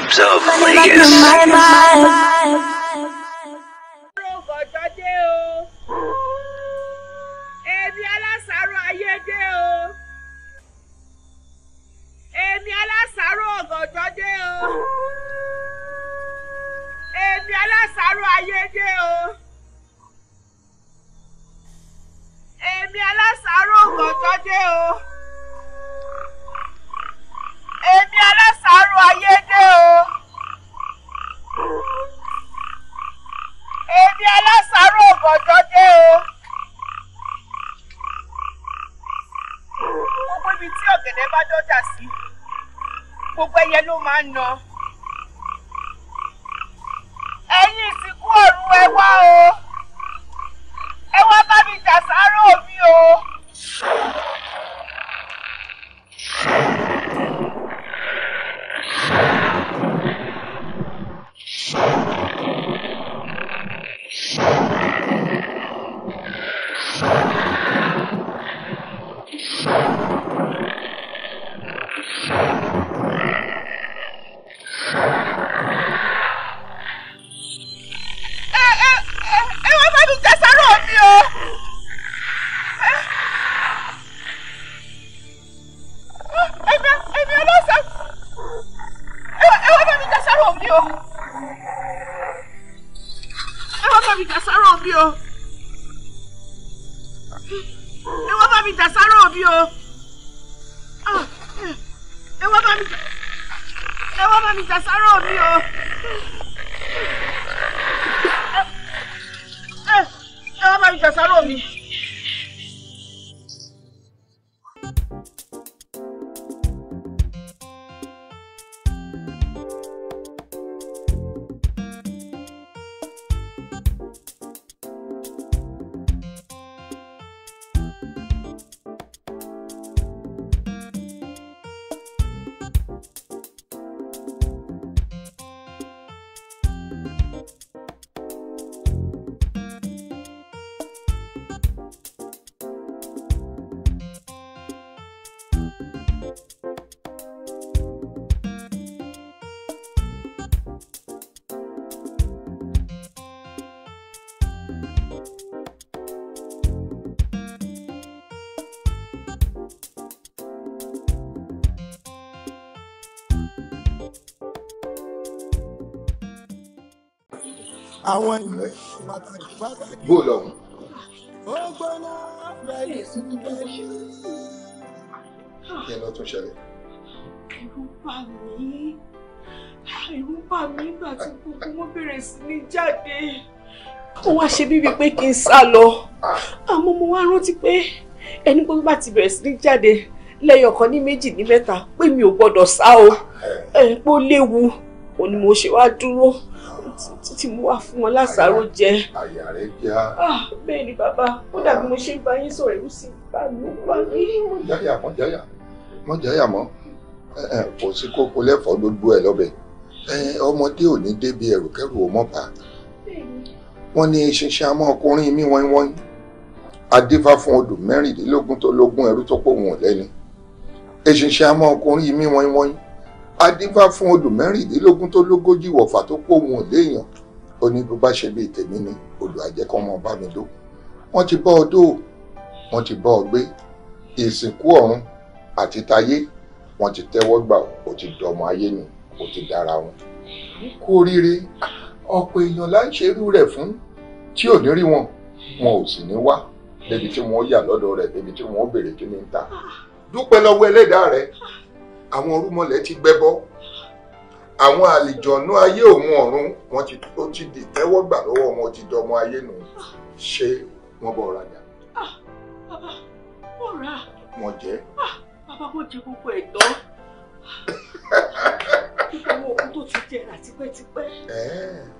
vibes of Vegas. Èmi alásàárò ayé o. Èmi alásàárò ọ̀gànjọ́ o. fayé dé o. Ebi alásàárò ọ̀gànjọ́ dé o. Gbogbo ibi tí ọ̀gẹ̀dẹ̀ bá dọ́jà sí, gbogbo ẹyẹ ló máa ń nà. Ẹ̀yin ìsìnkú òru ẹ o. Ẹ bá mi jà sáró mi o. àwọn ìwé pàtàkì pàtàkì. bó lọ. ó gbóná bẹ́ẹ̀ sí bẹ́ẹ̀. kí ló tún ṣẹlẹ̀. ẹ̀rù bà mí ẹ̀rù bà tí gbogbo wọn bẹ̀rẹ̀ sí ní jáde ó wá ṣe bíbí pé kí n sá lọ àmọ́ mo wá rántí pé ẹni gbogbo bá ti bẹ̀rẹ̀ sí ní jáde lẹ́yìn ní méjì ní mẹ́ta pé mi ò gbọ́dọ̀ sá o eh. ẹ̀ pé ó léwu òun ni mo ṣe wá dúró tí mo wá fún wọn lásàárò jẹ. àyà rẹ já. Ah, bẹ́ẹ̀ ni bàbá ó dàbí mo ṣe ń bá yín sọ̀rọ̀ ìlú sí bá mi wá ní. jáyà mọ jáyà mọ jáyà mọ kò sí kókó lẹ́fọ̀ọ́ gbogbo ẹ̀ lọ́bẹ̀ ọmọdé ò ní débi ẹ̀rùkẹ́rù ò mọ̀ bá wọn ní ṣinṣin amọ́ ọkùnrin mi wọ́n wọ́n adífá fún odò mẹ́rìndínlógún tó lógún ẹrú tó pò lẹ́ni eṣinṣin amọ́ ọkùnrin mi wọ́n wọ́n adífá fún odò mẹ́rìndínlógún tó lógójì wọ̀fà tó pò wọ́n ó ní bó bá ṣe bíi tèmi ni olùhàjẹ́kọ́ ọmọ bá mi dó wọ́n ti bọ́ ọ dó wọ́n ti bọ́ ọ gbé ìsìnkú ọ̀run àti tayé wọ́n ti tẹ́wọ́ gbà ó ti dọmọ ayé ni ó ti dára wọn. kú oríire ọ̀pọ̀ èèyàn là ń ṣerú rẹ̀ fún tí ò ní rí wọn wọn ò sì ní wá débi tí wọ́n yà lọ́dọ̀ rẹ̀ débi tí wọ́n béèrè kí ni ń ta dúpẹ́ lọ́wọ́ ẹlẹ́dàá rẹ̀ àwọn orúmọlẹ̀ ti gbẹ́bọ́ àwọn àlìjọ̀nú ayé òun ọ̀run wọn ti ó ti di tẹ́wọ́gbà lọ́wọ́ wọn ti dọmọ ayé nù ṣé wọ́n bọ̀ rajà. Ah, bàbá wọ́n jẹ́. Ah, bàbá wọ́n jẹ gbogbo ẹ̀ tán. nípa àwọn òkú tó ti jẹrà tipẹ́tipẹ́.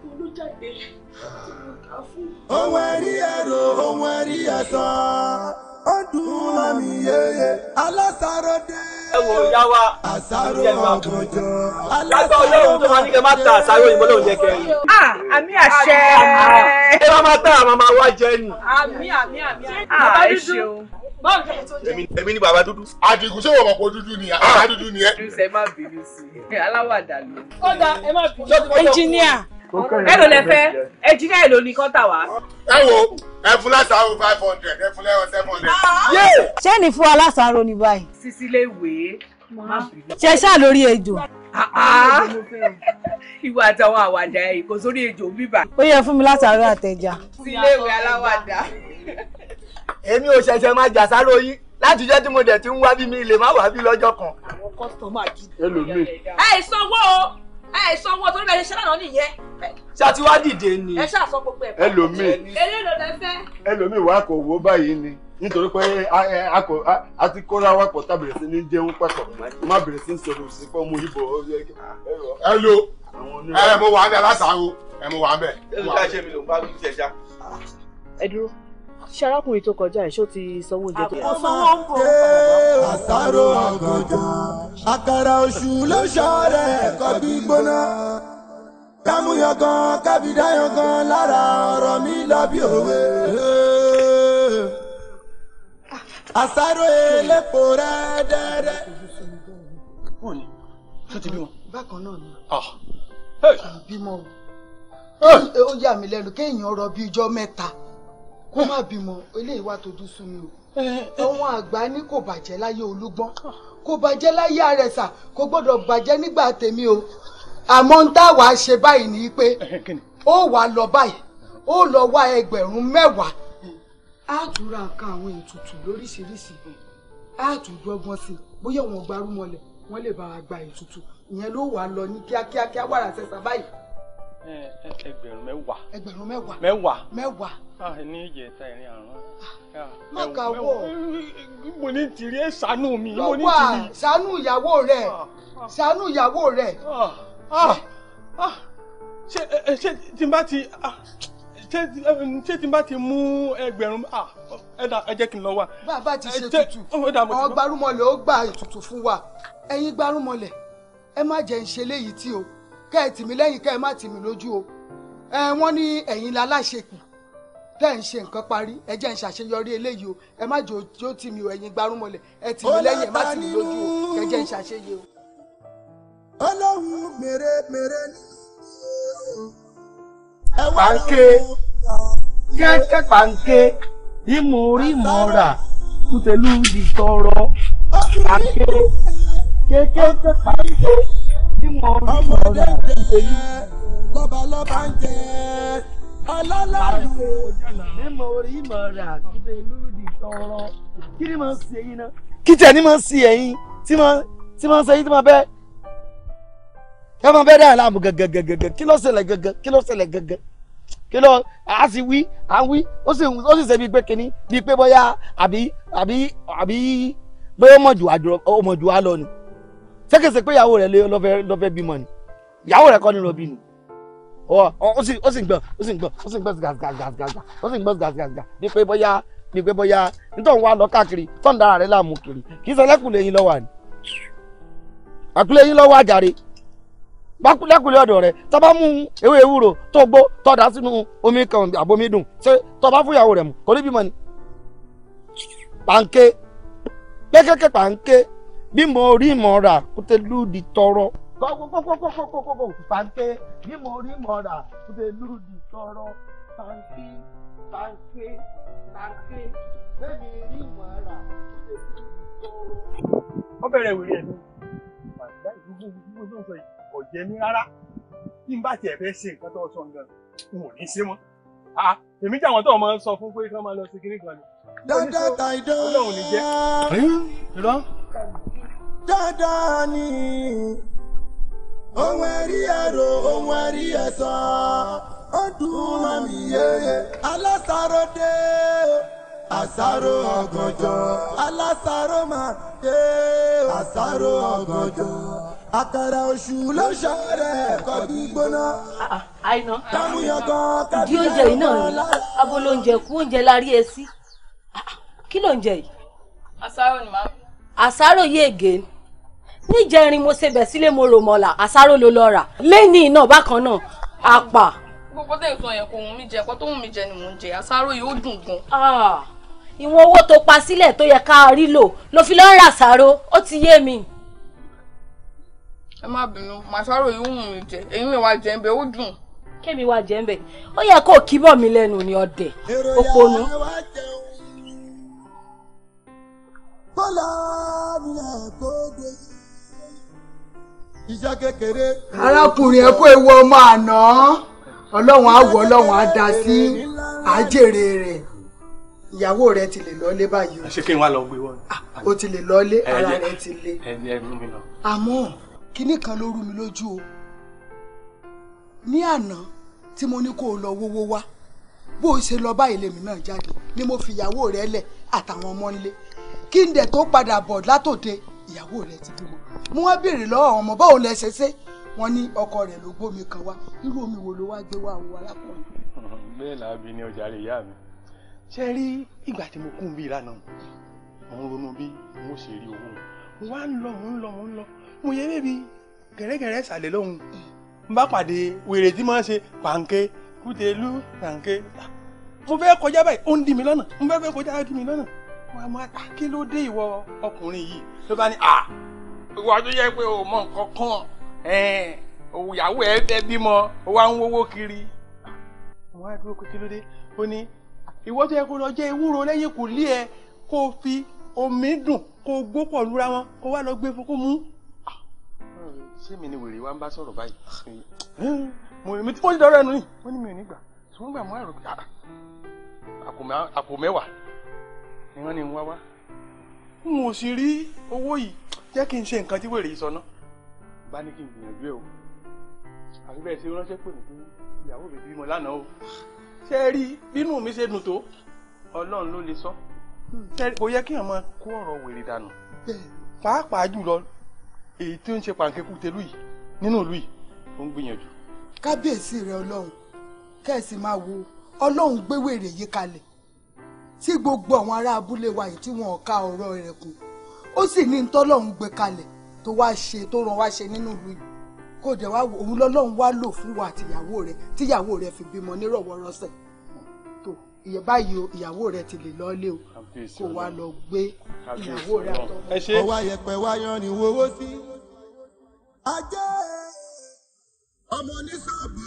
olùjáde tí mo ẹ̀rí ẹ̀rọ ohun ẹ̀rí ẹ̀sán ó dùn mami yeye alásàròdé. ẹ wo ìyá wa àsáró ọ̀gànjọ́ alásàrò ọ̀gànjọ́. lágbà ọlọ́run tó máa ní kẹ́ máa ta àsáró òyìnbó lóun jẹ́ kẹ́ a ah, àmì àṣẹ. ẹ máa máa tà àmọ́ máa wá jẹ ni. àmì àmì àmì. Ah, bàbá dúdú báwo ni tó jẹ. èmi ni bàbá dúdú. àdìgún ṣé wọn mọ̀ dúdú ah. ni ẹ. dúdú sẹ má bínú sí i aláwàdà ló. kódà ẹ má bínú. ẹnjìníà ẹ ló lẹ fẹ́ ẹ jí náà èlò ní kọ́tà wá. ẹ wo ẹ fún lásàrò five hundred ẹ fún lẹ́wọ̀ seven hundred. Ah, ah. ṣé ní fún alásàrò ní báyìí. sisi lè wé ṣe ṣáà lórí ejò. Ah, ìwà àtàwọn àwàdà ẹ̀ kò sórí ejò bíbà. ó yẹ fún mi látàrí àtẹjà. sílé ìwé aláwàdà. èmi ò ṣẹ̀ṣẹ̀ máa jà sáró yín láti jẹ́ tí mo dẹ̀ ti ń wá bí mi lè má wá bí lọ́jọ́ kan. àwọn kọ́sítọ́mà gidi. ẹlòmíì. ẹ ìsanwó o ẹ sanwó torí bẹ́ẹ̀ ṣe lánàá nìyẹn. ṣé a ti wá dìde ni. ẹ ṣáà sọ gbogbo ẹ. ẹlòmíì eléèlò lẹ fẹ́. ẹlòmíì wà kò wó báyìí ni nítorí pé a ti kóra wa pọ̀ tá sí ní jẹun pẹ̀tọ̀ má bẹ̀rẹ̀ sí sọ̀rọ̀ sí pé mo yíbo. ẹ lo ẹ mo wà ń bẹ aláṣà o ẹ mo wà ń bẹ. ẹ ló dá ṣe mi ló ń bá mi jẹja. ẹ dúró ṣé arákùnrin tó kọjá ìṣó ti sanwó oúnjẹ tó yẹ. àsanwó ń bọ̀. àsáró ọ̀gànjọ́ àkàrà oṣù ló ṣọ́ọ̀rẹ́ ẹ̀kọ́ gbígbóná kámúyọ̀gàn kábídáyọ̀gàn lára ọ̀rọ̀ mi lọ bí òwe. àsáró elépo rẹ dẹ́rẹ́. wọ́n ní tó ti bímọ. bákan náà ni kì ah. í yà mí lẹ́nu kéèyàn rọ bí ijọ́ mẹ́ta kó má bímọ eléyìí wá tó dúsú mi o eh, eh. àwọn àgbà ní kò bàjẹ́ láyé olúgbọ́n kò bàjẹ́ láyé àrẹ̀sà kò gbọ́dọ̀ bàjẹ́ nígbà tèmi o àmọ́ ń tá wàá ṣe báyìí ni pé eh, ó wàá lọ báyìí ó lọ wá ẹgbẹ̀rún mẹ́wàá á tún ra nǹkan àwọn ètùtù lóríṣiríṣi á tún dọ́gbọ́n sí i bóyá wọn gbarúmọlẹ̀ wọ́n lè bá wa gba ètùtù ìyẹn ló wàá lọ ní kíákíá kíá wàrà ṣẹ̀ṣà báyìí ẹgbẹ̀rún mẹ́wàá. ẹgbẹ̀rún mẹ́wàá. mẹ́wàá. mẹ́wàá. a ah, ní ìjẹta ìrìn àrùn. Ah, ah, má kà wọ. mo ní tìrí ẹ ṣàánú mi. mo ní tìrí. ṣàánú ìyàwó rẹ ṣàánú ìyàwó rẹ. ṣé ṣé tí n bá ti ṣé tí n bá ti mú ẹgbẹ̀rún ẹ jẹ́ kí n lọ wà. bàbá ti ṣe tutù oh, ọgbàrúmọlẹ̀ ó gba ètùtù fún wa ẹ̀yin gbárùmọlẹ̀ ẹ má jẹ́ ń ṣe léyìí tí o kẹ́ ẹ tì mí lẹ́yìn kẹ́ ẹ má tì mí lójú o ẹ wọ́n ní ẹ̀yin la láṣekù tẹ́ ń ṣe nǹkan parí ẹ jẹ́ ń ṣàṣeyọrí eléyìí o ẹ má jò ó tì o ẹ̀yin gbarúmọlẹ̀ ẹ tì lẹ́yìn ẹ má tì lójú o kẹ́ jẹ́ ń ṣàṣeyẹ o. ọlọ́run mèrè mèrè nínú ẹ wá lọ́wọ́ kẹ́kẹ́ pàǹkẹ́ ìmú rí mọ́ra kùtẹ́lú di tọrọ pàǹkẹ́ kẹ́kẹ́ pàǹkẹ́ ọmọdé jẹ lọba lọba ń jẹ ọlọlọrun o. mímọ orí mọ rà kíbe lúdì tọrọ kí ni mo ń ṣe yín náà. kí tẹ̀ ni mo ń ṣe ẹ̀yin tí mo ń ṣe yín tí mo bẹ́ ẹ máa bẹ́ẹ̀ dáhùn láàmú gẹ́gẹ́gẹ́gẹ́ kí ló ṣẹlẹ̀ gẹ́gẹ́ kí ló ṣẹlẹ̀ gẹ́gẹ́ kí ló a sì wí a wí ó sì ó sì ṣe bíi pé kínní bíi pé bóyá àbí àbí àbí bóyá ó mọ̀ jù wá lọ ni ṣékèsè pé ìyàwó rẹ̀ lọ́fẹ́ bímọ ni ìyàwó rẹ̀ kọ́ nínú obì ni ó sì ń gbọ́n ó sì ń gbọ́n ó sì ń gbọ́n gàgàgàgà ó sì ń gbọ́n gàgàgà ní pé bóyá ní pé bóyá nítorí wà lọ káàkiri tó ń dára rẹ̀ láàmú kiri kì í ṣe lẹ́kùnlé yín lọ́wọ́ àná àkúlé yín lọ́wọ́ àjàre lẹ́kùnlé ọ̀dọ̀ rẹ̀ tó bá mú ewé ewúro tó gbó tó dá sínú omi kan àbomi dùn ṣé tó bá fún ìyàwó rẹ̀ mu kò ní bímọ ni pànkẹ́ pẹ́kẹ́kẹ́ pànkẹ́ bí mo rí mọ̀ rà kó tẹ lúdi tọrọ. kókókókókókókókó pàǹpẹ́ bí mo rí mọ̀ rà kó tẹ lúdi tọrọ pàǹpẹ́ pàǹpẹ́ pàǹpẹ́ bẹ́ẹ̀ ni rí mọ̀ rà kó tẹ lúdi tọrọ. wọ́n bẹ̀rẹ̀ ìwé rẹ̀ ní ìgbà ìgbógun gbogbo tó ń sọ yìí kò jẹ́ mi rárá bí n bá tiẹ̀ fẹ́ ṣe nǹkan tó sọ nǹkan n ò ní ṣe mọ́ èmi jàwọn tó máa ń sọ fún pé kí wọ́n máa lọ sí kinní kan ni. dáadáa tàìdán ọlọ́run ní jẹ́ dáadáa ni ohun ẹ̀rí ẹ̀rọ ohun ẹ̀rí ẹ̀sọ́ ọdún mami yeye alásàrò dé àsàrò ọ̀gànjọ́ alásàrò mà dé àsàrò ọ̀gànjọ́ àkàrà oṣù ló oúnjẹ yìí náà ni abolo oúnjẹ kú oúnjẹ la ẹ sí ah, ah, kí ló ń jẹ yìí. àsáró ni màá. àsáró yéègé ni níjẹrin mo ṣe bẹ̀ sílé mo rò mọ̀là àsáró ló lọ rà lẹ́ni náà bákan náà àpà. gbogbo tẹ̀ sọ yẹn kò wù mí jẹ ẹ̀kọ́ tó wù mí jẹ ni mò ń jẹ àsáró yìí ó dùn gan. ìwọ̀n owó tó pa sílẹ̀ tó yẹ ká rí lò ló fi lọ́ọ́ rà àsáró ó ti yé mi. ẹ má bínú màsáró yìí ó wù mí jẹ èyí mi wá jẹ ń bẹ ó dùn. kémi wá jẹ ń bẹ ó yẹ kó kíbọ̀ mi lẹ́nu ni ọ̀dẹ̀ òponu bọ́lá nílẹ̀ tó gbèsè iṣẹ́ kékeré. arákùnrin ẹ kó ewu ọmọ àná ọlọ́run á wọ ọlọ́run á dá sí àjèrè rẹ̀ ìyàwó rẹ ti lè lọ́lé báyìí. ṣé kí n wá lọ gbé wọn. Ah, o ti lè lọ́lé ara rẹ ti le. àmọ́ kinní kan ló rú mi lójú o ní àná tí mo ní kó o lọ wówó wá bó o ṣe lọ báyìí lèmi náà jáde ni mo fi ìyàwó rẹ lẹ̀ àtàwọn ọmọ ńlẹ̀ kí n dẹ̀ tó padà bọ̀ látòde ìyàwó rẹ ti bímọ mo wá béèrè lọ́wọ́ ọmọ báwo lẹ ṣe ṣe wọ́n ní ọkọ rẹ̀ ló gbómi kan wá irú omi wo ló wá gbé wá wo arákùnrin. bẹ́ẹ̀ là bí ní ọjà rẹ̀ ìyá mi ṣe rí ìgbà tí mo kún bí ìlànà mo ń ronú bí mo ṣe rí owó mo wá ń lọ mo ń lọ mo ń lọ mo yẹ bẹ́ẹ̀ bí gẹ̀rẹ́gẹ̀rẹ́ ìsàlẹ̀ lọ́hùn n bá pàdé wèrè tí máa ń ṣe pàǹkẹ́ kútẹ́lú pàǹkẹ́ mo fẹ́ kọjá báyìí ó ń dì mí lọ́nà mo fẹ́ fẹ́ kọjá ó dì mí lọ́nà wọn máa ta kí ló dé ìwọ ọkùnrin yìí ló bá ní à ìwà tó yẹ pé o mọ nǹkan kan òyàwó ẹ fẹ́ bímọ o wá ń wówó kiri ah, wọn á dúró pé kí ló dé ó ní ìwọ tó yẹ kó lọ jẹ ewúro lẹ́yìn kò lé ẹ kó o fi omi dùn kó o gbó pọ̀ lura wọn kó wá lọ gbé fún kó mú. Ah, ṣé mi ni wèrè wa ń bá sọ̀rọ̀ báyìí ah, mo ti dọ́rọ̀ ẹnu ni wọ́n ní mi ò ní gbà tí wọ́n gbà mọ́ àròkè àkùmẹ́wàá ìran ni ń wá wá n ò sì rí owó yìí jẹ́ kí n ṣe nǹkan tí wèrè yìí bá ní kí n gbìyànjú ẹ o àfi bẹ́ẹ̀ ṣe ránṣẹ́ pè mí pé ìyàwó mi bímọ lánàá o ṣe é rí bínú mi ṣe dùn tó ọlọ́run ló lè sọ kò yẹ kí ọmọ kó ọ̀rọ̀ wèrè dànù pàápàá jùlọ èyí tí ó ń ṣe pàǹkẹ́kù tẹ́lú yìí nínú ìlú yìí ó ń gbìyànjú. kábíyèsí rẹ ọlọ́run kẹ́ẹ̀sì máa wo ọlọ́run gbé wèrè yìí kalẹ̀ sí gbogbo àwọn ará abúlé wa yìí tí wọn ò ka ọ̀rọ̀ kù ó sì ní ntọ́lọ́hún gbé kalẹ̀ tó wá ṣe tó ràn wá ṣe nínú ìlú yìí kò jẹ́ wá òun lọ́lọ́hún wá lò fún wa àtìyàwó rẹ̀ tíyàwó rẹ̀ fi bímọ nírọ̀wọ́rọ̀sẹ̀ tó báyìí ìyàwó rẹ̀ ti lè lọ́ọ́lé o kò wá lọ gbé ìyàwó rẹ̀ àtọ́wọ́. ọwọ́ ayẹpẹ wá yan ni wọ́wọ́ sí. ajé ọmọ ní sọ́ọ̀bù.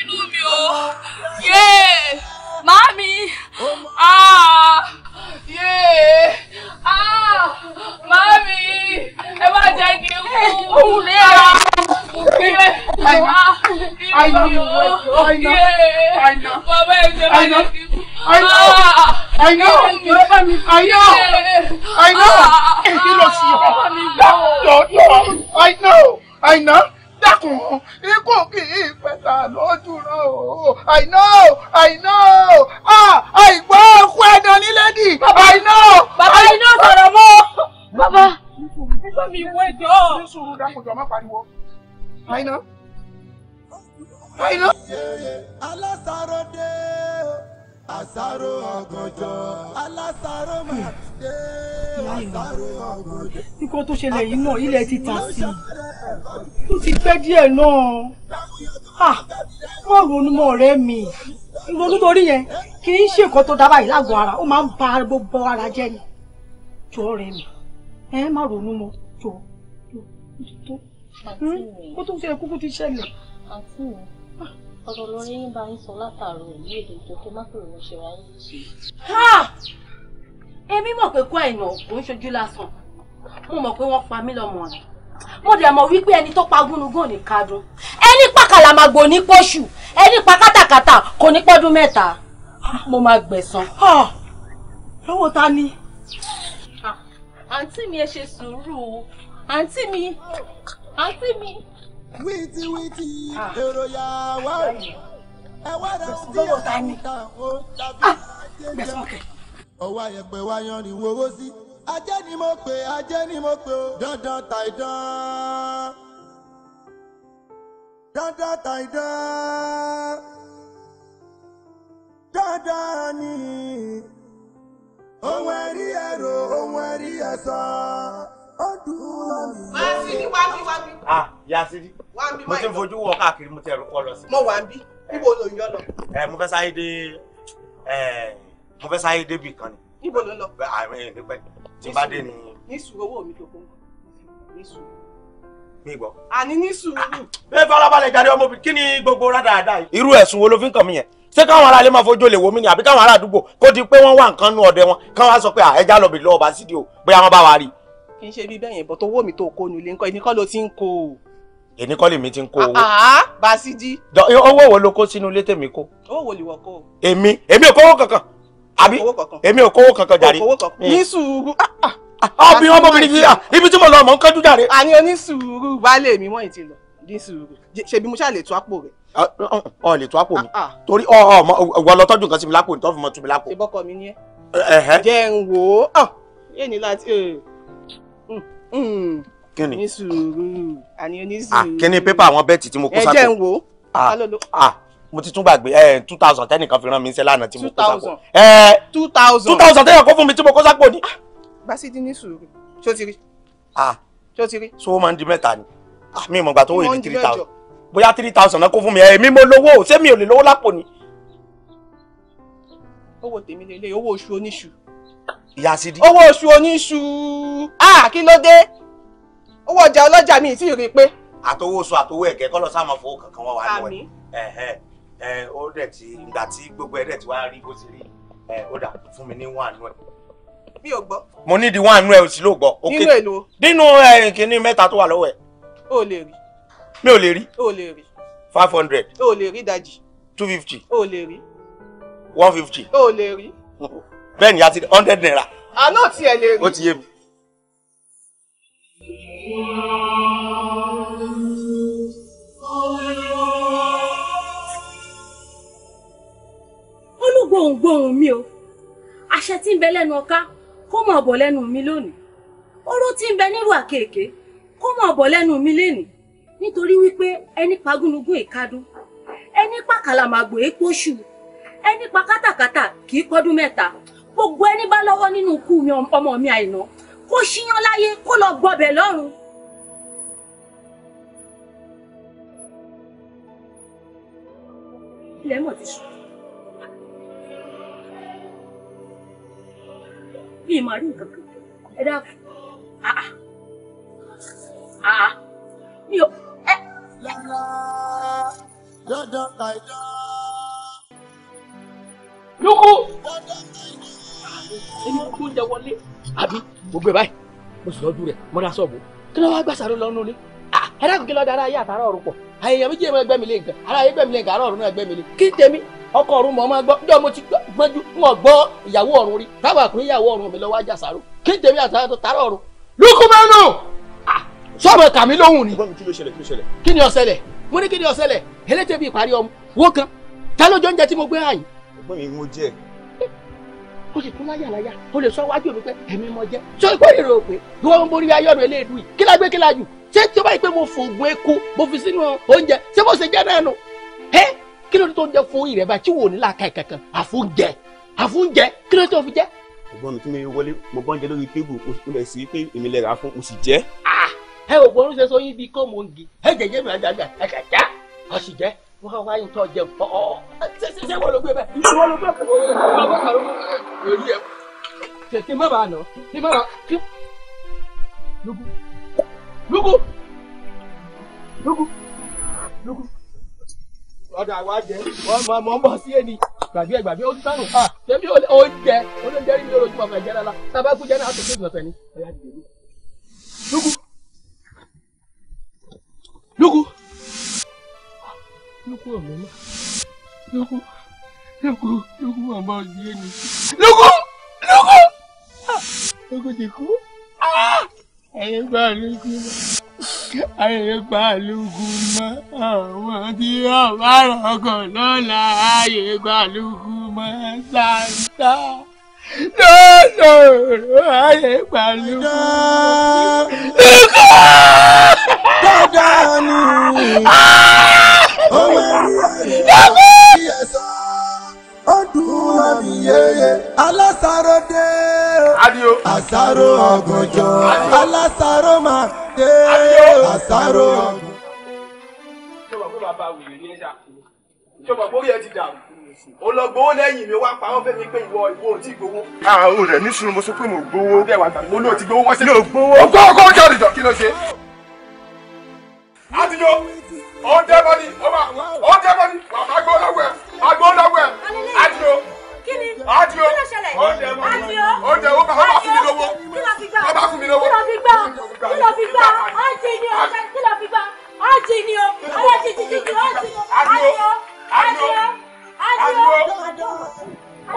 inú mi ò yéé. Mami! Oh ah! yeah. Ah! Mami! Ẹ má jẹ́ kí n kú! Òun lè ra! I know. Ìlú o! Yé! Bàbá ẹ jẹ́ má jẹ́ kí n kú! I know. I know. I know. I know. I know dákun ikú kì í fẹta lójú náà I know I know ah àìgbọ́ ọkọ ẹ̀dán ní lẹ́dí I know. bàbá iná sọ̀rọ̀ mọ́. bàbá ẹgbẹ́ mi wọ ẹjọ́. ní sùúrù dákun jọ má pariwo I know I know. alásàròdé o àsáró ọ̀gànjọ́ alásáró máa ti hmm. dé àsáró ọ̀gànjọ́. nǹkan tó ṣẹlẹ̀ yìí náà ilẹ̀ ti ta sí i ó ti pẹ́ díẹ̀ náà wọ́n ah, ronú mọ́ ọ̀rẹ́ mi ronú torí yẹn kì í ṣe nǹkan tó dábàá yìí lágọ̀ọ́ ara ó máa ń ba gbogbo ara jẹ́ ni jọ ọ̀rẹ́ mi ẹ má ronú mọ́ jọ ó ti tó ó tó ń ṣe kúkú ti ṣẹlẹ̀ ọ̀rọ̀ lórí yín bá yín sọ látàárọ̀ ìlú èdèjọ kí má pèrò ló ṣe ráyè ṣe. èmi mọ̀ pé kó ẹ̀yàn kò ń ṣojú lásán mo mọ̀ pé wọ́n pa mí lọ́mọ rẹ̀ mo dẹ̀ mọ̀ wípé ẹni tó pa gúnugún ní kadun ẹni pàkàlà máa gbò ní pọ́ṣù ẹni pa kátàkátà kò ní pọ́dún mẹ́ta mo máa gbẹ̀san. lọ́wọ́ ta ni. àǹtí mi ẹ ṣe sùúrù àǹtí mi àǹtí mi wítíwítí ah. èrò yà wá o ẹ wá dá sí àwùjọ o tàbí àjẹjẹ ọwọ́ àyẹ̀pẹ̀ wá yan ni wo owó sí ajẹ́ ni mo pè ajẹ́ ni mo pè o dandan tàìdán dandan tàìdán dandan ni ohun ẹ̀rí ẹ̀rọ ohun ẹ̀rí ẹ̀sán ọdún ọ̀nì. wá sí wábí wábí. ah yasiri wá ń bí máa ń lọ. mo ti ń fojú wọ káàkiri mo ti ẹ̀rù kọ lọ sí. mo wà ń bí níbo ló ń yọ lọ. ẹ mo fẹ́ sáré dé ẹ mo fẹ́ sáré débì kan ni. níbo ló ń lọ. àmì ìdúpẹ́ tí bá dé ni. ní sùúrù owó mi tó kún ní sùúrù. mi gbọ́. àní ní sùúrù. bẹ́ẹ̀ ah, farabalẹ̀ jáde ọmọbìnrin kí ni gbogbo rádaràda yìí. irú ẹ̀sùn wo ló fi ń kàn mí yẹn ṣé káwọn aráalé máa fojú olè wò mí ni àbí káwọn ará àdúgbò kó di pé wọ́n wà nǹkan nú ọdẹ wọn káwọn á sọ pé ẹja lọ bèrè lọ́wọ́ bá sídìí o bóyá wọ́n bá wa rí. kì í ṣe bí bẹ́ẹ̀ yẹn bọ̀ tó wọ́ mi tó kó nulẹ̀ nǹkan ẹnìkan ló ti ń kó o èmi kọ́ lèmi ti ń kó owó. Ah, ah, Basidi. owó wo ló kó sínú ilé tèmi kó. owó wo lìwọ kó. èmi èmi ò kówó kankan àbí èmi ò kówó kankan jàre. ní sùúrù ọbí wọn bọ́mọ níbi ibi tí mo lọ mọ̀ ń kánjú jàre. àní onísùúrù baálé mi wọ́n ti lọ ní sùúrù ṣebí mo ṣáà lè tú àpò rẹ̀. Ah, ọ lè tú àpò mi torí ọ ọ wọ lọ tọ́jú nǹkan sí mi lápò nítorí fi mọ tú mi lápò. ìbọkọ mi ni ẹ jẹ́ ń wò ó yé ni láti. Eh, mm, mm kí ni. ní sùúrù àní onísùúrù. kí ni pépà àwọn bẹ́ẹ̀tì tí mo kó sápò. ẹ jẹ́ ń wò ó. mo ti tún gbàgbé ẹ two thousand tẹ́nìkan fi rán mi iṣẹ́ lánàá tí mo kó sápò. ẹ two thousand two thousand tẹ́yàn kó fún mi tí mo kó sápò ni. Basidi ní sùúrù ṣó ti rí. ṣó ti rí. so ó máa ń di mẹ́ta ni mi ìmọ̀gbà tó wòye ní three thousand bóyá three thousand náà kó fún mi èmi mo lówó ṣé mi ò lè lówó lápò ni. owó tèmi lè lé owó oṣù oníṣù. ìyá Sidi. owó oṣù oníṣù. ah kí ló dé owó ọjà ọlọ́jà mi ìtì rí pé. àtowó sọ àtowó ẹ̀gẹ́ kọ́ lọ sáà máa fowó kankan wá wá lọ ẹ̀ ẹ̀ ó dẹ̀ ti ìgbà tí gbogbo ẹ̀ dẹ̀ ti wá rí bó ti rí ẹ̀ ó dà fún mi ní wàánu ẹ̀. mi ò gbọ́. mo ní di wàánu ẹ̀ ò sì ló gbọ́. nínú èlò. nínú kìíní mẹ́ta tó wà lọ́wọ́ ẹ̀. o lè rí. mi ò lè rí. o lè rí. five hundred. o lè rí dajì. two fifty. o lè rí. one fifty. o lè rí. bẹ́ẹ̀ a ti hundred naira. àná ò tiẹ̀ lè rí. ó ti yé mi olúgbòhùngbòhùn mi o àṣẹ tí ń bẹ lẹ́nu ọká kó máa bọ̀ lẹ́nu mi lónìí oró tí ń bẹ nírú àkèké kó máa bọ̀ lẹ́nu mi lénìí nítorí wípé ẹni pagúnugún ìkádùn ẹni pa kàlàmàgbò epo ṣù ẹni pa kátàkátà kì í kọ́dún mẹ́ta gbogbo ẹni bá lọ́wọ́ nínú ikú mi ọmọ mi àìná kó ṣíyán láyé kó lọ gbọbẹ̀ lọ́run. ilẹ̀ mọ̀ ti sùn. bí ìmọ̀ nǹkan kan ẹ dákun. Ah, ah. Ah, mi ò ẹ. yàrá dandan kàìdán. lóko èmi kúkú ń jẹ wọlé àbí mo gbé e báyìí mo sì lọ́jú rẹ̀ mo dá sọ́ọ̀bù kí ló wá gbàsáró lọ́nú ni ẹ dákun kí ló dára ayé àtàrà ọ̀run pọ̀ àyèyàn méjì èèmọ̀ ẹgbẹ́ mi lé nǹkan ara ayé gbẹ̀mí lé nǹkan ara ọ̀run náà gbẹ̀mí lé kí tèmi ọkọ ọ̀run mọ̀ ọmọ gbọ́ ǹjọ́ mo ti gbọ́njú wọn gbọ́ ìyàwó ọ̀run rí táwọn àkùnrin ìyàwó ọ̀run mi lọ́wọ́ àjàsáró kí tèmi àtàrà ọ̀run lukumanu sọ́ọ̀bù kàmí lóhùn ni. kí ni ó ṣẹlẹ̀ mo ní kí ni ó ṣẹlẹ̀ elétèbí ìparí ọmọ ó sì tún láyà láyà ó lè sọ wájú mi pé èmi mọ jẹ tó ikú èrè ò pé bí wọn borí ayọ̀rọ̀ eléèdú yìí kí la gbé kí la jù ṣé tí ó bá yìí pé mo fògùn eku mo fi sínú oúnjẹ ṣé mo ṣe jẹ náà nù ẹ kí ló dé tó ń jẹ fún ìrẹ báyìí tí wò ní làákà kankan àfúnjẹ àfúnjẹ kí ló tó fi jẹ. ẹ̀gbọ́n mi tún mi wọlé mo bọ́ oúnjẹ lórí tébù mo lè sí pé èmi lè rà fún mo sì jẹ́. Ah, ẹ ò gbọ́n oúnjẹ sọ yín bíi kó mo ń gi já ọ sì wá wá yín tó jẹun ọ ṣe ṣe wọ́n ló gbé bẹ́ẹ̀ wọ́n ló gbé bẹ́ẹ̀ wọ́n bá kàró lórí ẹ̀ tètè má bàa nà kí má bàa kí. lógú lógú lógú lógú ọ̀dọ̀ àwa jẹ wọ́n mọ ọmọ ọmọ sí ẹni gbàgbé gbàgbé ó sánù ha ah, tẹ̀mí ó jẹ olóúnjẹ rí mi lójoojúmọ́ ọ̀fẹ́ jẹ́ rárá tábàkú jẹ́ náà tó kéde ọ̀sẹ̀ ni lóko ọ̀mọ́ mọ́ lóko lóko lóko màmá ọ̀dúnrẹ́ ni lóko lóko lóko ti kú ayé gbà lóko mọ́ ayé gbà lóko mọ́ àwọn tí wọ́n bá rọ̀kọ̀ lọ́la ayé gbà lóko mọ́ sáńtà lọ́sọ̀rọ̀ ayé gbà lóko mọ́ Dada ni. Ah! owó yàgò. ọdún àmì yeye alásàrò dé àsàrò ọ̀gànjọ́ ìjọba pé bàbá wèrè ní ẹja ìjọba pé orí ti dàrú olọgbọ ó lẹ́yìn mi wá pa wọn fẹmi pé ìwọ ìwọ ò tí gbowó. a rẹ ní sunu mo sọ pé mo gbowó. bẹ́ẹ̀ wà tàbí mo ní o gbowó wọ́n sí. mi gbowó. o gbọ́ ọkọ̀ ọjọ́ àdìjọ kí ló ṣe. àtijọ́ ọdẹ mọni ọdẹ mọni àgbo lọ́wọ́ ẹ àgbo lọ́wọ́ ẹ àdìo àdìo ọdẹ mọni ọdẹ ó máa fún mi lówó ó máa fún mi lówó. kí ló fi gbà kí ló fi gbà ọjì ni o kí ló fi gbà ọjì ni o ọjì jìjì ọjì ni o àdìo àdìo àdìo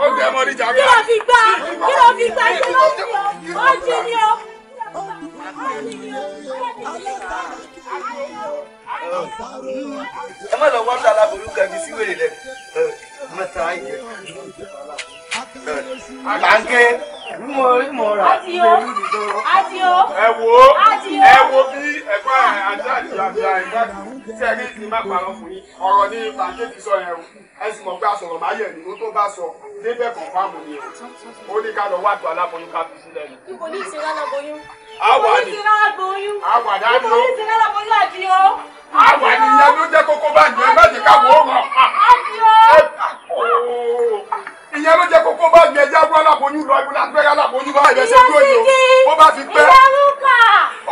ọdẹ mọni jàgbá. kí ló fi gbà kí ló fi gbà kí ló fi gbà ọjì ni o. Thank you ẹ má lọ wáṣọ aláboyún kan fi sí lẹ mẹ́ta ayé kàńké mo mo rà pẹ̀lú ìdòrò ẹ wo ẹ wo bí ẹ̀gbọ́n àjọ àti àjà ẹgbẹ́ tí ẹ ní ti má parọ́ fún yín ọ̀rọ̀ ní pàǹkì ti sọ yẹn ẹ sì mọ̀ pé àsọ̀rọ̀ máa yẹ ni ó tó bá sọ débẹ̀ kọ̀ọ̀fà mọ̀ ni ó ní ká lọ wá àjọ aláboyún ká fi sílẹ̀ ni. ibo ní ìṣẹ́lá lọ́gbọ́yún àwa ni àwa dájú o àwa nìyẹn ló jẹ́ kókó báyìí ẹ má jẹ́ káwọ́ ọ̀rọ̀ ìyẹn ló jẹ́ kókó báyìí ẹ jáwọ́ aláboyún lọ ibùdó àgbẹ̀rẹ̀ aláboyún báyìí ẹ ṣe dúró yìí o bó bá ti pẹ́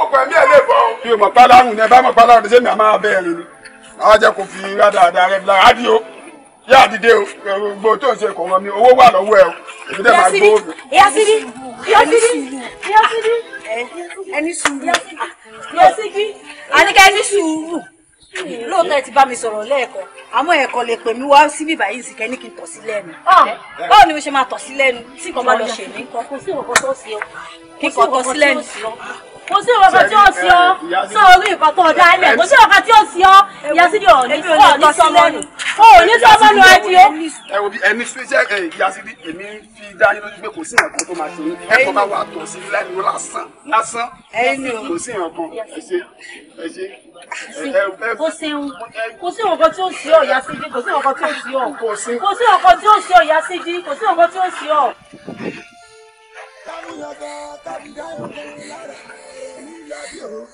ọkọ̀ ẹ̀mí ẹ̀ lè bọ̀. mi ò mọ̀ pálárùn ni ẹ bá mọ̀ pálárùn ni sẹ́mi àmọ́ abẹ́rẹ́ ni àwọn jẹ́ kó fi rádaràda rẹ̀ lára á di o yá dìde o gbogbo tó ń ṣe kò rọ mi owó wà lọ́wọ́ ẹ o èmi dẹ̀ máa gbowó mi. yasiri yasiri yasiri ẹni sùúrù àníkẹ́ ẹni sùúrù lóòótọ́ ẹ ti bá mi sọ̀rọ̀ lẹ́ẹ̀kan àmọ́ ẹ̀kọ́ lè pè mí wá síbí báyìí sì kẹ́ni kí n tọ̀ sí lẹ́nu ah. báwo ni mo ṣe máa tọ̀ sí lẹ́nu tí nǹkan bá lọ ṣe mí kí n kọ́ tọ̀ sí lẹ́nu kò sí ìwọ̀n tí ó sí ọ sọ orí nǹkan tó ọ̀dà ilẹ̀ kò sí ìwọ̀n tí ó sí ọ ìyá sídìí ọ̀ọ́ni ọ̀ọ́ni sọmọ́nù ọ̀ọ́ni sọmọ́nù adio. ẹ wo bí ẹni fíjẹ ẹ ìyá sídìí èmi fi dá yín lójú pé kò sí nǹkan tó máa ṣe yín ẹ kọ́ bá wà tó sí lẹ́nu lásán lásán kò sí nǹkan ẹ ṣe ẹ ṣe. Kò sí nǹkan tí ó sí ọ ìyá sídìí kò sí nǹkan tí ó sí ọ kò sí nǹkan tí ó sí ọ ìyá sídìí kò sí nǹkan tí ó sí ọ. Adio.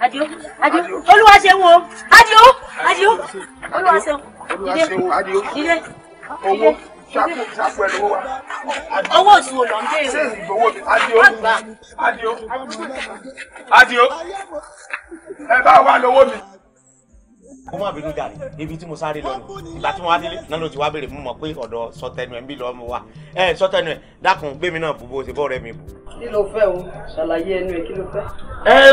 Adio. Adio. Olúwa ṣeun o. Adio. Adio. Olúwa ṣeun. Olúwa ṣeun. Adio. Ilé. Owó. Ṣàpò ṣàpò ẹ̀ lówó wa. Owó òsì wo lọ ń béèrè? Ṣé ìgbowó mi? Adio. Adio. Adio. Ẹ bá wa lówó mi kó má bínú jàre ibi tí mo sáré lọ nù ìgbà tí mo wá délé náà ló ti wá béèrè fún mọ pé ọ̀dọ̀ sọtẹnu ẹ̀ ń bí lọ́ọ́ mo wá ẹ sọtẹnu ẹ̀ dákun gbé mi náà bú bó ṣe bọ́ ọ̀rẹ́ mi bù. kí ló fẹ́ o ṣàlàyé ẹnu ẹ̀ kí ló fẹ́.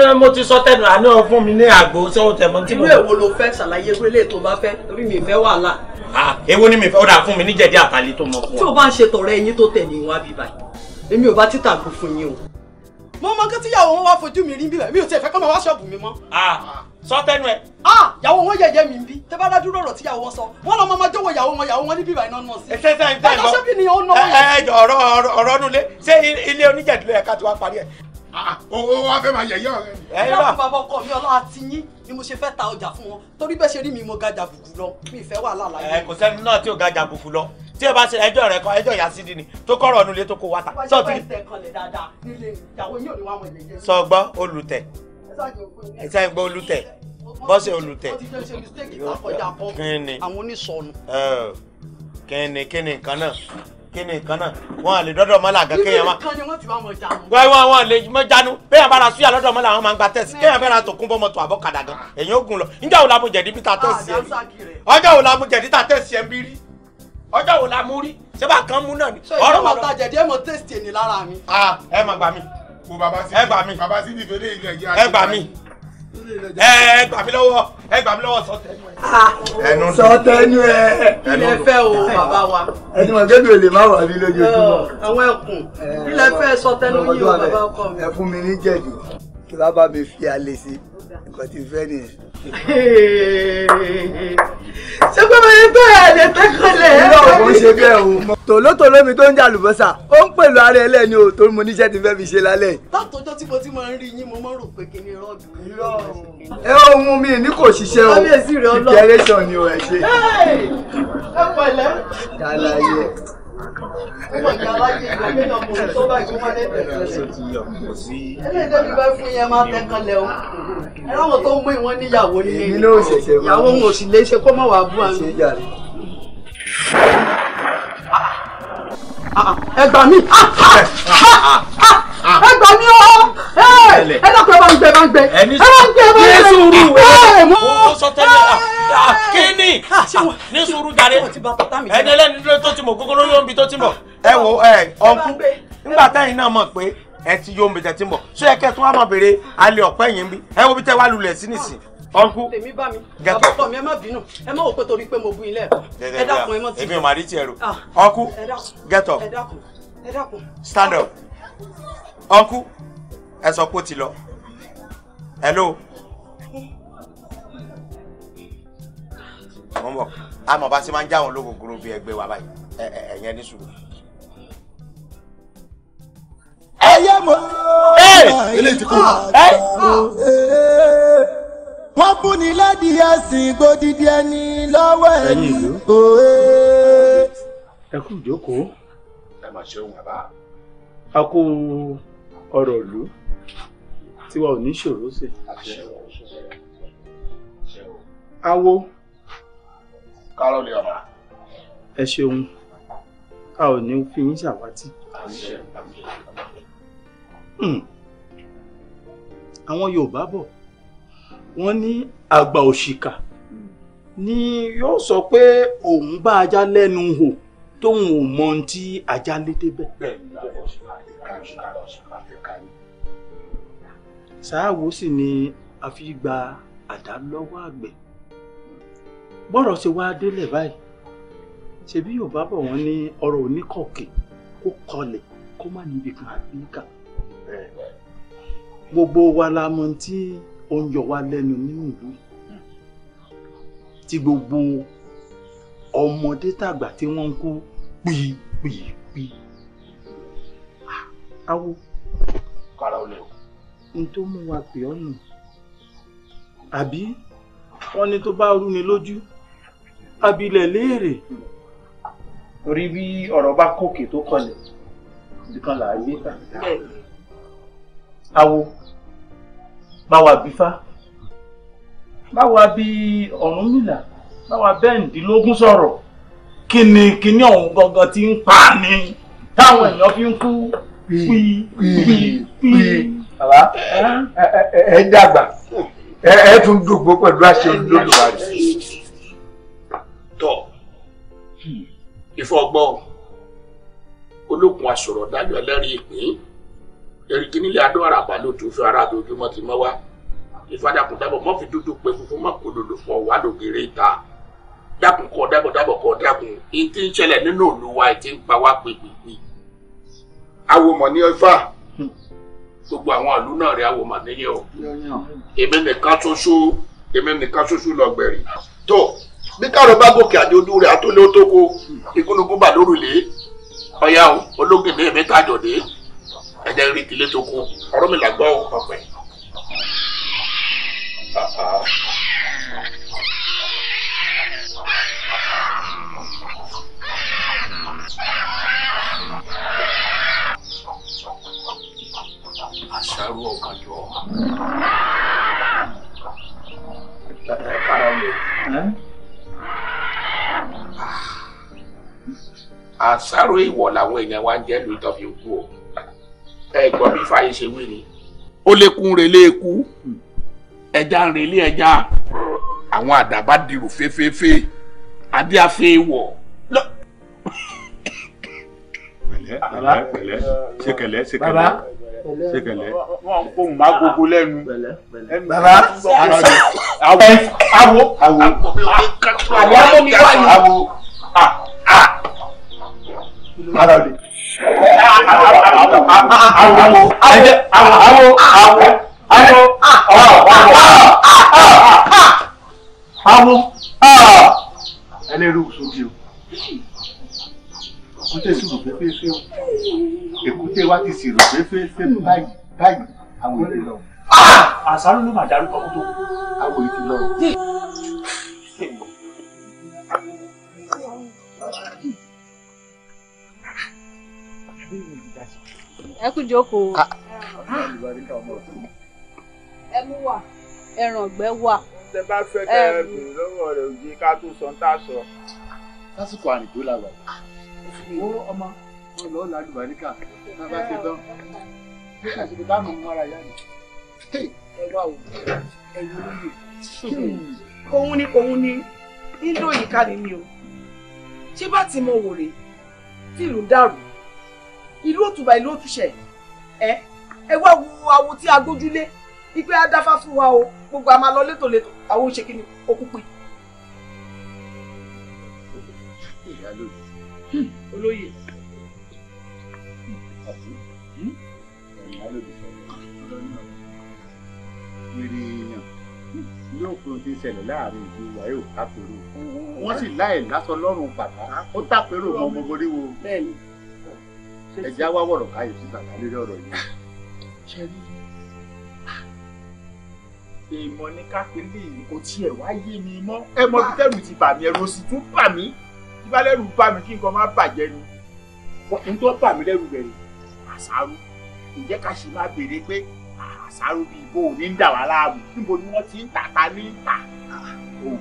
ẹ mo ti sọtẹnu àná fún mi ní àgbo sọ́wọ́ tẹ̀mọ́ tí mo. ìlú èwo ló fẹ́ ṣàlàyé wẹ́lẹ̀ tó bá fẹ́ torí mi fẹ́ wàhálà. èwo ni mi fẹ́ ó dà fún mi níjẹ̀dí àtàlẹ́ tó mọ fún o bá ń ṣe tọ̀rẹ́ ẹyin tó tẹ̀lé mo mọ kí tíyàwó wọn wá fojú mi rí bí mi ò tiẹ̀ fẹ́ kọ́ máa wá ṣọ́ọ̀bù mi mọ́. sọ tẹnu ẹ. yàwó wọn yẹ̀yẹ́ mi ń bí tẹ bá dádúró ọ̀rọ̀ tíyàwó wọn sọ wọn lọ máa jọ̀wọ́ yàwó wọn yàwó wọn ní bíbá iná náà sí. ṣé ṣe ń tẹ́ lọ ọjọ́ ni ó náwó yẹn. ọ̀rọ̀ ọ̀rọ̀ nulẹ̀ ṣé ilé oníjẹ̀dúlẹ̀ ẹ̀ka ti wá parí ẹ̀. o wa fẹ́ máa yẹ̀yẹ́ ọ̀rẹ́ mi. ẹ lọ́kùn bàbá ọkọ mi ọlọ́wà ti yín ni mo ṣe fẹ́ ta ọjà fún wọn torí bẹ́ẹ̀ ṣe rí mi ẹ tí ẹ bá ṣe ẹjọ́ rẹ kan ẹjọ́ yasidi ni tó kọrọ ọnu ilé tó kó wa ta sọtì sọgbọ olùtẹ ìsẹgbọ olùtẹ bọ́sẹ̀ olùtẹ kíni kíni kíni nǹkan náà kíni nǹkan náà wọn à lè dọ́dọ̀ mọ́lá gan kéèyàn má wọ́n wọ́n wọ́n lè mọ́ jánu bẹ́ẹ̀ bára súyà lọ́dọ̀ mọ́lá àwọn máa ń gba tẹ́sì kéèyàn fẹ́ra tó kún tó àbọ̀ kàdà gan èyàn lọ níjà wo la mo jẹ̀dí bí ta tẹ́sì ah, ẹ̀ ọjọ́ wo la mo jẹ̀dí ta tẹ́sì ẹ̀ ń bí ọjọ́ wo la mú rí ṣé bá kan mú náà ni. ọ̀rọ̀ wọn ta jẹ̀dí ẹ̀ mọ tẹ́sítì ẹni lára mi. ẹ má gbà mí. wo baba sí ẹ gbà mí. baba sí ibi ìfẹ́lẹ́ ìgbà ìjà. ẹ gbà mí. ẹ gbà mí lọ́wọ́ ẹ gbà mí lọ́wọ́ sọtẹ́nu ẹ. Ah, sọtẹ́nu ẹ. ilé fẹ́ o bàbá wa. ẹni mọ̀ kébì olè má wà mí lójoojúmọ́. Eh, àwọn ẹkùn ilé fẹ́ sọtẹ́nu yìí o bàbá ọkọ mi. ẹ nǹkan ti fẹ́ nìyẹn. ṣé pé mo ní pé àlè tẹ́kọ̀lẹ̀ ẹ̀ lọ́wọ́ mo ṣe bẹ́ẹ̀ o. tòlótòló mi tó ń jà lùbọ́sà ó ń pèlú ara ẹlẹ́ni o torí mo níṣẹ́ ti fẹ́ fi ṣe lálẹ́. látọjọ́ tí mo ti máa ń rí yín mo máa ń rò pé kí ni rọọdù. ẹ ohun mi ní kò ṣiṣẹ́ o ìjẹrẹsàn ni o ẹ ṣe. ẹ pẹ̀lẹ́. dàlàyé ẹlẹ́dẹ̀bí bá fún yẹn máa ìyàwó wọn ò sì lè ṣe kó má wàá bú àmì. Ah, ah, ah. ẹ gbà mí ẹ gbà ẹ dọ́kọ̀ ẹ bá ń gbẹ bá ń gbẹ ẹ bá ń gbẹ bá ń gbẹ. ẹ mú sọ a ah, ah, ah! kini ní sùúrù jàre ẹni ẹlẹ́ni tó ti mọ̀ gógóró ọkụ ń bi tó ti mọ̀. ẹ wo ẹ ọkú bere táyìn náà pé ẹ ti yóò bi tẹ́ ti mọ̀ ṣé ẹ kẹ́ béèrè wọ́n bọ̀ àmọ́ bá ti máa ń jáwọn lógógóró bíi ẹgbẹ́ wa báyìí ẹ̀yẹn ní sùúrù. ẹyẹ mọ ilé ti ni lẹ́dí ẹ̀sìn gbódìdí ẹni lọ́wọ́ ẹ̀yìn òwe. ẹ kú ìjókòó ẹ mà ṣeun bàbá a kó ọ̀rọ̀ ìlú tiwa ò ní ṣòro sí. awo kárọ̀ lè ọ̀nà. ẹ ṣeun a ò ní fi yín ṣàwátì. Hmm. àwọn Yorùbá bọ̀ wọ́n ní àgbà òṣìkà ni yóò sọ pé òun bá ajá lẹ́nu hò tóun ò mọ ohun tí ajá lé débẹ̀. sáàwó sì ni a fi gba àdá lọ́wọ́ àgbẹ̀ bọ́rọ̀ ṣe wá délẹ̀ báyìí ṣebí yorùbá bọ̀ wọ́n ní ọ̀rọ̀ oníkọ̀ọ̀kì kó kọlẹ̀ kó má níbi kan àbíkà gbogbo wa la mọ̀ tí ó ń yọ wá lẹ́nu nínú ìlú tí gbogbo ọmọdé tàgbà tí wọ́n ń kú pìpìpì awo kára olè o n tó mú wa pè ọ́ nù àbí wọ́n ní tó bá rú ni lójú abilẹ̀ léèrè. torí bí ọ̀rọ̀ bá kókè tó kọlẹ̀ nìkan là á yé ta. awo bá wa bí fá bá wa bí Ọ̀rúnmìlà bá wa bẹ́ẹ̀ndínlógún sọ̀rọ̀ kíni kíni ọ̀hún gangan ti ń pa ni táwọn èèyàn fi ń kú pí pí pí. ẹ dàgbà ẹ tún dùgbò pẹ̀lú àṣẹ olùdókòwò rẹ̀. ìfọgbọ́ olókun àsọ̀rọ̀ dájọ́ ẹlẹ́rìí ìpín erigi nílẹ̀ adó àràbà ló tó fi ara àdójúmọ́ ti mọ́ wá ìfadàkùn dábọ̀ mọ́ fi dúdú pé funfun mọ́ kó lòlò fún ọ̀wá lògèrè ìta dákun kọ́ dábọ̀ dábọ̀ kọ́ dákun èyí tí ń ṣẹlẹ̀ nínú òlu wa èyí tí ń pa wá pèpèpè. awomọ ní ifá gbogbo àwọn ìlú náà rí awomọ níyẹn o èmi nìkan ṣoṣo èmi nìkan ṣoṣo lọgbẹ̀rì tó bí káàró bá gòkè àjọdún rẹ̀ àtọ́lé ó tó kó igúnnugún bà lórùlé ọ̀yá o ológun ilé mi tàjọ̀ dé ẹ̀jẹ̀ rí tilé tó kó ọ̀rọ̀ mi làgbọ́ ọ̀pẹ̀. àṣàrò ọ̀kànjọ́. àṣàrò ìwọ̀ làwọn èèyàn wa ń jẹ́ lórí tọ́ fi kú o ẹ gbọ́ bí fàyè ṣe wí ni ó lékún relé eku ẹja ń relé ẹja àwọn àdàbà dirò fẹ́fẹ́fẹ́ adé afẹ́ ìwọ̀ lọ. pẹ̀lẹ́ pẹ̀lẹ́ ṣẹkẹlẹ ṣẹkẹlẹ ṣẹkẹlẹ. wọn kò má gbogbo lẹ́nu. bàbá àwo àwo àwo àwo àwo àwo ara rẹ̀. awo awo awo awo awo ẹlẹ́rú sókè o èkúté sì rò fẹ́fẹ́fẹ́ o èkúté wa ti sì rò fẹ́fẹ́fẹ́ báyìí báyìí àwọn èdè lọ. àṣàrò ló mà dárúkọ kó tó àwọn èdè lọ. Thank you ẹ kú jókòó ah. ẹmu wà ẹran ọgbẹ wà. ṣé bá fẹ́ kẹ́ ẹ bèrè lọ́wọ́ rẹ̀ òye ká tó sọ tá a sọ. lásìkò àrìndó la wà. wo ọmọ ọlọ́ làlùbáríkà tá a bá ṣe tán bí kò síbi táwọn ọmọ ara yá ni. ẹ wá o ẹyin olóyè. Hmm. òun ni òun ni nílò yìí ká ni mi o ṣé bá ti mọ wòrè tí ìlú dàrú ìlú òtùbà ìlú òtùṣẹ ẹ ẹ wá wo awo tí a gbójúlé ipe adáfá fún wa o gbogbo a máa lọ létòlétò àwọn oṣù kìíní okú pin. olóyè wèrè èèyàn yóò fún un ti ṣẹlẹ̀ láàrin ìlú wa yóò kápẹ́rò wọ́n sì láì lásọ lọ́rùn bàbá ó tàpérò mọ́ ọmọ boríwo. bẹ́ẹ̀ni ẹ̀já wá wọ̀rọ̀ káyọ̀ sí bàbá lórí ọ̀rọ̀ yìí. ṣe rí ah, èèmọ̀ ní kápẹ́lẹ́ yìí kò tiẹ̀ wá yé mi mọ́ ẹ mọ bí tẹ́rù ti bà mí ẹ̀rù sì tún bà mí bí bá lẹ́rù bà mí kí nǹkan má bàjẹ́ ni n tó bà mí lẹ́rù bẹ̀rẹ̀ àṣàrò ǹjẹ́ ká ṣe máa béèrè pé ah, àṣàrò bíi ibo ò ní ń dà wá láàmú níbo ni wọ́n ti ń tàta ní ń tà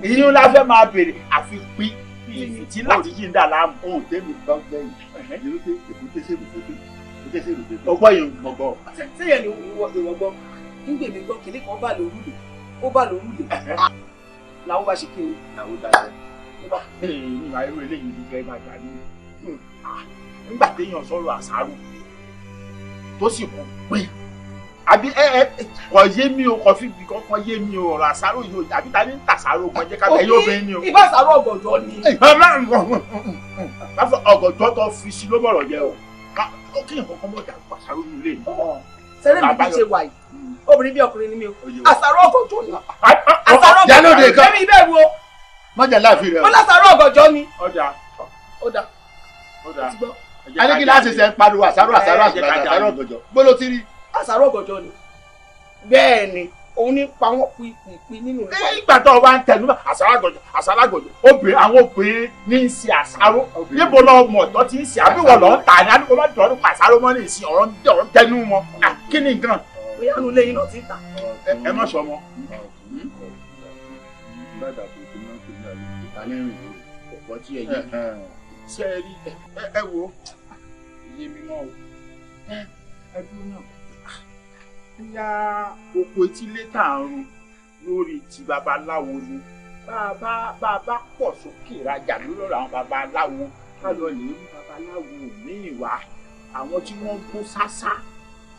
èyí ah, la fẹ́ máa béèrè àfi pín bíi tí láti yí ń dà láàmú. ohun tẹ́mi bá ń gbẹ̀yìn yìí pé èkó tẹ́sẹ̀ rò pé èkó tẹ́sẹ̀ rò pé ọgbọ́n yìí mọ̀ gbọ́. sẹ́yìn ni ìwọ gbọ́ nígbè mi gbọ́ kìnìún kan bá lòrú lè ó bá lòrú lè làwọn bá ṣe kí ni. làwọn dájọ́ ìwà irú eléyìí ni kẹ́ máa gbà ní. nígbà téèyàn sọ̀rọ̀ àṣàrò tó sì kú pín àbí ẹ ẹ kò yé mi o kò fi bì kankan yé mi o ọ̀rọ̀ àṣàrò yìí o àbí ta ni ń tàṣàrò kan jẹ́ ká bẹ̀ yóò bẹ́ẹ̀ ni o. ìbá àṣàrò ọ̀gọ̀dọ̀ ni. káfọ ọ̀gọ̀dọ̀ tó fi sí ló bọ̀rọ̀ jẹ o ó kí nǹkan kan bọ̀ dà kó àṣàrò mi lè ní. sẹ́rẹ́ mi bí ṣe wà yìí obìnrin bí ọkùnrin ni mi o àṣàrò ọ̀gọ̀dọ̀ ni àṣàrò ọ̀gọ̀dọ̀ ẹ̀mí bẹ́ẹ̀ wo. mọ̀jà láàfin rẹ o. ó láṣàrò ọ̀gọ̀dọ̀ ni. ó dà ó dà ó dà. adékìlá ṣẹ̀ṣẹ̀ ń pariwo àṣàrò àṣàrò àṣàrò ọ̀gọ̀dọ̀ gbọ́dọ̀ ti àṣàrò ọ̀gànjọ́ ni bẹ́ẹ̀ ni òun ní pa wọ́n pi pi pi nínú rẹ̀. nígbà tó o bá ń tẹnu àṣàrò ọ̀gànjọ́ àṣàrò ọ̀gànjọ́ obìnrin àwọn obìnrin ní í ṣe àṣàrò níbo lọ mọ̀ tó ti ń ṣe àbíwọ̀ lọ́ ń tà ní àdúgbò má dùn ọdún àṣàrò mọ́ ní ìsìn ọ̀rọ̀ ń tẹnu mọ́ kí ni gan. bóyá nu lẹ́yìn náà ti ń ẹ má sọ mọ́ ṣe é rí ẹ wo iye mi náà o ẹ dúró náà bíyá oko etílé tá ń run lórí ti babaláwo ni bàbá bàbá pọ̀ sókè rajà lórí àwọn babaláwo káyọ̀ lè mú babaláwo míì wá àwọn tí wọ́n kó sásá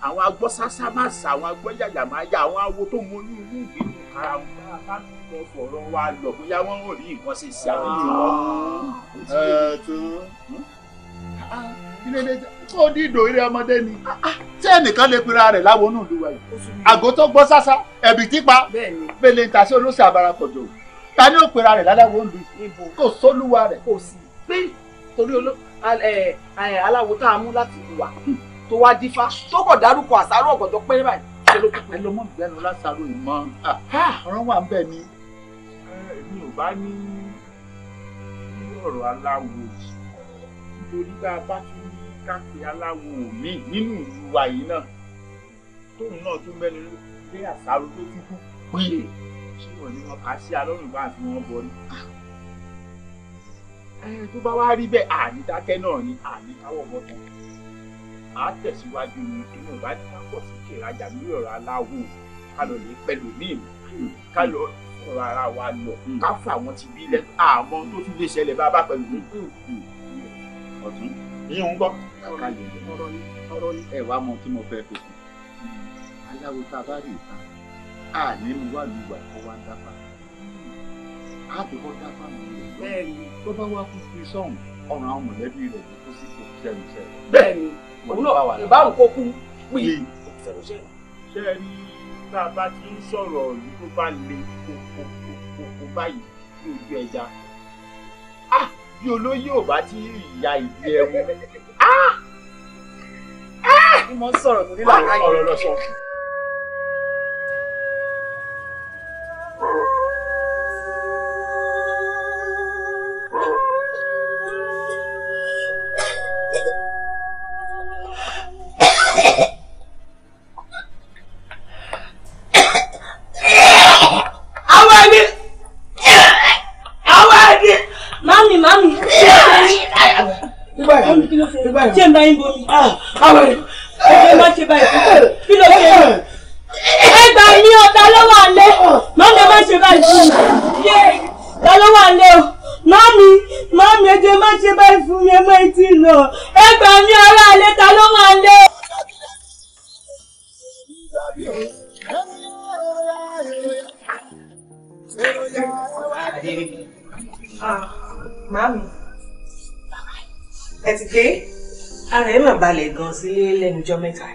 àwọn agbọ́ sásá má sá àwọn agbọ́ yàyà má yá àwọn awo tó mọ inú inú ìgbìmọ̀ ara wọn bá bá lọ wa lọ bóyá wọ́n rí nǹkan ṣe sí àwọn ìlú ah, ẹ ẹ tó. Hmm? kó dídò eré ọmọdé ni tí ẹnìkan lè pera rẹ̀ láwọnú ìlú wa yìí àgọ́ tó gbọ́ sásá ẹ̀bì típa bẹ́lẹ̀ ń ta sí olóṣè àbárapọ̀jọ ta ni ó pera rẹ̀ láláwọ̀ ìlú kò sólúwa rẹ̀. kò sí pé torí aláwo tá a mú láti wà tó wá dífá tó kọ̀ dárúkọ àsáró ọ̀gọ̀dọ̀ péré báyìí ṣe ló pípẹ́. ẹ lọ mọ ìgbẹ́nu lásàrò ìmọ̀ ọ̀rọ̀ wà ń bẹ̀ ni. èmi ò bá ní ọ̀rọ̀ aláwo yìí torí bá a bá tún ní kápẹ́ aláwo mi nínú ìlú wa yìí náà tóun náà tún mẹ́nu lé àṣàrò tó tún kú péye ṣé wọ́n ní wọn kà sí alọ́run bá fi wọ́n bọ́ni. Ah. tó bá wá rí bẹ́ẹ̀ àní dákẹ́ náà ni àní káwọ́ bọ́tọ̀ á tẹ̀síwájú ni inú ìbá ti ká pọ̀ sí kẹ̀rajà lórí ọ̀rọ̀ aláwo ká lè pẹ̀lú ní ìlú ọ̀rọ̀ ara wa lọ ká fà ti bí lẹ́nu àmọ́ tó tún lè ṣẹlẹ̀ bá bá pẹ̀lú ní ọ̀tún yín ń gbọ́. ẹ wá mọ tí mo fẹ́ fi kún aláwo tá a bá rí ìta a ní mu wà lùwà kó wá dáfà á ti kọ́ dáfà mi bẹ́ẹ̀ni tó bá wá kú sí sọ́hùn ọ̀ràn àwọn mọ̀lẹ́bí rẹ̀ kó kó sí kó sẹ́nu sẹ́nu. bẹ́ẹ̀ni òun náà ìbáwò kó kú pè sẹ́nu sẹ́nu. ṣé tá a bá ti ń sọ̀rọ̀ yìí tó bá le kókókókó báyìí ní ojú ẹja. Ah! bí olóyè ò bá ti ìyá ìdí ẹwu ni mo ń sọ̀rọ̀ torí làwọn ọ̀rọ̀ lọ sọ. Àwọn ẹni mami mami ṣé n bá yín bomi ah, ah, ṣé má ṣe báyìí kí ló ṣe é ẹ gbà mí o ta ló wà lé ah, mami má ṣe báyìí yé ta ló wà lé o mami mami ẹjẹ má ṣe báyìí fún mi ẹ má ti lọ ẹ gbà mí ọ̀rọ̀ àlẹ ta ló wà lé o. Thank you. Ah, màámi, ẹ ti dé? Ara ẹ̀ mà balẹ̀ gan sílé lẹ́nujọ́ mẹ́ta.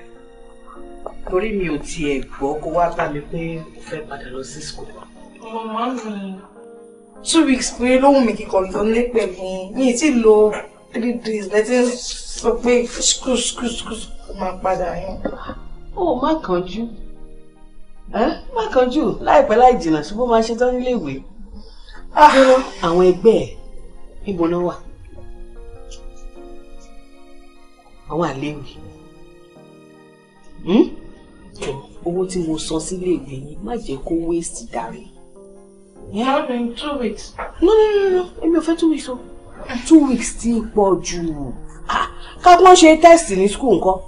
Torí mi ò tiẹ̀ gbọ́ kó wá bá mi pé kò fẹ́ padà lọ sí school. Ọmọ màámi, two weeks péré ló wù mí kíkọ lọ nílé pẹ̀lú mi tí lo three days lẹ́tí sọ pé school school school máa padà yẹn. Ó má kánjú. Má kánjú láìpẹ́ láì jìnnà ṣùgbọ́n máa ṣetán nílé ìwé fún ah. àwọn ẹgbẹ́ ẹ̀ níbo náà wà àwọn àléwì hmm? owó tí mo san sílé ìwé yìí má jẹ́ kó waste dàrí. not in two weeks. no no no no èmi ò fẹ́ two weeks o two weeks ti pọ̀ jù ah, ká wọ́n ṣe test ní school nǹkan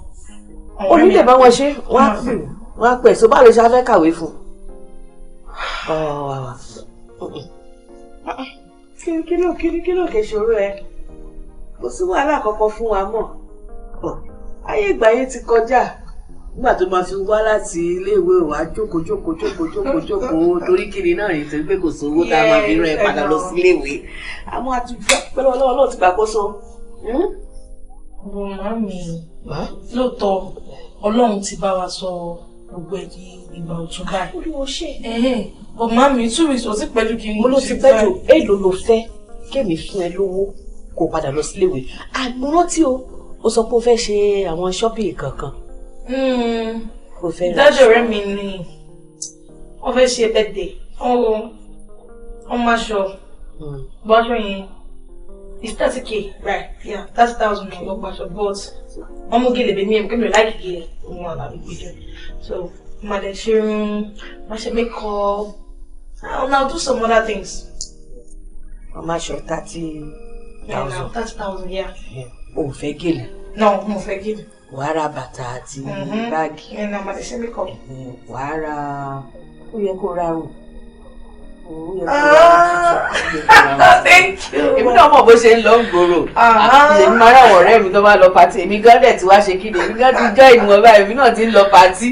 onílé bá wọn ṣe wọ́n á pè wọ́n á pè so báwo ló ṣe á fẹ́ kàwé fún un. Oh, Ah, kí ló kí ló kí ló kè ṣòro ẹ kò sí wàhálà kankan fún wa mọ́ ayé ìgbà yẹn ti kọjá nígbà tó máa fi wá láti iléèwé wa jókòó jókòó jókòó jókòó jókòó torí kiri náà rèé torí pé kò sówó tá a máa fi rán ẹ padà lọ sí iléèwé àmọ́ a ti gbà pẹ̀lú Ọlọ́run náà ti gbàkóso. Hmm? màmá mi lóòótọ́ Ọlọ́run ti bá wa sọ ọ́ gbogbo ẹ̀ di ìgbà ọ̀tún báyìí. olúwo ṣe. but màmí two weeks ò ti pẹ́jù kí n mo ló ti pẹ́jù èèlò ló fẹ́ kémi fún ẹ lówó kó padà lọ síléèwé àmọ́ rántí o ó sọ pé ó fẹ́ ṣe àwọn shopping kankan. kò hmm. fẹ́ ra dájọ́ ọ̀rẹ́ mi ni wọ́n fẹ́ ṣe birthday ọ̀hún ọmọ aṣọ hmm. gbọ́dọ̀ yẹn it's thirty k right yeah thirty thousand naira gbọ́dọ̀ but ọmọ gèlè bẹ́ẹ̀ mi ẹ̀ kẹ́mi ò láì gèlè òun àlàbí gbẹjọ́. So, Madeshirun, Masha Makeup. I'll now do some other things. Mama ṣe thirty thousand. Thirty thousand, yeah. O fẹ́ gèlè. No, no fẹ́ gèlè. Wàá ra bàtà àti mm-hmm. báàgì. Ẹ̀ na Madeshirun Makeup. Wàá ra ó Ah, thank you. èmi náà mọ̀ bó ṣe ń lọ ń gbòòrò ah. èmi máa ràn wọ̀ ọ̀rẹ́ mi tó bá lọ pàtí èmi gan dẹ̀ tí wá ṣe kíni èmi gan ti jọ́ ìwọ̀n báyìí èmi náà ti ń lọ pàtí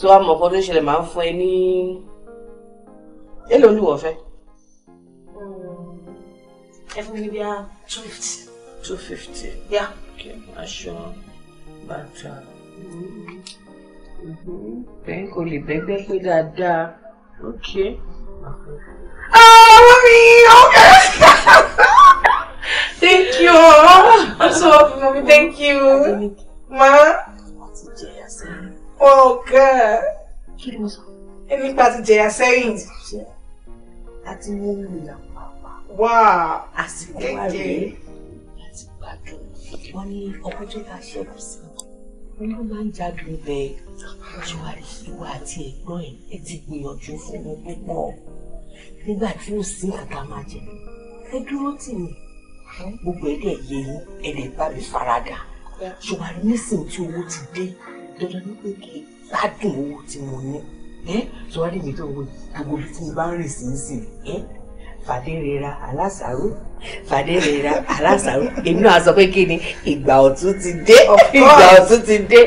so àmọ́ ọkọ tó ṣẹlẹ̀ máa ń fún ẹ ní èlò oníwọ̀ fẹ́. Mm. ẹ fún mi bí i two fifty. two fifty. yá. aṣọ bàtà mm-hmm. Mm-hmm. bẹ́ẹ̀ kò lè bẹ́gbẹ́ pé dáadáa. okay. Oh, ah, mommy! Okay. Thank you. I'm so happy, mommy. Thank you. Ma. Oh, God. Ẹni pa ti jẹ̀yà sẹ́yìn. Àti mo ń lu ìlànà pàápàá. Wá. Àsìkò wa rèé. Láti gbádùn. Wọ́n ní ọkọ̀ tó bá ṣẹ́kù sí ló máa ń jáde ibẹ̀ ṣùgbọ́n ìwà àti ẹ̀gbọ́n ẹ̀ ti gbìyànjú fún mi púpọ̀ nígbà tí ò sí kankan máa jẹ ẹ dúró tì mí gbogbo ẹ̀ dẹ̀ yẹ yín ẹ̀ dẹ̀ bá mi faradà ṣùgbọ́n nísìnyí tí owó ti dé dandan ní pé kí ládùn owó tí mo ní ṣùgbọ́n níbi tó wọ gbogbo ibi tí mo bá ń rìn sí nísìnyí fàdérera alásàrò fàdérera alásàrò èmi náà sọ pé kí ni ìgbà ọ̀tún ti dé ìgbà ọ̀tún ti dé.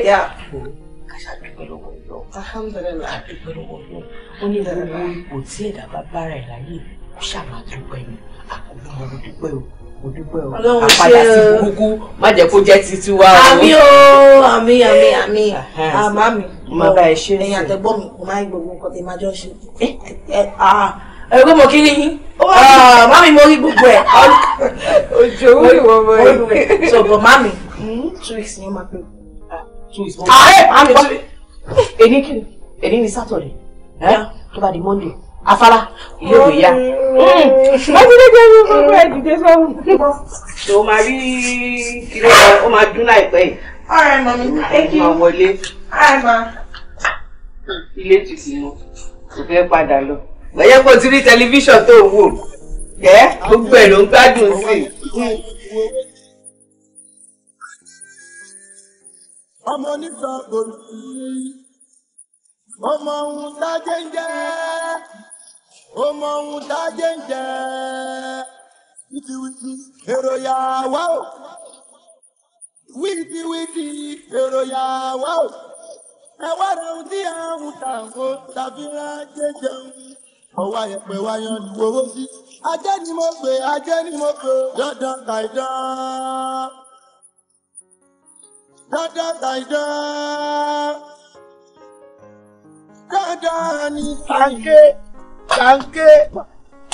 kàṣà dúpẹ́ lọ́wọ́ ìlọ. alhamdulilayi. kàdúpẹ́ lọ́wọ́ ìlọ wọ́n ní ìlú ìwé ipò tí ẹ̀dá bá bára ẹ̀ láyè kó ṣàmà dúpẹ́ mi àkọlùmọ̀ mo o mo o àpadà sí burúkú má jẹ́ kó jẹ́ títí wá o. àmì o àmì àmì àmì àmà mi. má bá ẹ mi kò máa ń gbogbo nǹkan tẹ̀ máa jọ ṣe. ẹgbẹ́ mo kiri yín mami mo rí gbogbo ẹ̀. ojú owó ìwọ ọmọ rẹ. sọ̀rọ̀ mami two weeks ni ó máa pè é. Ah, two weeks. ààrẹ ah, kí ni èyí ni Saturday tó bá di monday afárá ilé ìwé yá. ọdúnlẹ́jọ́ ní gbogbo ẹ̀ dìde sọ́run. ṣòwò máa rí kiri ọ ó máa dún láìpẹ́ yìí. ọ̀rẹ́ mọ̀ mi ẹkí máa wọlé. ọ̀rẹ́ mọ̀. ilé ti sì mọ kò fẹ́ padà lọ. gbẹ̀yẹ́ kò ti rí tẹlifíṣàn tó wò kẹ́ gbogbo ẹ̀ ló ń gbádùn sí i. ọmọ nífẹ̀ẹ́ kò rí ọmọ ohun tájé ń jẹ́ ọmọ ohun tájé ń jẹ́ wítíwítí èrò yà wá o wítíwítí èrò yà wá o ẹ wá rẹ ohun tí àwọn tàǹkó tàbí rán jẹjẹun ọwọ́ àyẹ̀pẹ̀ wa yan ni wo sí ajẹ́ ni mo pè ajẹ́ ni mo pè dandan kàìdán dandan kàìdán dáadáa ni. tanke tanke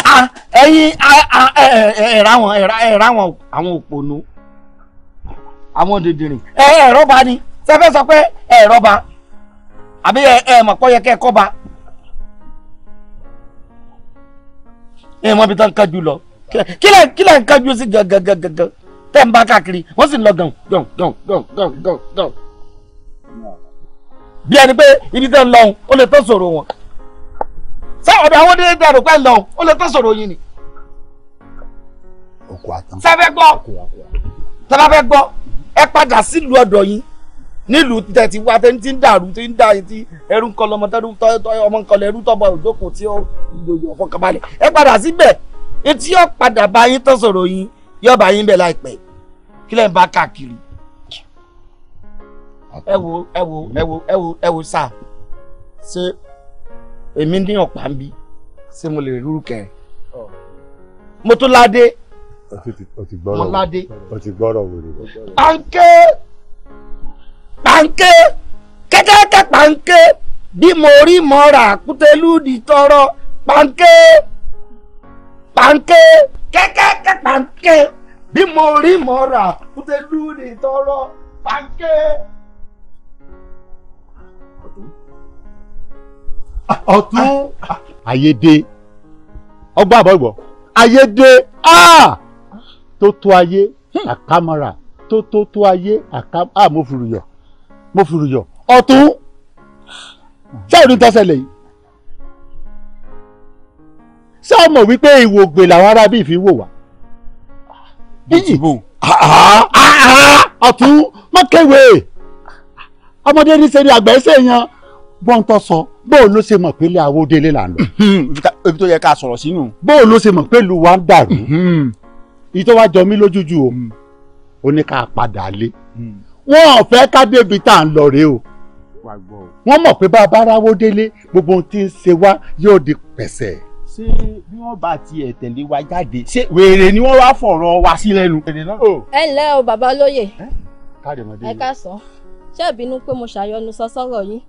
ah, ẹyin ẹ̀rá ah, ah, eh, eh, eh, wọn ẹ̀rá wọn àwọn òpònú àwọn dìndìnrín ẹ̀rọ ba ni sẹ́fẹ́ sọ pé ẹ̀rọ ba àbí ẹ̀ mọ̀ pọ́ yẹ kẹ́ ẹ kọ́ ba. ẹ mọ ibi tó ń kájú lọ kílẹ̀ kílẹ̀ ń kájú sí gangan tẹ̀ ń bá káàkiri wọ́n sì ń lọ gàn gàn gàn gàn gàn gàn bí ẹni pé ibi tẹ́ ń lọ́hùn ó lè tó sọ̀rọ̀ wọn sá ọ̀dọ̀ àwọn délé dàrú pẹ́ lọ́hùn ó lè tó sọ̀rọ̀ yín ni. sáfẹ́ gbọ́ sábà fẹ́ gbọ́ ẹ padà sílùú ọ̀dọ̀ yín nílùú tẹ̀ ti wá tẹ́ni tí ń dàrú tí ń dà tí ẹrú ń kọ́ lọ́mọ tẹ́rú ọmọ ń kọ́ lẹ́rú tọ́bọ̀ òjókòó tí ó fọkànbalẹ̀ ẹ padà síbẹ̀ etí yóò padà bá yín tó sọ̀rọ̀ yín yóò bá yín bẹ̀ láìpẹ́ kílẹ̀ ń bá káàkiri ẹ wo ẹ wo ẹ wo ẹ wo ẹ wo sá ṣé èmi ní ọ̀pá ń bí ṣé mo lè rú kẹ mo tún ládé mo ládé pànkẹ́ pànkẹ́ kẹ́kẹ́kẹ́ pànkẹ́ bí mo rí mọ́ra kútẹ́lú di tọrọ pànkẹ́ pànkẹ́ kẹ́kẹ́kẹ́ pànkẹ́ bí mo rí mọ́ra kútẹ́lú di tọrọ pànkẹ́. ọ̀tún ayédè ọgbọ́n àbọ̀gbọ̀ ayédè tó tó ayé hmm. àkàmọ́ra tó tó tó ayé àkàmọ́ra mo fi rùyọ̀ mo fi rùyọ̀ ọ̀tún ṣé òní tó ṣẹlẹ̀ yìí ṣé o mọ̀ wípé ìwògbè làwọn arábí fi wò wá. bíyì ọ̀tún mọ́kẹ́wé ọmọdé ní sẹ́ni àgbẹ̀ ṣèyàn gbọ́ntọ́ sọ. So bóun ló ṣe mọ̀ pé ilé awódélé là ń lọ. ibi tó yẹ ká sọ̀rọ̀ sínú. bóun ló ṣe mọ̀ pé ìlú wa ń dàrú. èyí hmm. tó wá jọ mí lójújú o hmm. ó ní ká padà lé. Hmm. wọn ò fẹ́ ká débi tá à ń lọ rèé o. wọ́n mọ̀ pé bá a bá ráwó délé gbogbo ohun tí ń ṣe wá yóò di pẹ̀sẹ̀. ṣé bí wọ́n bá tiẹ̀ tẹ̀lé wa jáde ṣé wèrè ni wọ́n wá fọ̀rọ̀ wa sí lẹ́nu. Oh. ẹ ǹlẹ́ o bàbá olóyè ẹ ká sọ ṣé ìbínú pé mo ṣàyọnu sọ sọ́rọ̀ yín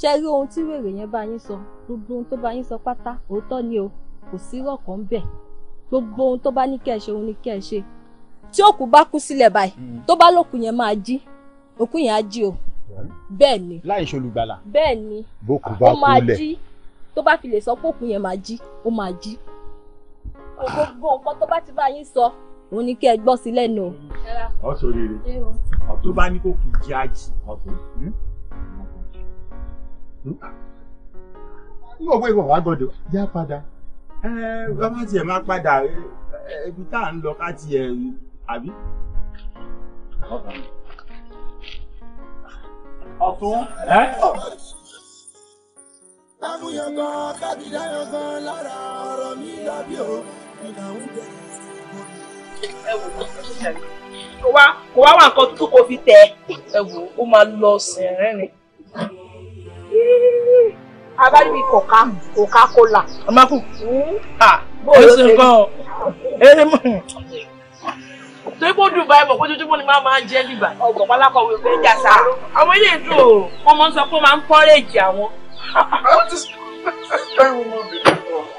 ṣe rí ohun tí wèrè yẹn bá yín sọ gbogbo ohun tó bá yín sọ pátá òótọ́ ni o kò sí rọ̀kọ̀ ń bẹ̀ gbogbo ohun tó bá ní kẹ́ ẹ ṣe òun ni kẹ́ ẹ ṣe tí òkú bá kú sílẹ̀ báyìí mm. tó bá lòkù yẹn máa jí òkú yẹn á jí o bẹ́ẹ̀ ni láì ṣolùgbàlà bẹ́ẹ̀ ni bókù bá kú tó bá fi lè sọ pé òkú yẹn máa jí ó máa jí gbogbo nǹkan tó bá ti bá yín sọ òun ni kẹ́ ẹ gbọ́ sí lẹ́nu o. ọ̀sọ̀ rere tó bá ní kó kì í jí á jí n ò pé gbọ́dọ̀ já padà. bàbá tiẹ̀ máa padà ibi tá à ń lọ ká tiẹ̀ àbí. ọ̀tún. lámúyangàn kábídáyangàn lára ọ̀rọ̀ mi lábí o ìdáhùn bẹ̀rẹ̀ ẹ wò ó kò wá kò wá wà nǹkan tuntun kò fi tẹ ẹ wò ó máa lọ sẹ̀rẹ̀ rìn abáríbi kọ̀ká kọ̀ká kọlà. ọmọkù ó sì ń kọ́ ọ eré mọ̀. torí kó dùn báyìí bọ̀ kó ojoojúmọ́ ni máa máa jẹ́ bíbà. ọgbọ̀n pálákọ̀wé pé ń jàsà. àwọn ilé ìdùn o wọ́n mọ̀ ń sọ pé ó máa ń pọ́rẹ́jì àwọn.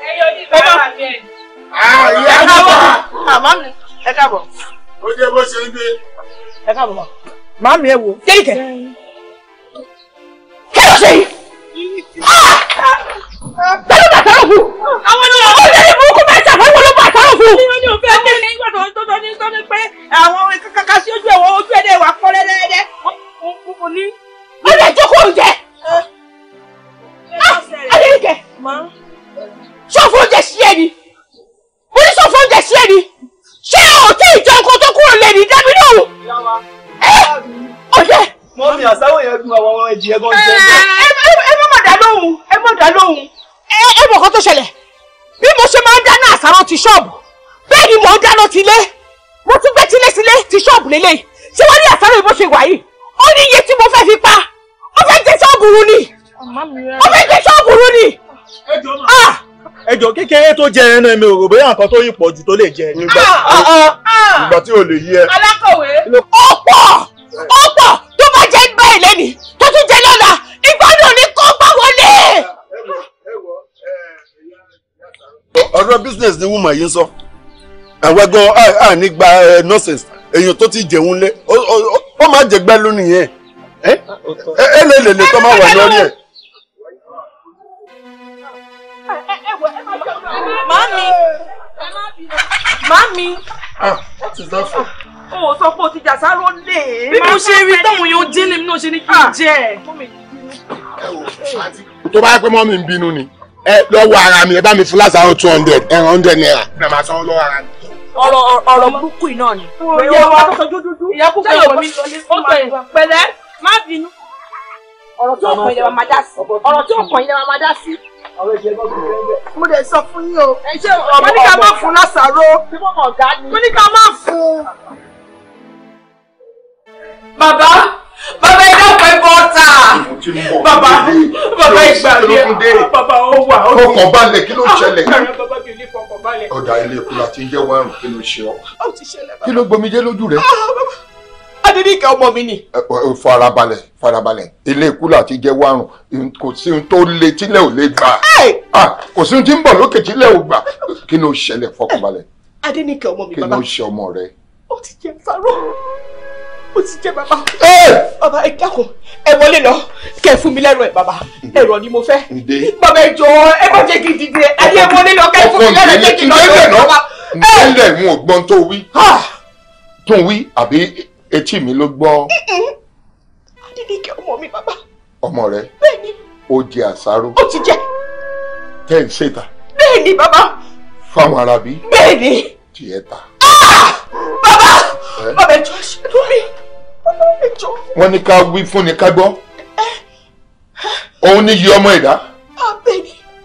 ẹ yọ ní bàbá mi ẹ. àyà bàbá. Ah, màmá mi ẹ káàbọ̀. ó jẹ́ bó ṣe ń gbé. ẹ káàbọ̀. màmá mi ẹ wò kéèké kí ṣe yìí. pẹ̀lú bàtà òfin. àwọn ọmọ ọmọ ìdílé burúkú máa ń ṣàfọwọ́ ló bàtà òfin. ní lè jókòó oúnjẹ. adéyíkẹ. ṣọ́ọ̀fù oúnjẹ sí ẹni. mo ní ṣọ́ọ̀fù oúnjẹ sí ẹni. ṣé òtí ìjọ nǹkan tó kúrò lè ní dábìlì òun. ọ̀dẹ́ mọ́mí àsáwọ̀ yẹn gun àwọn ọmọ ìjì ẹgbọ́n jẹ́ eh, eh, eh, ẹ má mà dá lóhùn ẹ má dá lóhùn. ẹ mọ̀ kan tó ṣẹlẹ̀ bí mo ṣe máa ń dáná àsáró ti ṣọ́ọ̀bù bẹ́ẹ̀ ni mò ń dáná ti ilé mo tún gbé tílé sílé ti ṣọ́ọ̀bù lélẹ̀ ṣé wọ́n ní àsáró ìbò ṣe wà yìí ó ní iye tí mo fẹ́ fi pa ó fẹ́ gbé ṣọ́ọ̀bù rú ni ó fẹ́ gbé ṣọ́ọ̀bù rú ni ẹjọ ah! kékeré tó jẹ ẹran mi ò rò bóyá nǹkan tó yí pọ̀ jù tó lè jẹ ẹni. Ah, ah, ìgbà tí o lè yí ẹ. alákọ̀wé. ó pọ̀ ó pọ̀ bá jẹ́ báyìí lẹ́nìí tó tún jẹ́ lọ́la ìgbádùn ni kó gbà wọlé. ọ̀rọ̀ business ni woman yìí ń sọ àwọn ẹgbẹ́ à ní gba nurses èèyàn tó ti jẹun lé ó máa jẹgbẹ́ lónìí yẹn ẹ lè lè lè tó máa wà lórí ẹ̀. Mami! Mami! Ah, what is that for? o sọ pé o ti jàsáró lè. bí mo ṣe rí táwọn èèyàn jẹ́ lèmi náà ṣe ní kí n ah, jẹ́. tó bá yẹ pé mọ́mí ń bínú ni ẹ lọ́wọ́ ara mi ẹ bá mi fún lásàrò two hundred ẹ rán hundred naira ẹ máa sanwó lọ́wọ́ ara mi. ọ̀rọ̀ ọ̀rọ̀ burúkú iná ni. ìyá wa ìyá kúkú ẹ̀wọ̀ mi ó tẹ̀ pẹ̀lẹ́ má bínú. ọ̀rọ̀ tí ó kàn yín lè máa dá sí. ọ̀rọ̀ tí ó kàn yín lè máa dá sí mo lè sọ fún yín o. ẹ ṣe ọ̀bọ̀ ọ̀bọ̀ mo ní ká má fún lásàrò. mo ní ká má fún bàbá bàbá iná pẹ́ bọ́ta bàbá bàbá ìgbàlẹ̀ bàbá ó wà ó kọ̀ balẹ̀ kí ló ń ah, ṣẹlẹ̀ ọ̀dà ilé ikú la ti ń jẹ́ wárùn kí ló ṣe ọ́ kí ló gbomijé lójú rẹ̀ ah, adédìkẹ́ ọmọ mi ni. farabalẹ̀ farabalẹ̀ ilé ikú láti jẹ́ wárùn kò sí ohun tó le tílẹ̀ ò lè gbà ah, kò sí ohun tí ń bọ̀ lókè tílẹ̀ ò gbà kí ló ṣẹlẹ̀ fọkànbalẹ̀. adédìkẹ́ ọmọ mi bàbá kí ló ṣe ọmọ rẹ. ó ti jẹ fáró ó ti jẹ́ bàbá. bàbá ẹ dákun ẹ wọlé lọ kẹ fún mi lẹ́rọ ẹ bàbá ẹ̀rọ ni mo fẹ́. bàbá ẹ jọ̀ọ́ ẹ má jẹ́ kí n dìde ẹ ní ẹ wọlé lọ kẹ fún mi lẹ́rọ ẹ jẹ́ kí n lọ́ọ́ bàbá. ǹdẹ́lẹ̀ ń ọgbọ́n tó wí tó wí àbí etí mi ló gbọ́. Adédèké ọmọ mi bàbá. ọmọ rẹ ó jẹ àsáró. ó ti jẹ. tẹ́ ń ṣètà. bẹ́ẹ̀ni Baba, fáwọn arábí. bẹ́ẹ̀ni. tiẹ̀ ta. Ah! bàbá bàbá ẹ jọ ṣe lórí wọ́n ní ká wí fún ni ká gbọ́ òun ní yí ọmọ ẹ̀dá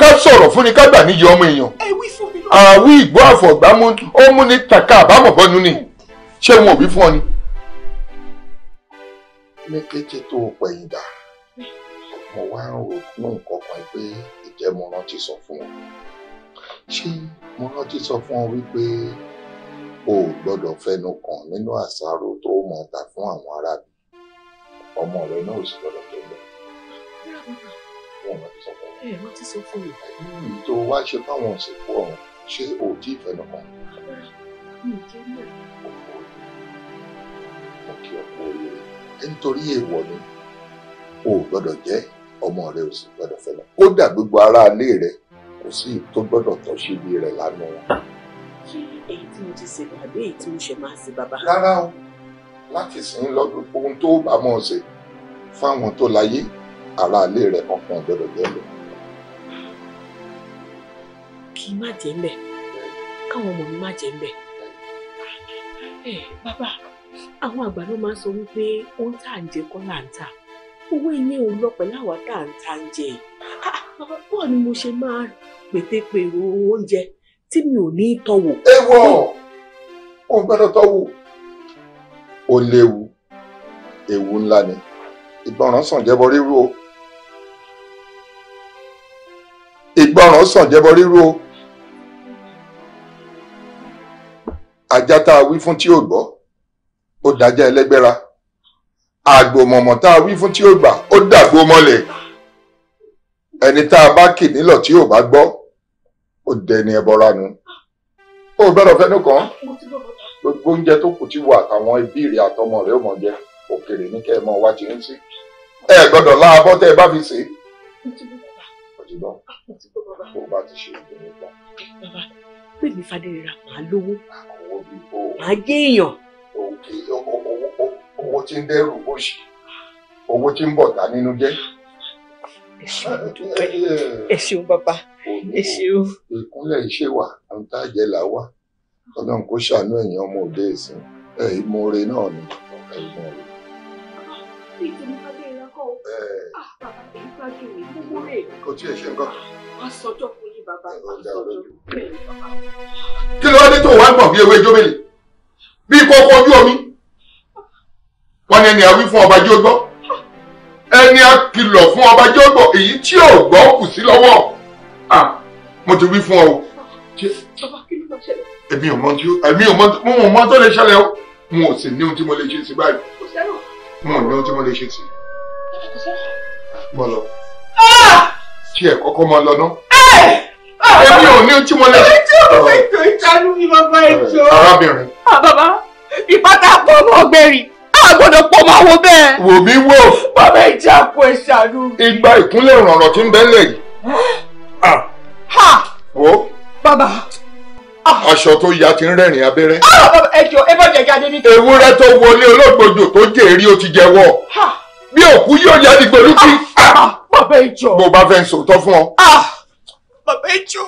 ká sọ̀rọ̀ fún ni ká gbà ní yí ọmọ èèyàn àwí ìgbó àfọ̀gbámú ó mú ní tàkà àbámọ̀ bọ́nu ni ṣé wọn ò wí fún ọ ni. ní kété tó o pẹ̀yìn dà mo wá ń ronú nǹkan kan pé ìjẹ́ rántí sọ fún ọ ṣé mo rántí sọ fún ọ wípé o ò fẹnu kàn nínú àṣàrò tó mọ̀ ta fún àwọn aráàlú ọmọ rẹ náà ò sì gbọ́dọ̀ tẹ̀lé wọn hmm, tó wá ṣe fáwọn òsìnkú ọ̀hún ṣé o ò tí ì fẹnu kàn. mo kí ọkọ orí rẹ nítorí èèwọ̀ ni o ò gbọ́dọ̀ ọmọ rẹ ò sì gbọ́dọ̀ fẹnu kódà gbogbo ará ilé rẹ kò sí tó gbọ́dọ̀ tọ́ síbi rẹ̀ lánàá èyí tí mo ti ṣe àbí èyí tí mo ṣe máa ṣe bàbá. rárá o láti sìn lọ gbogbo ohun tó bá mọ̀ ṣe fáwọn tó láyé ara ilé rẹ̀ ọ̀kan gbọ́dọ̀ jẹ́ lọ. kì í má jẹ́ ń bẹ̀ káwọn ọmọ mi má jẹ́ ń bẹ̀. ẹ bàbá àwọn àgbà ló máa ń sọ wípé ohun tá à ń jẹ kọ́ là ń tà owó ilé òun lọ pẹ̀lú tá à ń tà ń jẹ bọ́ọ̀ ni mo ṣe máa pètèpèrò oúnjẹ tí mi ò ní tọwò. ewọ ò ń gbọ́dọ̀ tọwò ó léwu ewu ńlá ni ìgbọràn sàn jẹbọ ríru o ìgbọràn sàn jẹbọ ríru o ajá tá a wí fún tí ò gbọ́ ó dájá ẹlẹ́gbẹ́ra àgbòmọ̀mọ̀ tá a wí fún tí ó gbà ó dàgbò mọ́lẹ̀ ẹni tá a bá kì nílọ̀ tí ò bá gbọ́ ó dẹni ẹbọra nu ó gbọ́dọ̀ fẹnu kàn gbogbo oúnjẹ tó kù ti wà àtàwọn ẹbí rẹ àtọmọ rẹ ó mọ jẹ òkèlè ní kẹ ẹ mọ wá ti ń sí ẹ gbọ́dọ̀ láàbọ tẹ ẹ bá fi sè é ṣùgbọ́n ah, bó bá ti ṣe ìdè nípa. bàbá pé mi fadéra máa lówó máa jẹ èèyàn. owó tí ń dẹrù bó ṣe owó tí ń bọ̀ ta nínú jẹ́ ẹ ṣeun dúpẹ́ ẹ ṣeun bàbá ẹ ṣeun. ìkúnlẹ̀ iṣẹ́ wà àwọn tá a jẹ là wà ọlọ́run kó ṣàánú ẹ̀yin ọmọ òde ìsìn ẹ̀ ìmoore náà ni ẹ̀ ìmoore. Ah, kò tí ì ṣe nǹkan. kí ló dé tó wá ń bọ̀ bí ewé jómìnì bí kókó ojú omi wọn ni ẹni àwí fún ọba jí ẹni a kìlọ̀ fún ọba jọ́gbọ̀ èyí tí ò gbọ́ kù sí lọ́wọ́ mo ti wí fún ọ. èmi ò mọ tí èmi ò mọ tí mo mọ tó lè ṣẹlẹ̀ o mo ò sì ní ohun tí mo lè ṣe sí báyìí mo ò ní ohun tí mo lè ṣe sí. mo lọ tí ah! ẹ kọ́kọ́ máa lọ náà eh! ah! èmi ò ní ohun tí mo lè ṣe. ẹjọ́ bàbá ètò ìtanú mi bàbá ẹjọ́. Eh, arábìnrin. Ah, bàbá ìpátá pọ̀ mọ́ ọgbẹ́rì gbọ́dọ̀ pọ̀ máa wo bẹ́ẹ̀. wò mí wò. bàbá ìjà kò ẹ ṣàánú. ìgbà ìkúnlẹ̀ ìrànràn tí ń bẹ́lẹ̀ yìí. ha. wo. bàbá. Ah! aṣọ tó ya ti ń rẹ́rìn abẹ́rẹ́. Ah! bàbá ẹjọ ẹ bá jẹ jáde níta. ewúrẹ́ tó wọlé olóògbòjò tó jèrè ó ti jẹ́wọ́. bí òkú yóò yá ní gbòlúkí. Ah! bàbá ìjọ. mo bá fẹ́ sòótọ́ fún ọ. bàbá ìjọ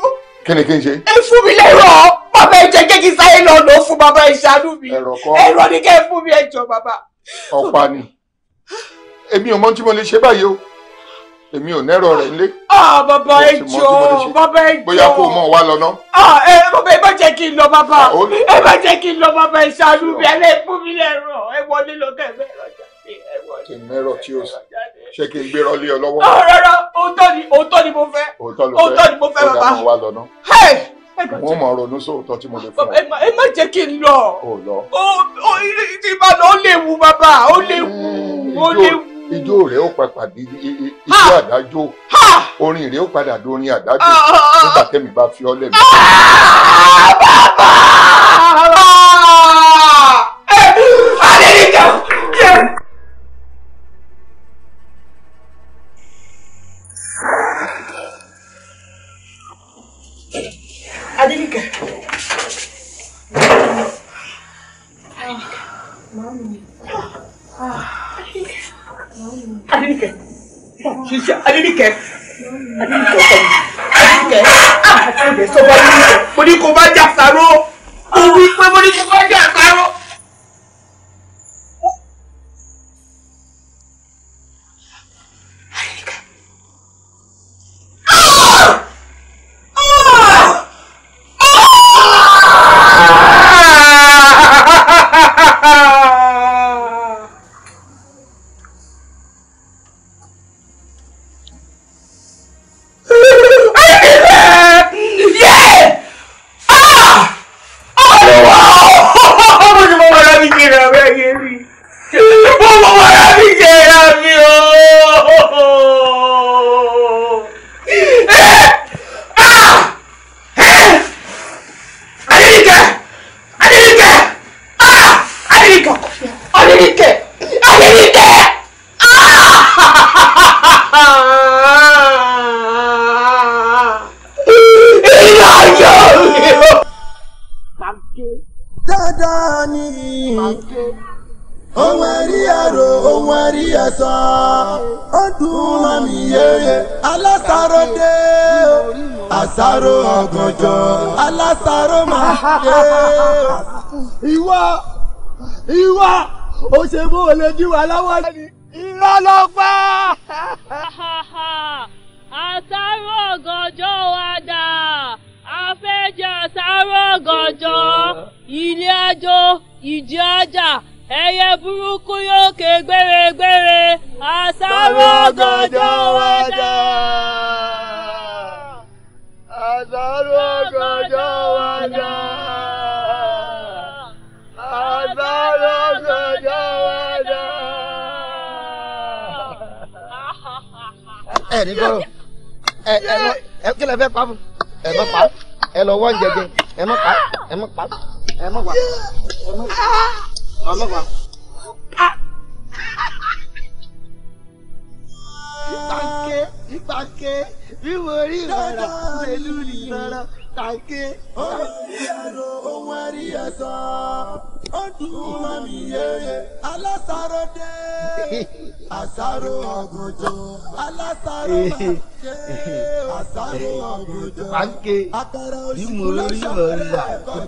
kí kí n ṣe. ẹ fún mi lẹ́rọ bàbá ẹ jẹ́ kí n sáré lọ́nà fún bàbá ìṣàánú mi ẹ̀rọ ni kẹ́ ẹ fún mi ẹ jọ bàbá ọ̀pá ni èmi ò mọ tí mo lè ṣe báyìí o èmi ò nẹ́rọ rẹ̀ nílé. Ah, bàbá ẹ jọ̀ọ́ bàbá ẹ jọ̀ọ́ bóyá kó o mọ̀ wá lọ ná. Ah, bàbá ẹ má jẹ́ kí n lọ bàbá ah, ẹ má jẹ́ kí n lọ bàbá ẹ ṣàánú mi alẹ́ fún mi lẹ́rọ ẹ wọlé lọ kẹ́ mẹ́rọ jáde ẹ wọlé. ṣe kí n gbé rọlé ọ lọ́wọ́. rárá òótọ́ ni òótọ́ ni mo fẹ́ òótọ́ ni mo fẹ́ bàbá. ó dá mi wá lọ wọ́n mọ̀ ronú sóòótọ́ tí mo lè fún ọ. ẹ má jẹ́ kí n lọ. o lọ. o ti bá lọ ó léwu bàbá ó léwu hmm, ó léwu. ijó rẹ̀ ó pàpà di ijó àdájọ́ orin rẹ̀ ó padà dorin àdájọ́ ah, ah, ah, nígbà tẹ́mi bá fi ọ́ lẹ́mi. bàbá. I didn't care. Adébíkẹ́ Adébíkẹ́ ọkọ mi Adébíkẹ́ àti ẹ̀bẹ̀ sọ́gbà Adébíkẹ́ mo ní kó bá jà sáró. you wà lọ́wọ́. wọ́n jẹjẹ ẹ mọ̀ pa ẹ mọ̀ pa ẹ mọ̀ pa.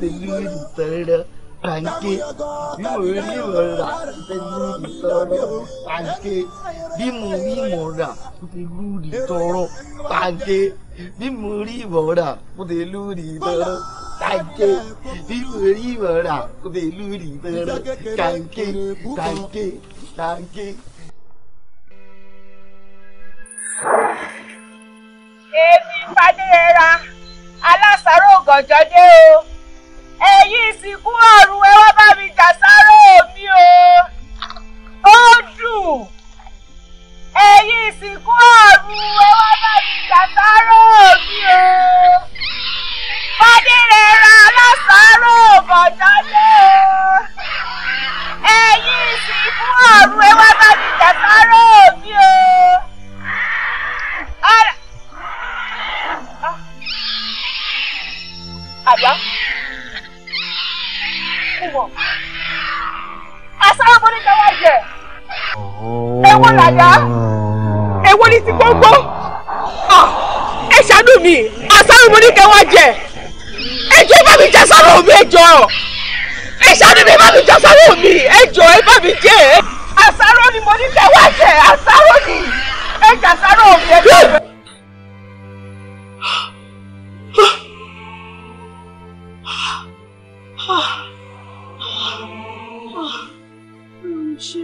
Tenili Tara Panke bí mo rí mo rà Tenili Tara Panke bí mo rí mo rà Tenili Tara Panke bí mo rí mo rà Tenili Tara Panke bí mo rí mo rà Tenili Tara Panke Panke Panke. Èmi Fadéyẹra alásàárò gànjọ́ dé o ẹ̀yin ìsìnkú ọ̀run ẹ wá bá mi jà sáré mi o ó dùn ẹ̀yin ìsìnkú ọ̀run ẹ wá bá mi jà sáré mi o fọdíre ra lọ́sàárò bọ̀jọ́lé o ẹ̀yin ìsìnkú ọ̀run ẹ wá bá mi jà sáré mi o. Ah. Àbá mọ̀ àṣàrò bọ́lí jẹ́wọ́ jẹ èwo làyà èwo ni ti gbogbo ẹ ṣàánú mi mo bọ́lí jẹ́wọ́ jẹ ẹjọ́ bá mi jẹ sọ́rọ̀ mi ẹjọ́ ẹ̀ṣá ni mi bá mi jẹ sọ́rọ̀ mi ẹjọ́ ẹ bá mi jẹ àṣàrò ni mo ní jẹ́wọ́ jẹ àṣàrò ni ẹ jà sọ́rọ̀ mi ẹjọ́. Ah. ṣe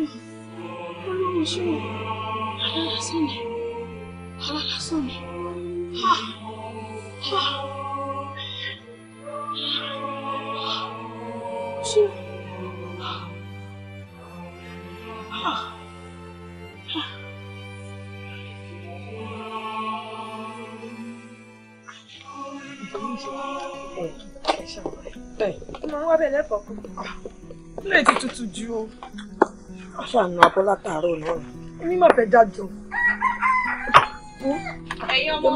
ọlọ́run ṣe alálàsán ni alálàsán ni ha ha ṣe ha ha. Bẹ́ẹ̀ ni wọ́n wá bẹ̀rẹ̀ lẹ́fọ̀ọ́ kan. Ilé ti tutù ju o aṣàánú abọ́ látàárọ̀ náà èmi máa fẹ́ jájọ. ẹ̀yin ọmọ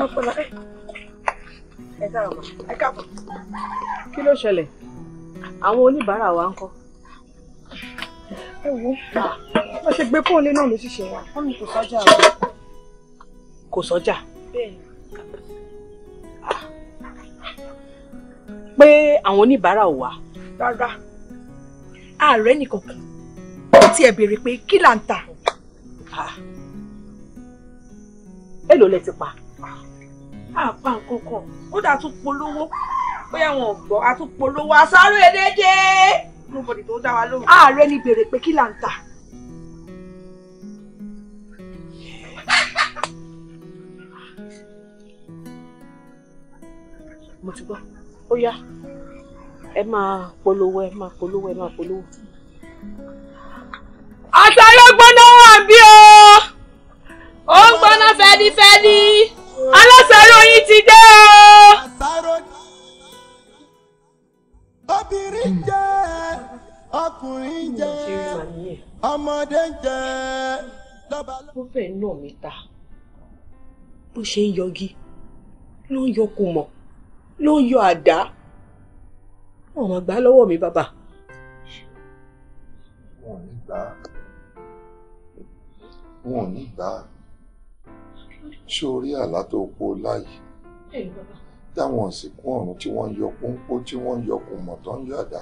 ẹ káàbọ̀ ẹ káàbọ̀. kí ló ṣẹlẹ̀ àwọn oníbàárà wa ń kọ́. ẹ wo wọ́n ṣe gbé fóònù náà ló ṣiṣẹ́ wa wọ́n ní kò sọ́jà rẹ̀. kò sọ́jà. pé àwọn oníbàárà wà. rárá ààrẹ nìkan kan tiẹ̀ béèrè pé kí là ń tà. èlò lẹ ti pa. àpá nǹkan kan kódà tún polówó bóyá wọn ò gbọ́ a tún polówó àsáró èdèdè. nobody tó dá wa lóhùn. ààrẹ ni béèrè pé kí là ń tà. mo ti gbọ́ ó yá ẹ máa polówó ẹ máa polówó ẹ máa polówó àṣàrò gbóná wà bí o ó ń gbóná fẹ́dífẹ́dí aláṣàrò yín ti dé o. obìnrin jẹ ọkùnrin jẹ ọmọdé jẹ lọba. ó fẹ́ nà mí ta bó ṣe ń yọgi ló ń yọ ló ń yọ àdá wọn máa gbà lọ́wọ́ mi bàbá wọn ò ní gbà á ṣé orí àlá tó kó láyé táwọn òsìnkú ọ̀run tí wọ́n yọ pónpó tí wọ́n yọ kò mọ̀ tó ń yàdá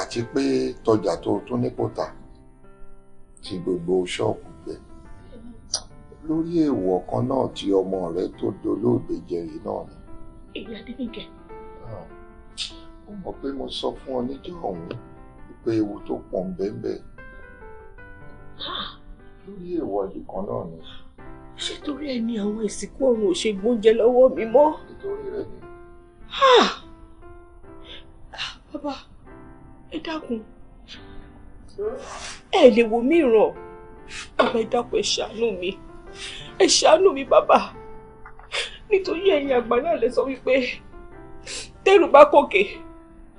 àti pé tọjà tó tún ní kò tà ti gbogbo ṣọ́ọ̀kù gbẹ lórí èèwọ̀ kan náà tí ọmọ rẹ tó dolóògbé jẹrìí náà ni. èyí adébíkẹ. ó mọ̀ pé mo sọ fún ọ níjọ́ ọ̀hún pé ewu tó pọ̀ ń bẹ́ẹ̀ lórí èèwọ̀ yìí kan náà ni. ṣé torí ẹ ní àwọn ìsìnkú ọ̀run ò ṣe gbóúnjẹ lọ́wọ́ mi mọ́. nítorí rẹ ni. bàbá ẹ dákun ẹ lè wò mí ràn bàbá ẹ dákun ẹ ṣàánú mi ẹ ṣàánú mi bàbá nítorí ẹ̀yin àgbà náà lè sọ wípé tẹ́rù bá kòkè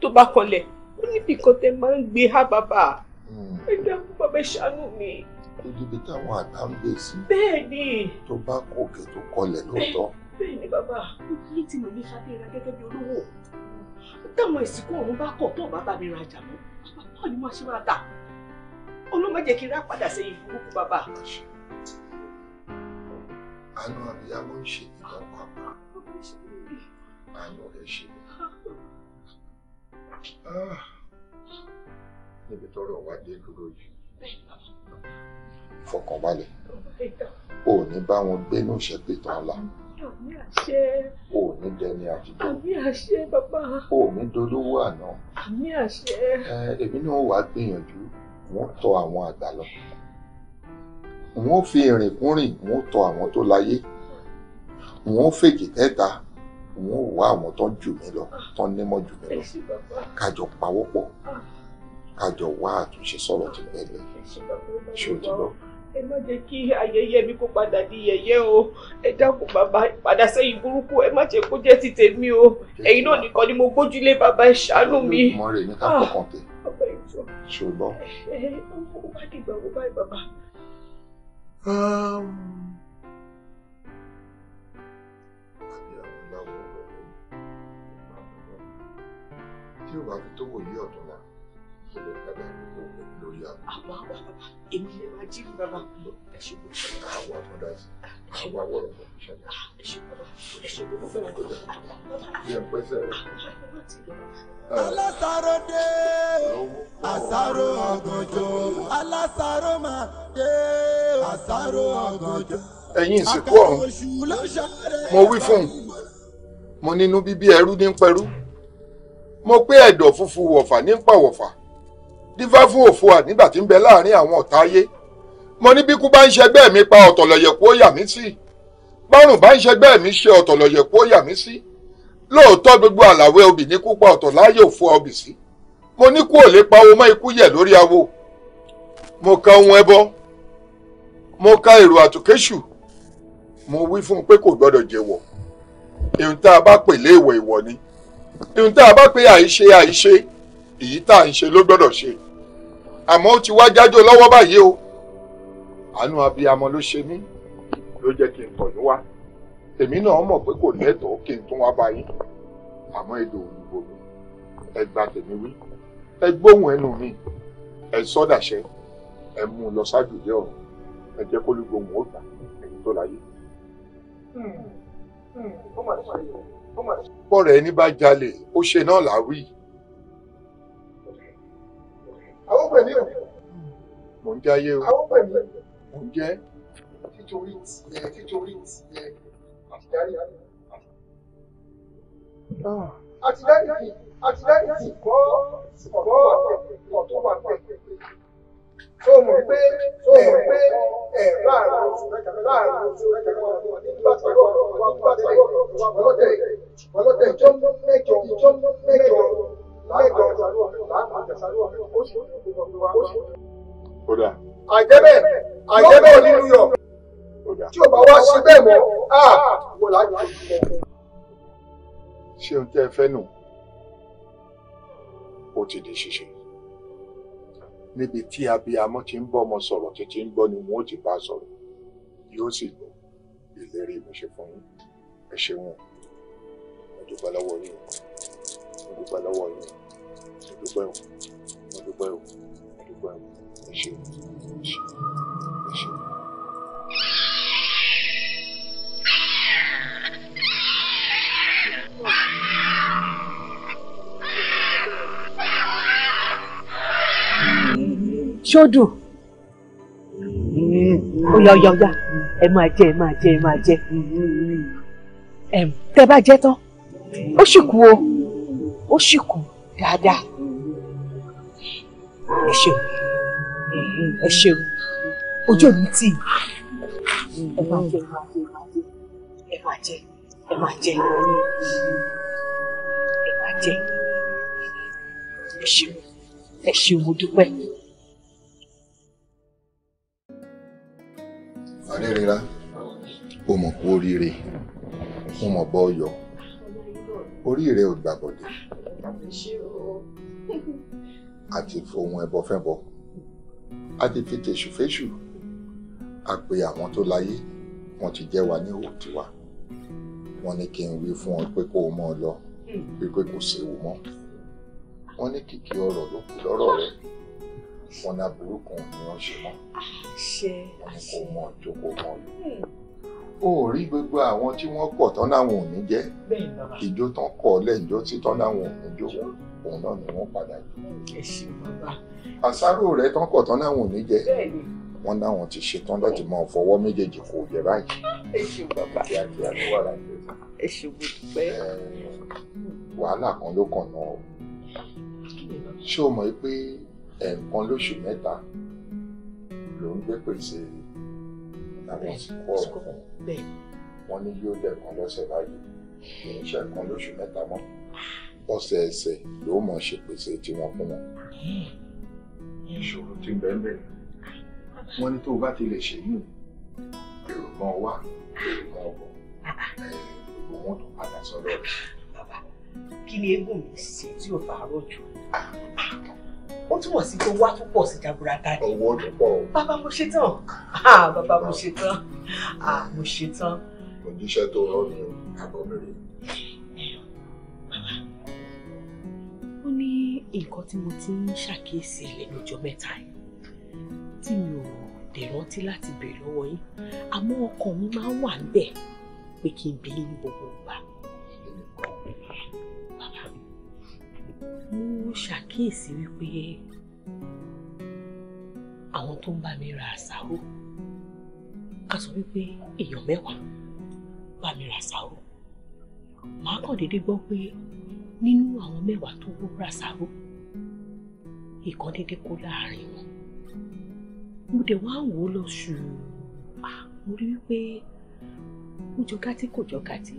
tó bá kọlẹ̀ ó níbi kan tẹ máa ń gbé há bàbà hmm. ẹ dákun bàbá ẹ ṣàánú mi. ojú ibi táwọn àgbà ń gbé sí. bẹ́ẹ̀ni. tó bá kó òkè tó kọlẹ̀ lóòótọ́. bẹ́ẹ̀ni bàbá ilé tí mo ní sáté ra gẹ́gẹ́ bí olówó táwọn ìsìnkú ọ̀run bá kọ̀ tó bàbá mi rajà mọ́ báwo ni mo ṣe máa tà olóòmọ kí n rá padà sẹ́yìn burúkú bàbá. àánú àbíyá ló ń ṣe ìdánwò àpá àánú rẹ̀ ṣe níbi tọrọ wá dé dúró yìí fọkànbalẹ̀ ò ní bá wọn gbénú ìṣẹ́pẹ̀ tán la ò ní dẹni àtijọ́ ò ní dolówó àná èmi náà wàá gbìyànjú wọ́n tọ àwọn àgbà lọ wọ́n fi ìrìnkúrìn wọ́n tọ àwọn tó láyé wọ́n fèjì tẹ́ta n ó wá àwọn tó ń jù mí lọ tó ń nímọ̀ jù mí lọ kájọ pawọ́ pọ̀ ah. kájọ wá àtúnṣe sọ̀rọ̀ tó bẹ̀rẹ̀ ṣé o ti lọ. ẹ má jẹ́ kí ayẹyẹ mi kó padà di yẹ̀yẹ́ o ẹ dákun bàbá padà sẹ́yìn burúkú ẹ má jẹ́ kó jẹ́ ti tèmi o ẹ̀yin náà nìkan ni mo gbójúlé bàbá ẹ ṣàánú mi. ọmọ rẹ ní ká kọkàn ah. tẹ ṣùgbọ́n. ẹ ẹ ó wá wo báyìí bàbá. Um, tí ò bá fi tó wòye ọ̀tún la kò lè padà ní kò kò lórí àgbà. àbá wa èmi lè máa jí bàbá ẹ ṣe kó fẹ́. àwọn àbọ̀dá sí àwọn àwọ̀rọ̀ mọ̀ ṣẹlẹ̀. ẹ ṣe bàbá ẹ ṣe kó fẹ́ wọn kọjá. ẹ pẹ́sẹ̀ ah, ah. alásàrò dé àsàrò ọ̀gànjọ́ alásàrò máa dé àsàrò ọ̀gànjọ́. ẹ̀yin ìsìnkú ọ̀hún mo wí fún un mo nínú bíbí ẹrú ní pẹrú mo pé ẹ̀dọ̀ funfun wọ̀fà ní pa wọ̀fà dífá fún òfo à nígbà tí ń bẹ láàrin àwọn ọ̀tá ayé mo ní bí kú bá ń ṣẹgbẹ́ mi pa ọ̀tọ̀lọ̀yẹ̀kú ó yà mí sí bárùn bá ń ṣẹgbẹ́ mi ṣe ọ̀tọ̀lọ̀yẹ̀kú ó yà mí sí lóòótọ́ gbogbo àlàwé obì ní kú pa ọ̀tọ̀ láyé òfo obì sí mo ní kú ò lè pawó mọ́ ikú yẹ̀ lórí awo mo ka ohun ẹbọ mo ka èrò àtúkéṣù mo wí fún un pé kò gbọdọ̀ jẹ̀wọ̀ èyí tá a bá pè léèwọ̀ ìwọ̀ ni ohun tá a bá pé àìṣe àìṣe èyí tá à ń ṣe ló gbọ́dọ̀ ṣe àmọ́ ó ti wá jájó lọ́wọ́ báyìí o àánú abiyamọ ló ṣe mí ló jẹ́ kí n tọ̀yún wá èmi náà mọ̀ pé kò lẹ́tọ̀ọ́ kí n tún wá bá yín àmọ́ èdè òyìnbó mi ẹ gba tèmi wí ẹ gbóhùn ẹnu mi ẹ sọdàṣẹ ẹ mú un lọ ṣáájú ìjẹ ọ̀run ẹ jẹ́ kó ló gbóhùn ó gbà ẹ̀yin tó láyé. Hmm. Hmm. ó mà ló mà lè pọ̀ rẹ̀ ní bá jalè ó ṣe náà láwí. àwọn pè ní o. mò ń jáyé o. àwọn pè ní mò ń jẹ́. títorí tiẹ̀ títorí tiẹ̀ àtìdárí àtìdárí ah. àtìdárí kọ́ kọ́ ọ̀tọ̀ wà pẹ̀lú ó mọ̀ pé ó mọ̀ pé ẹ̀ láàrin oṣù mẹ́ta láàrin oṣù mẹ́ta wọn nígbà tí wọ́n wọ́n nígbà tí wọ́n wọ́n lọ́tẹ̀ wọ́n lọ́tẹ̀ ìjọ mẹ́jọ ìjọ mẹ́jọ mẹ́jọ oṣù oṣù. àjẹbẹ àjẹbẹ onírú yọ tí o bá wá sí bẹ́ẹ̀ mọ́ a wò láti ṣe mọ́. ṣé o jẹ́ fẹ́ nù ó ti di ṣíṣe níbi tí abiyamọ ti ń bọ́mọ sọ̀rọ̀ títí ń gbọ́ ni wọn ó ti bá sọ̀rọ̀ yóò sì gbọ́ ìlérí mi ṣe fún yín ẹ ṣeun mo dúpẹ́ lọ́wọ́ yín mo dúpẹ́ lọ́wọ́ yín mo dúpẹ́ o mo dúpẹ́ o mo ẹ ṣeun ẹ ṣeun ẹ ṣeun. ṣó dùn mm-hmm. ó yá ó yá ó yá ẹ máa jẹ ẹ máa jẹ ẹ máa jẹ tẹ bá jẹ tán ó sì kú o ó sì kú dáadáa ẹ ṣeun ẹ ṣeun ojú òní tì í ẹ máa jẹ ẹ máa jẹ ẹ máa jẹ ẹ máa jẹ ẹ ṣeun ẹ ṣeun mo dúpẹ́. adérera o mọ̀ kú oríire o mọ̀ bọ́ yọ orí rẹ ò gbàbọ̀dé àti fohun ẹbọ fẹ́ bọ àti fi tèṣùféṣù a pe àwọn tó láyé wọn ti jẹ́ wa ní òwò tiwa wọ́n ní kí n wí fún ọ pé kó o mọ̀ ọ lọ pé kò séwu mọ́ wọ́n ní kìkì ọ̀rọ̀ ló kù lọ́rọ̀ rẹ̀ wọn ní aburú ni wọ́n ṣe mọ́ wọn kò mọ̀ jókòó mọ́ lò rí gbogbo àwọn tí wọ́n pọ̀ tán láwọn ò ní jẹ́ ìjó tán kọ̀ lẹ́yìnjó tí tán láwọn ò ní jó òun náà ni wọ́n padà jù hmm, àṣàrò rẹ̀ tán kọ̀ tán láwọn ò ní jẹ́ wọ́n láwọn ti ṣetán láti máa fọwọ́ méjèèjì kò jẹ báyìí kíákíá ló wà láyé wàhálà kan ló kàn náà ṣé o mọ̀ pé ẹ̀ẹ̀kan lóṣù mẹ́ta ló ń gbé pèsè àwọn ìsìnkú ọ̀fun wọn ní yóò dẹ̀kan lọ́sẹ̀ báyìí kì í ṣe ẹ̀ẹ̀kan lóṣù mẹ́ta mọ́ ọ̀sẹ̀ẹ̀sẹ̀ ló mọ̀ ṣe pèsè tiwọn fún wọn. ìṣòro ti bẹ́ẹ̀ bẹ́ẹ̀ wọ́n ní tó o bá ti lè ṣe yìí èrò mọ́ wá èrò mọ́ ọ̀bọ̀ gbogbo wọn tó padà sọ́dọ̀ rẹ̀. bàbá kí ni eégún mi sí tí ò bá rọ̀ jù. Ah, ó túmọ̀ sí pé wá tún sí jaburata ni. owó tún o. bàbá mo ṣe tán ah, bàbá mo ṣe tán ah, mo ṣe tán. òjíṣẹ́ tó rán ni àkọ́bẹ̀rẹ̀. bàbá ó ní nǹkan tí mo ti ń ṣàkíyèsí lẹ́nu ọjọ́ mẹ́ta yìí tí mi ò dẹ̀ rántí láti béèrè lọ́wọ́ yín àmọ́ ọkàn mi máa ń wà níbẹ̀ pé kí n bí ní gbogbo ìgbà mo ṣàkíyèsí wípé àwọn tó ń bá mi ra àṣàrò ká sọ wípé èèyàn mẹ́wàá bá mi ra àṣàrò màá kàn déédé gbọ́ pé nínú àwọn mẹ́wàá tó wó ra àṣàrò ìkan déédé kó láàrin wọn mo dẹ̀ wá wò ó lọ́sù ah, mo rí wípé ó jọ gátí kò jọ gátí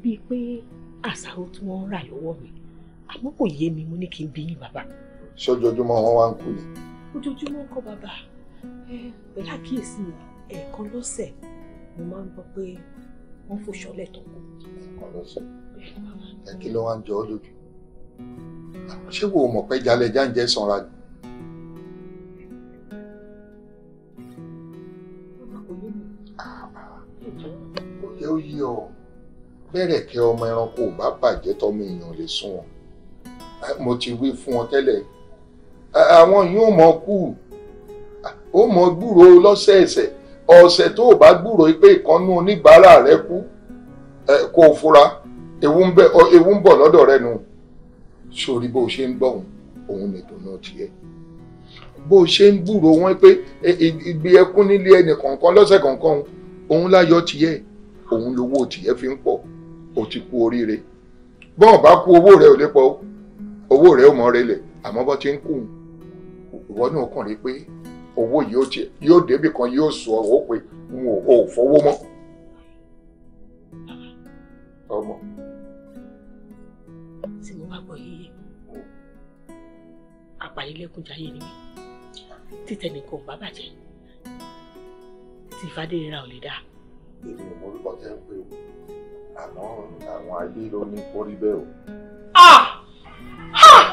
bíi pé àṣàrò tí wọ́n ń rà lọ́wọ́ mi àmọ́ kò yé mi mo ní kí n bí yín bàbá. ṣojoojúmọ́ wọn wá ń kú ni. ojoojúmọ́ kọ́ bàbá pẹ̀lú àkíyèsí mi ẹ̀ẹ̀kan lọ́sẹ̀ mo máa ń gbọ́ pé wọ́n fòṣọ lẹ́tọ̀ọ́ kù. ẹ̀ẹ̀kan lọ́sẹ̀ ẹ kí ló wá ń jọ ọ́ lójú ṣé wo mọ̀ pé jalè jáǹjẹ́ sanra ni. ó kẹ́ ọmọ ẹranko ò bá bàjẹ́ tọmọ èèyàn lè sún wọn mo ti wí fún ọ tẹ́lẹ̀ àwọn yóò mọ kú ó mọ gbúrò lọ́sẹ̀ẹsẹ̀ ọ̀sẹ̀ tó o bá gbúrò pé ìkànnú oníbàárà rẹ kú kó o fura ewu ń bọ̀ lọ́dọ̀ rẹ nu sórí bó o ṣe ń gbọ̀hún òun nìkan náà tiẹ̀ bó o ṣe ń gbúrò wọn pé ìgbé ẹkún nílé ẹnì kọ̀ọ̀kan lọ́sẹ̀ kọ̀ọ̀kan òun láyọ̀ tiẹ̀ òun lówó tiẹ̀ fi ń pọ̀ o ti kú oríire bọ́ọ̀ bá kú owó rẹ ò lè pọ̀ o. owó rẹ̀ ò mọ relè àmọ bọ́ ti ń kù ìwọ pé owó yóò débì kan yóò sọ ọ́ pé n ò fọwọ́ mọ́ ọmọ. tí mo bá gbọ́ yíyẹ ni tí ò lè mọ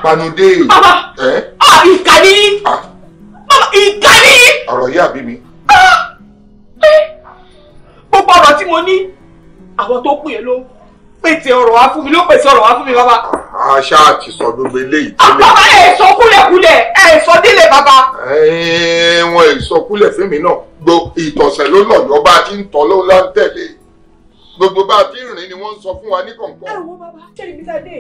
panudé. Ah, ìkà ni ah. ìkà ni. ọ̀rọ̀ yìí àbí mi. Ah, gbogbo ọ̀rọ̀ tí mo ní àwọn tó pè é ló pèsè ọ̀rọ̀ wá fún mi ló pèsè ọ̀rọ̀ wá fún mi bàbá. àṣà àti sọ gbogbo eléyìí tẹ́lẹ̀. bàbá ẹ sọ kúlẹ̀kúlẹ̀ ẹ sọ délé bàbá. wọn ẹ sọ kúlẹ̀ fún mi náà gbo ìtọ̀sẹ̀ ló lọ̀yọ́ bá a ti ń tọ́ ló lá ń tẹ̀lé gbogbo bá a ti rìn ni wọ́n ń sọ fún wa ní kọ̀ọ̀kan. ẹ wo bàbá jẹ́rìí mi sáà dé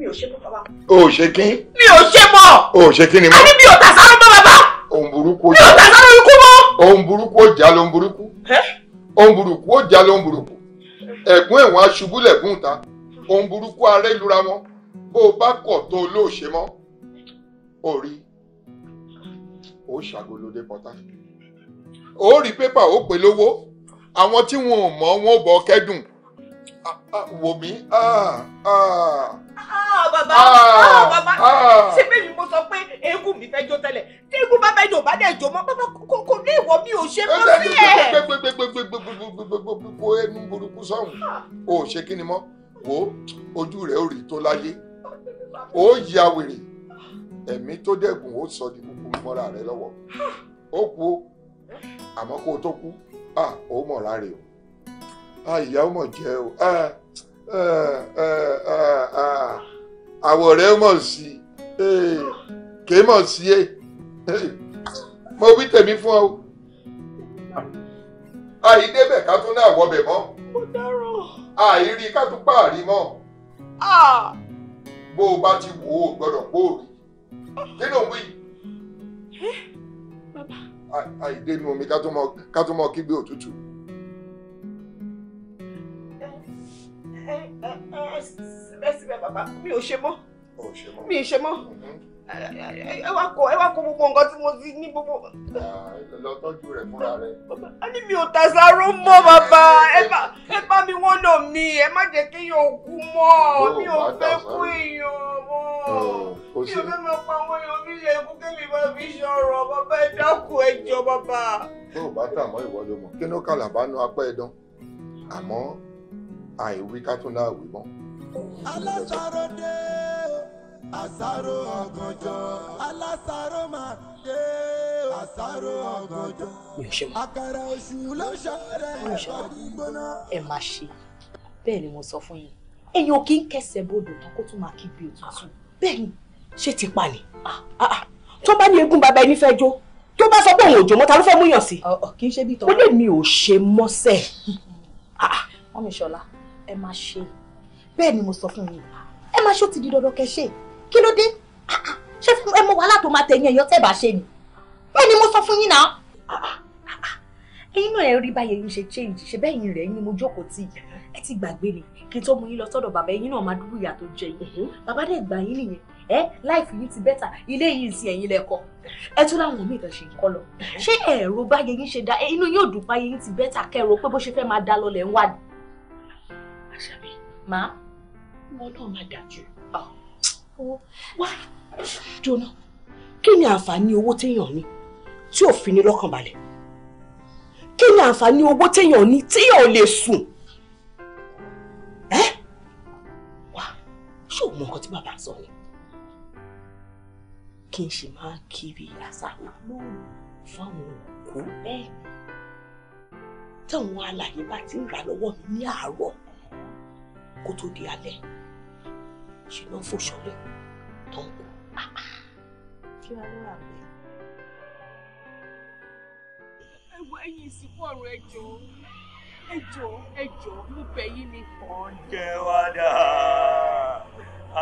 mi ò ṣe mọ́ bàbá. o ò ṣe kí. mi ò ṣe mọ́. o ò ṣe kí ni mọ́. a ní mi ò tàṣàrò mọ́ bàbá. òun burúkú ò jà. mi ò tàṣàrò ikú mọ́. òun burúkú ò jà lóun burúkú. òun burúkú ò jà lóun burúkú. ẹ̀gún ẹ̀wọ̀n aṣubú lẹ̀gún ta. òun burúkú arẹ́ lura mọ́. bó o bá kọ̀ tó o lóò ṣe mọ́. o rí o ṣàgolóde pọ́tà. o rí pépà o pè lówó àwọn tí wọn ò mọ̀ wọn ò kẹ́dùn ah ah ah ah wò mí. bàbá bàbá ṣé bẹ́ẹ̀ ni mo sọ pé eégún mi fẹ́ jó tẹ́lẹ̀ tí eégún bá fẹ́ jó bá dẹ̀ jó mọ́ bàbá kò ní ìwọ mi ò ṣe mọ́ sí ẹ̀. gbogbo ẹnu burúkú sọ̀hún o ò ṣe kí ni mọ́ wo ojú rẹ̀ ò rí tó láyé ó ya wèrè ẹ̀mí tó dẹ̀gùn ó sọ di kúkú mọ́ra rẹ lọ́wọ́ ó kú àmọ́ kó o tó kú ó mọ̀ra rè o. Ah, ìyá ó mọ̀ jẹ́ o ah, ah, àwọ̀ rẹ̀ mọ̀ sí eh, kè é mọ̀ sí e mo wí tèmi fún ọ. àìdébẹ̀ ká tún náà wọbẹ̀ mọ́ àìrí ká tún pààrí mọ́ bó o bá ti wò ó gbọ́dọ̀ pòórì kí ló ń wí. Eh, àìdénú omi ká tún mọ kígbe òtútù. síbẹ̀síbẹ̀ bàbá mi ò ṣe mọ́ mi ò ṣe mọ́ ẹ wá kó ẹ wá kó gbogbo nǹkan tí mo ti ní gbogbo. lọ tọ́jú rẹ̀ fúnra rẹ̀. a ní mi ò tàṣàrò mọ́ bàbá ẹ bá mi wọ́n nà mí ẹ má jẹ́ kí èèyàn kú mọ́ mi ò fẹ́ kú èèyàn mọ́ mi ò fẹ́ máa pa àwọn èèyàn mi lè kú kémi bá fi ṣọ̀rọ̀ bàbá ẹ dákun ẹ jọ bàbá. tó o bá tà mọ́ ìwọ ló mọ̀ kí ló kàlà bá nu apẹ́ ẹ̀dán àìwí ká tún láàwí mọ́ alásàrò dé àsáró ọ̀gànjọ́ alásàrò máa dé àsáró ọ̀gànjọ́ àkàrà oṣù ló ṣàrẹ̀ ẹ̀fọ́ gbígbóná. ẹ má ṣe bẹ́ẹ̀ ni mo sọ fún yín èèyàn kì í kẹsẹ̀ bodò tán kó tún máa kí bí òtútù bẹ́ẹ̀ ni ṣé ti pa ah, ah, ah. tó bá ní eégún bàbá ẹni fẹ́ jó tó bá sọ pé òun ò jó mọ́ ta ló fẹ́ mú yàn sí. kì í ṣe bí tọ́ ó lè mi ò ṣe mọ́sẹ̀. wọ́n mi ṣọlá ẹ máa ṣe bẹ́ẹ̀ ni mo sọ fún yín ẹ máa ṣó ti di dandan kẹ ṣe kí ló dé ṣé fún ẹ mọ wàhálà tó máa tẹ̀yìn ẹ̀yọ́ tẹ̀bà ṣe ni bẹ́ẹ̀ ni mo sọ fún yín náà. ẹ̀yin náà ẹ rí báyẹn ṣe change ṣe bẹ́ẹ̀ yín rẹ̀ ni mo jókòó tì ẹ ti gbàgbé ni kí n tó mú yín lọ sọ́dọ̀ bàbá ẹ̀yin náà máa dúró ìyà tó jẹ yín mhm. bàbá dẹ̀ gbà yín nìyẹn ẹ láìfì yín ti bẹ́tà ilé yìí sí ẹ̀yin lẹ́kọ ẹ tún láwọn míì tán ṣe ń kọ́ lọ mhm. ṣé ẹ̀rọ báyẹn yín ṣe dá inú yóò dùn báyẹn yín ti bẹ́tà kẹ́rọ pé bó ṣe fẹ́ máa dá lọ lẹ́ ń wà ní. àṣàbí màá wọn náà máa dájú. wá jóná kí ni àǹfààní owó téèyàn ní tí ò fi ní lọ́kàn balẹ̀ kí ni àǹfààní owó téèyàn ní téèyàn ò lè sùn ẹ wá ṣé o mọ nǹkan tí bàbá sọ ni kí n ṣe máa kiri àṣàrò lóòrùn fáwọn òkú bẹ́ẹ̀ táwọn alàyè bá ti ń rà lọ́wọ́ mi ní àárọ̀ kó tó di alẹ́ ṣùgbọ́n fòṣọlẹ̀ mo bẹ̀ yín ni. oúnjẹ wa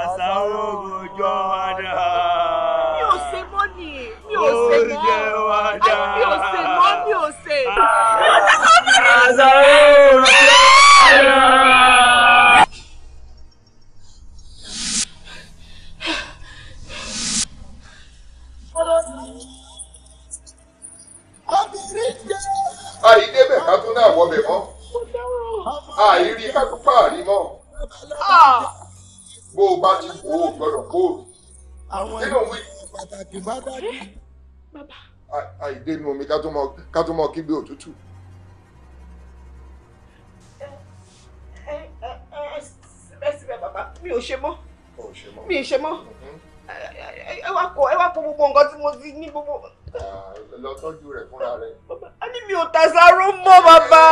àṣàrò ògùnjọ wa mi ò ṣe mọ́ ni mi ò ṣe mọ́ oúnjẹ wa mi ò ṣe mọ́ mi ò ṣe. àṣàrò ògùnjọ wa àìdébẹ̀ ká tún náà wọbẹ̀ mọ́ àìrí ká tún pààrí mọ́ bó o bá ti wò ó gbọ́dọ̀ bóòlù nínú wí. àìdénú omi ká tún mọ kígbe òtútù. síbẹ̀síbẹ̀ bàbá mi ò ṣe mọ́ mi ò ṣe mọ́ ẹ wá kọ ẹ wá kọ gbogbo nǹkan tí mo ti ní gbogbo lọ tọ́jú rẹ̀ fúnra rẹ̀. a ní mi ò tàṣàrò mọ́ bàbá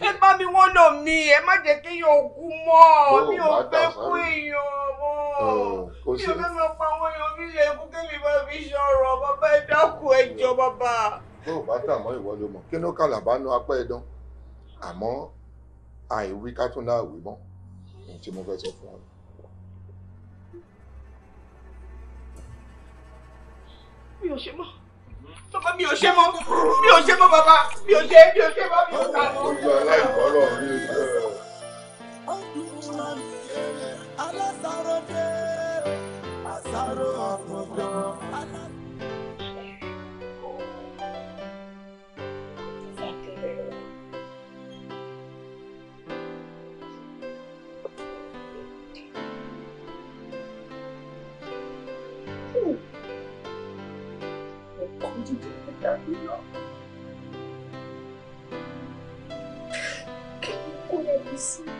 ẹ bá mi wọ́n nà mí ẹ má jẹ́ kí èèyàn kú mọ́ mi ò fẹ́ kú èèyàn mọ́ mi ò fẹ́ mọ́ pa àwọn èèyàn mi lè kú kí mi bá fi sọ̀rọ̀ bàbá ẹ dákun ẹ jọ̀ọ́ bàbá. bó o bá tà mọ́ ìwọ ló mọ̀ kí ló kàlà bá nu apá ẹ dán àmọ́ àìwí ká tún náà wí ohun tí mo fẹ́ sọ fún ọ. mi ò ṣe mọ́. Tọ́kọ mi ò ṣe mọ́, mi ò ṣe mọ́ bàbá, mi ò ṣe, mi ò ṣe mọ́, mi ò ta mọ́. Ojú aláìkọ́rọ̀ rí ìjọ. Alásàrò dé, àsàrò ọ̀gbọ̀n, ìdàgbéyà. kí ni kò lè bí sí i.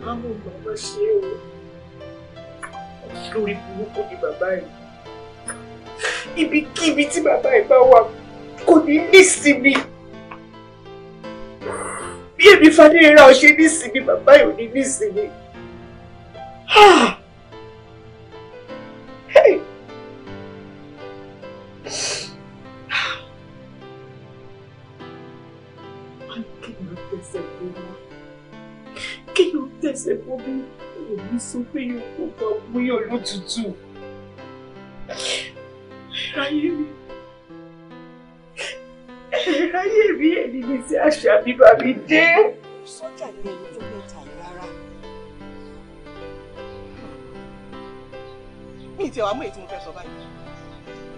Mama mama ṣe o. Lórí burúkú ni bàbá yìí. Ibikíbi tí bàbá yìí bá wà kò ní nísinmi bí èmi fadéyẹra ọ̀ṣẹ́ nísinmi bàbá yìí ò ní nísinmi. Ah! Kéèyàn tẹ̀sẹ̀ fún mi, èmi sọ pé yóò kó bá wíyàn lótútù. gbèsè àṣà bíbá mi dé. sọ́jà ní ẹni tó mẹ́ta yìí rárá. mi ì tí ọ̀wá mú èyí tí mo fẹ́ sọ báyìí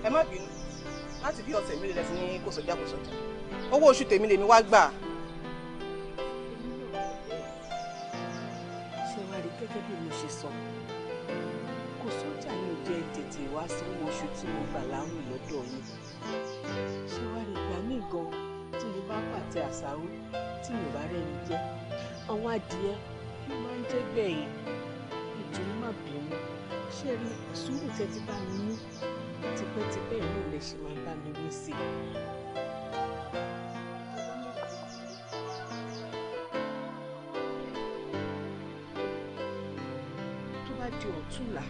ẹ má bínú láti bí ọ̀sẹ̀ mi lẹ̀ sí ní kò sọ́jà kò sọ́jà owó oṣù tèmi lèmi wá gbà. ṣé wàá rí gẹ́gẹ́ bí mo ṣe sọ kò sọ́jà ní ìjẹ́ tètè wá sanwó oṣù tí mo gbà láwìn lọ́dọ̀ yìí ṣé wàá rí ìgbà míì gan-an pápá àti àṣàrò tí mi ò bá rẹ́ni jẹ́ àwọn adìẹ ló máa ń jẹ́ gbẹ̀yìn ìdùnnú má bínú ṣé rí sùúrù tẹ́tí bá mi ní tipẹ́tipẹ́ ìlú rẹ̀ ṣe máa ń bá mi wí sí i. tó bá di ọ̀túnla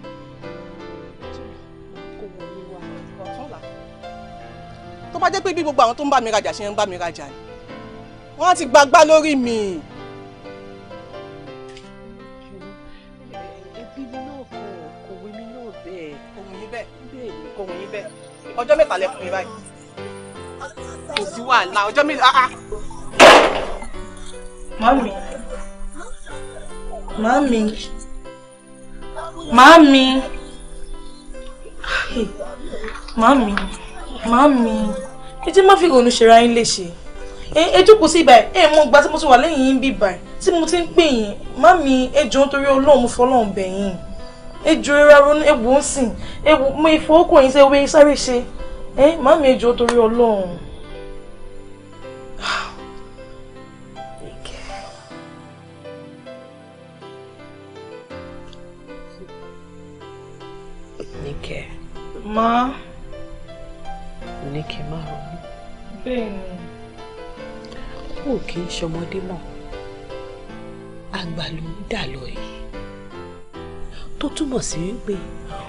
tó bá jẹ́ pé bí gbogbo àwọn tó ń bá mi rajà ṣe ń bá mi rajà ni wọ́n ti gbagbá lórí mi. ẹbí mi náà kọ kọ̀wé mi náà bẹ́ẹ̀. kọ̀wé yín bẹ́ẹ̀ bẹ́ẹ̀ ni kọ̀wé yín bẹ́ẹ̀ ọjọ́ mẹ́ta lẹ fún mi báyìí kò sí wàhálà ọjọ́ mẹ́ta. Ah, ah. mami mami mami ah, mami mami, ẹ jẹ́ má fi ìrònú ṣera yín léṣe. Ẹ jókòó sí ibà ẹ̀ mọ ìgbà tí mo ti wà lẹ́yìn yín bíbà tí mo ti ń pè yín. Màámi, ẹ jọ̀ọ́ nítorí Ọlọ́run mo fọlọ́run bẹ̀ yín. Ẹ jọ̀ọ́ ẹ rárá ẹ wò ó sìn. Ẹ wò mo ìfowókò yín sẹ́wé sáré ṣe. Ẹ màámi ẹ jọ̀ọ́ nítorí Ma ní kí n má ronú. bẹ́ẹ̀ni. ó kì í ṣọmọdé mọ́ àgbà ló ń dà lọ yìí tó túmọ̀ sí wípé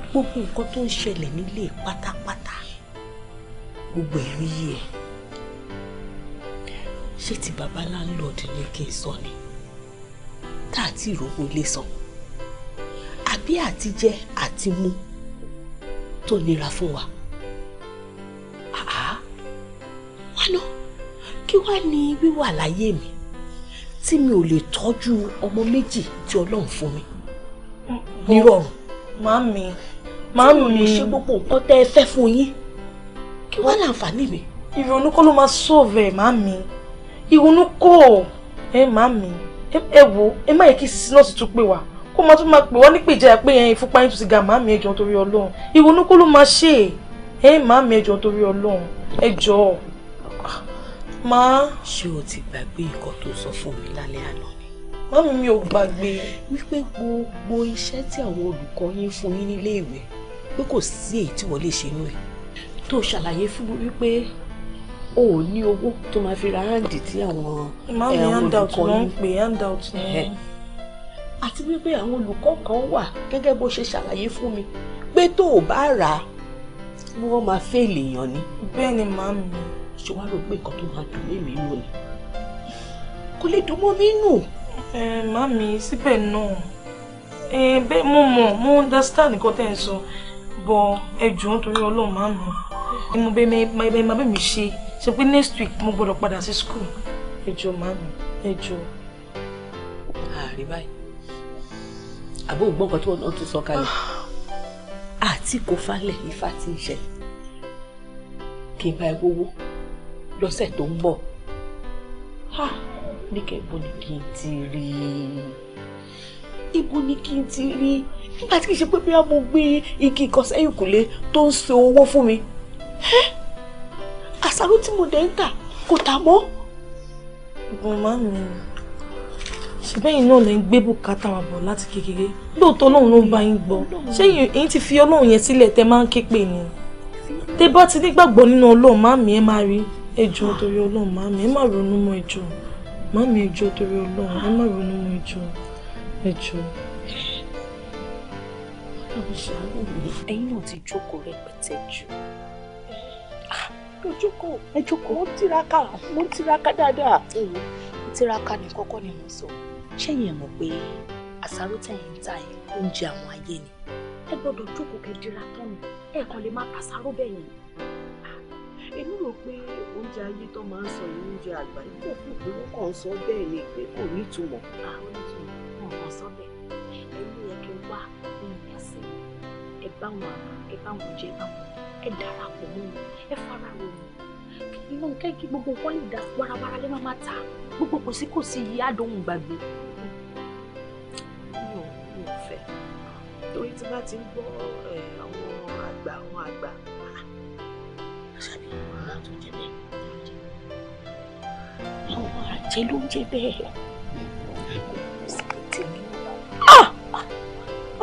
gbogbo nǹkan tó ń ṣẹlẹ̀ nílé pátápátá gbogbo ẹ̀rí yìí ẹ̀ ṣé ti bàbá láńlọ́ọ̀dù kí n sọ ni tá a ti rówó lé san àbí àtijẹ àti mu tó nira fún wa. Ah, wánà kí wàá ní wíwà láyé mi tí mi ò lè tọ́jú ọmọ méjì tí ọlọ́run fún mi nírọ̀rùn. màámi màámi mi ṣe gbogbo nǹkan tẹ́ ẹ fẹ́ fún yín kí wàá láǹfààní mi. ìrònú kọ́ ló máa sọ̀rọ̀ ẹ̀ màámi ìrònú kọ́ ẹ màámi ẹ wò ẹ má yẹ kí sísí náà sì tún pè wá kó máa tún máa pè wá nípèjà pé ìfúnpá yín tún ti ga màámi ẹ̀jọ̀ torí ọlọ́run ìrònú kọ́ ló máa ṣe é ẹ má mẹjọ torí Ọlọ́run ẹ jọ má. ṣé o ti gbàgbé nǹkan tó sọ fún mi lálẹ́ àná ni. mọ́mí mi ò gbàgbé. wípé gbogbo iṣẹ́ tí àwọn olùkọ́ yín fún yín nílé ìwé pé kò sí èyí tí wọ́n lè ṣe nú ẹ̀ tó ṣàlàyé fún mi wípé o ò ní owó tó máa fi ra háǹdì tí àwọn eh, olùkọ́ yín pè handout ni àti wípé àwọn olùkọ́ kan wà gẹ́gẹ́ bó ṣe ṣàlàyé fún mi pé tó o bá rà á bí wọ́n máa fẹ́ẹ̀lì èèyàn ni. bẹ́ẹ̀ ni màá mi. ṣé wàá rò pé nǹkan tó máa dùn mí mi nù ni kò lè dùn mọ́ mi nù. ẹ màá mi síbẹ̀ náà ẹ bẹ́ẹ̀ mo mọ̀ mo understand nǹkan tẹ́ ẹ sọ bọ ẹ jùún torí ọlọ́run màá mi ni mo bẹ ẹ máa bẹ mi ṣe ṣe pé next week mo gbọ́dọ̀ padà sí school ẹ jọ màá mi ẹ jọ. ààrẹ báyìí àbó gbọ́ nǹkan tí wọ́n tún sọ kalẹ̀. Ah àti kò falẹ̀ ifá ti ń ṣẹlẹ̀ kí n bá ẹ wówó lọ́sẹ̀ tó ń bọ̀ ha níkẹ́ ibo ni kí n ti rí ibo ni kí n ti rí nígbà tí kì í ṣe pé bí mo gbé igi kan sẹ́yìn kùlé tó ń ṣe owó fún mi àṣàrò tí mo dẹ̀ ń tà kò tà mọ́. gbọ̀n máa mi ni ṣèbẹ́yìn náà lè ń gbé bùkátà wa bọ̀ láti kékeré lóòótọ́ lóun ló ń bá yín gbọ́ ṣé èyí ti fi ọlọ́run yẹn sílẹ̀ tẹ́ máa ń ké pè ní. tẹ́ bá ti nígbàgbọ́ nínú ọlọ́run màmí ẹ máa rí ẹjọ́ torí ọlọ́run màmí ẹ má ronú mọ́ ẹjọ́ màmí ẹjọ́ torí ọlọ́run ẹ má ronú mọ́ ẹjọ́ ẹjọ́. ẹ̀yin náà ti jókòó rẹpẹtẹ jù ah, jókòó ẹ jókòó mo ń tiraka mo ń tiraka dáadáa èyí mo ni mo sọ ṣẹ́yìn ẹ̀ mọ̀ pé àṣàrò tẹ̀yìn ń ta ẹ̀ oúnjẹ àwọn ayé ni ẹ gbọ́dọ̀ jókòó kẹdìrà tán ni ẹ kàn lè má pàṣàrò bẹ́ẹ̀ yẹn. Ah, èmi rò pé oúnjẹ ayé tó máa ń sọ ní oúnjẹ àgbáyé kò fún pé wọ́n kàn ń sọ bẹ́ẹ̀ ni pé kò nítumọ̀. àwọn ìtumọ̀ ah, wọn kàn sọ bẹ́ẹ̀ ẹni yẹ kí n wá oyin ẹsẹ̀ ẹ bá wọn ẹ bá wọn jẹ bá wọn ẹ darapọ̀ mọ́ wọn ẹ fara wọn inú kéèkì gbogbo nǹkan lè dà warawara lè máa ta gbogbo kò sí kò sí yìí àdóhùn gbàgbé. mi ò mi ò fẹ́ torí tí bá ti ń gbọ́ àwọn àgbà àwọn àgbà ṣàbí àwọn ará tó jẹ bẹ́ẹ̀ àwọn ará jẹ ló ń jẹ bẹ́ẹ̀.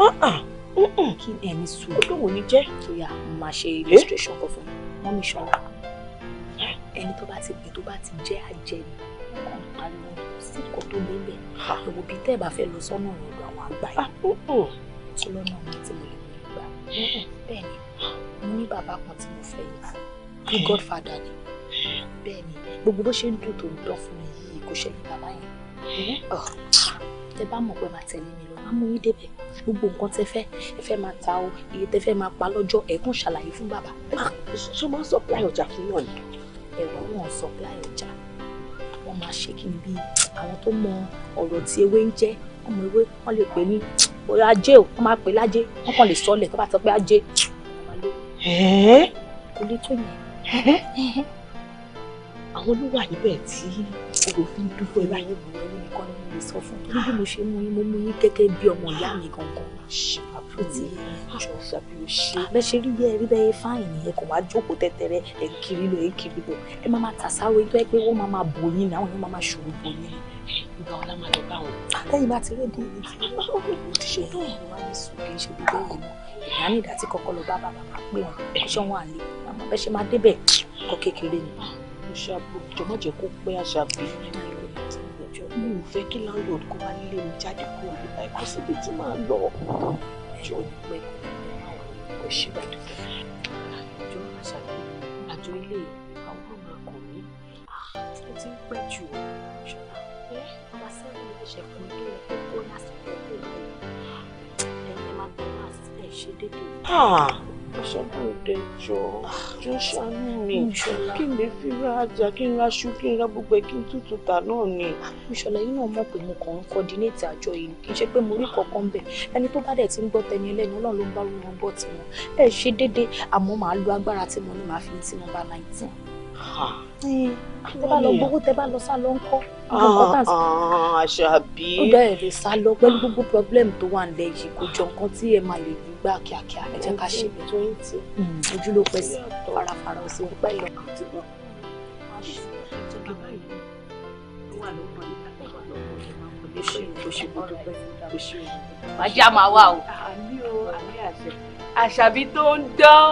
Ah, ah, ah, kí ẹni sùn. ó lóun ní jẹ́. ó yá máa ṣe eh? illustration kan fún mi mọ́mí ṣọlá ẹni tó bá ti pè tó bá ti jẹ́ àjẹni kàn pariwo sí kò tó gbẹ́gbẹ́ ẹ̀wò bíi tẹ́ ẹ̀ bá fẹ́ lọ sọ́nà ọ̀dọ̀ àwọn àgbà yìí tó lọ́nà mi tí mo lè mú gbà hmm. bẹ́ẹ̀ ni mo ní bàbá kan tí mo fẹ́ yìí bí hmm. godfather ni bẹ́ẹ̀ ni gbogbo bó ṣe ń dùn tó ń dán fún mi yìí kò ṣẹlẹ̀ bàbá yẹn hmm. tẹ bá mọ̀ pé máa tẹ̀lé mi lọ máa mú yín débẹ̀ gbogbo nǹkan tẹ fẹ́ ẹ fẹ́ máa ta o iye tẹ fẹ́ máa pa lọ́jọ́ ẹ̀ẹ́kùn ṣàlàyé fún bàbá. ṣé ah, supply ọjà fún yàn ni ẹ̀rọ àwọn supply ọjà wọ́n máa ṣe kí ni bí àwọn tó mọ ọ̀rọ̀ tí ewé ń jẹ́ ọmọ ewé wọ́n lè pè ní ajé o wọ́n máa pè lájé wọ́n kàn lè sọlẹ̀ tó bá sọ pé ajé kò lè tó yẹn àwọn ló wà níbẹ̀ tí ògò fi ń dúró ẹ̀rọ ayé bùrọ̀ ẹ̀rọ nìkan ni mo lè sọ fún un bí mo ṣe mú yín mo mú yín gẹ́gẹ́ bí ọmọ ìyá mi gangan ó ti aṣọ ṣàbíyọ ṣe. rí bí ẹ rí bẹ́ẹ̀ fáìn nìyẹn kò wá jókòó tẹ́tẹ́rẹ́ ẹ kiri lọ ẹ kiri bọ̀ ẹ máa máa tàṣàrò ẹjọ́ ẹ pé wọ́n máa máa bò yín ní àwọn yóò máa máa ṣòro bò yín. ìgbà wọn la máa lọ bá wọn. lẹ́yìn bá ti rédíò yìí ti ó ti ṣe dùn wá ní sùn ṣe bí bẹ́ẹ̀ yìí ìyá ní tí kọ́kọ́ lọ bá bàbá pé wọn kò ṣe wọn àlè màmá bẹ́ ṣe máa débẹ̀ kọ́ kékeré ni. Ah, mo ṣàbùjọ àjọ ìpẹ́ kò ṣe bá dúpẹ́ àjọ àṣàkí àjọ ilé àwọn ọmọ akọ mi ó ti ń pẹ́ jù ọ́ ṣọlá ẹ ọmọ sẹ́yìn ló ṣe fún ilé ẹ̀kọ́ kó lásìkò ẹ̀kọ́ ẹ̀yẹ máa bẹ̀rẹ̀ àṣẹ ṣe déédéé. Ah! Aṣọ́bọ̀dé jọ jọ ah, ṣàánú mi kí n lè fi ra ajá kí n ra aṣú kí n ra gbogbo ẹ̀ kí n tútù tà náà ni. Ìṣọ̀lẹ̀ yìí náà mọ̀ pé mo kàn ń kọ́dínéètì àjọ yìí kì í ṣe pé mo rí kankan bẹ̀ ẹni tó bá dẹ̀ ti ń gbọ́ tẹni ẹlẹ́ni ọlọ́run ló ń bá wọn gbọ́ tiwọn ẹ ṣe déédéé àmọ́ màá lo agbára tí mo ní màá fi tí mo bá láì tì tẹ bá lọ gbogbo tẹ bá lọ sá lọ ńkọ́ ah, àṣàbí ah, ó dá èrè sá lọ pẹ̀lú gbogbo problem tó wà nílẹ̀ yìí kò jọ nǹkan tí ẹ máa lè rí gbà kíákíá ẹ jẹ́ ká ṣe ibi tó ń tì ojú ló pẹ́ sí farafara ọ̀sẹ̀ ń pẹ́ lọ́kàn tí wọ́n. má jẹ́ àmà o àṣàbí tó ń dán.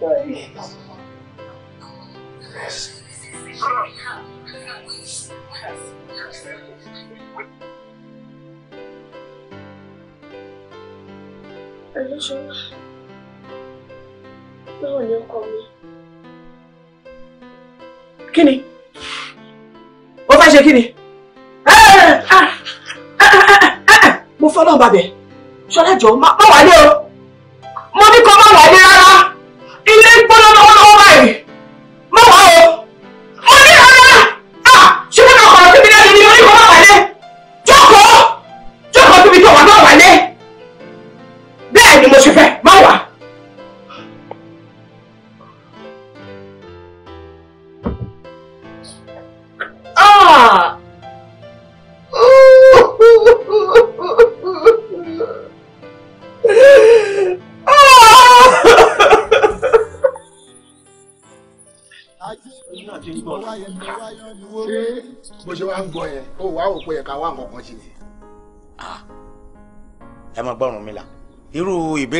done. Olúṣọlá, báwo ni ọkọ mi? Kí ni? Ó fẹ́ ṣe kí ni? Mo fọ́ náà bàbẹ̀. Ṣọlá jọ, má wà ní o.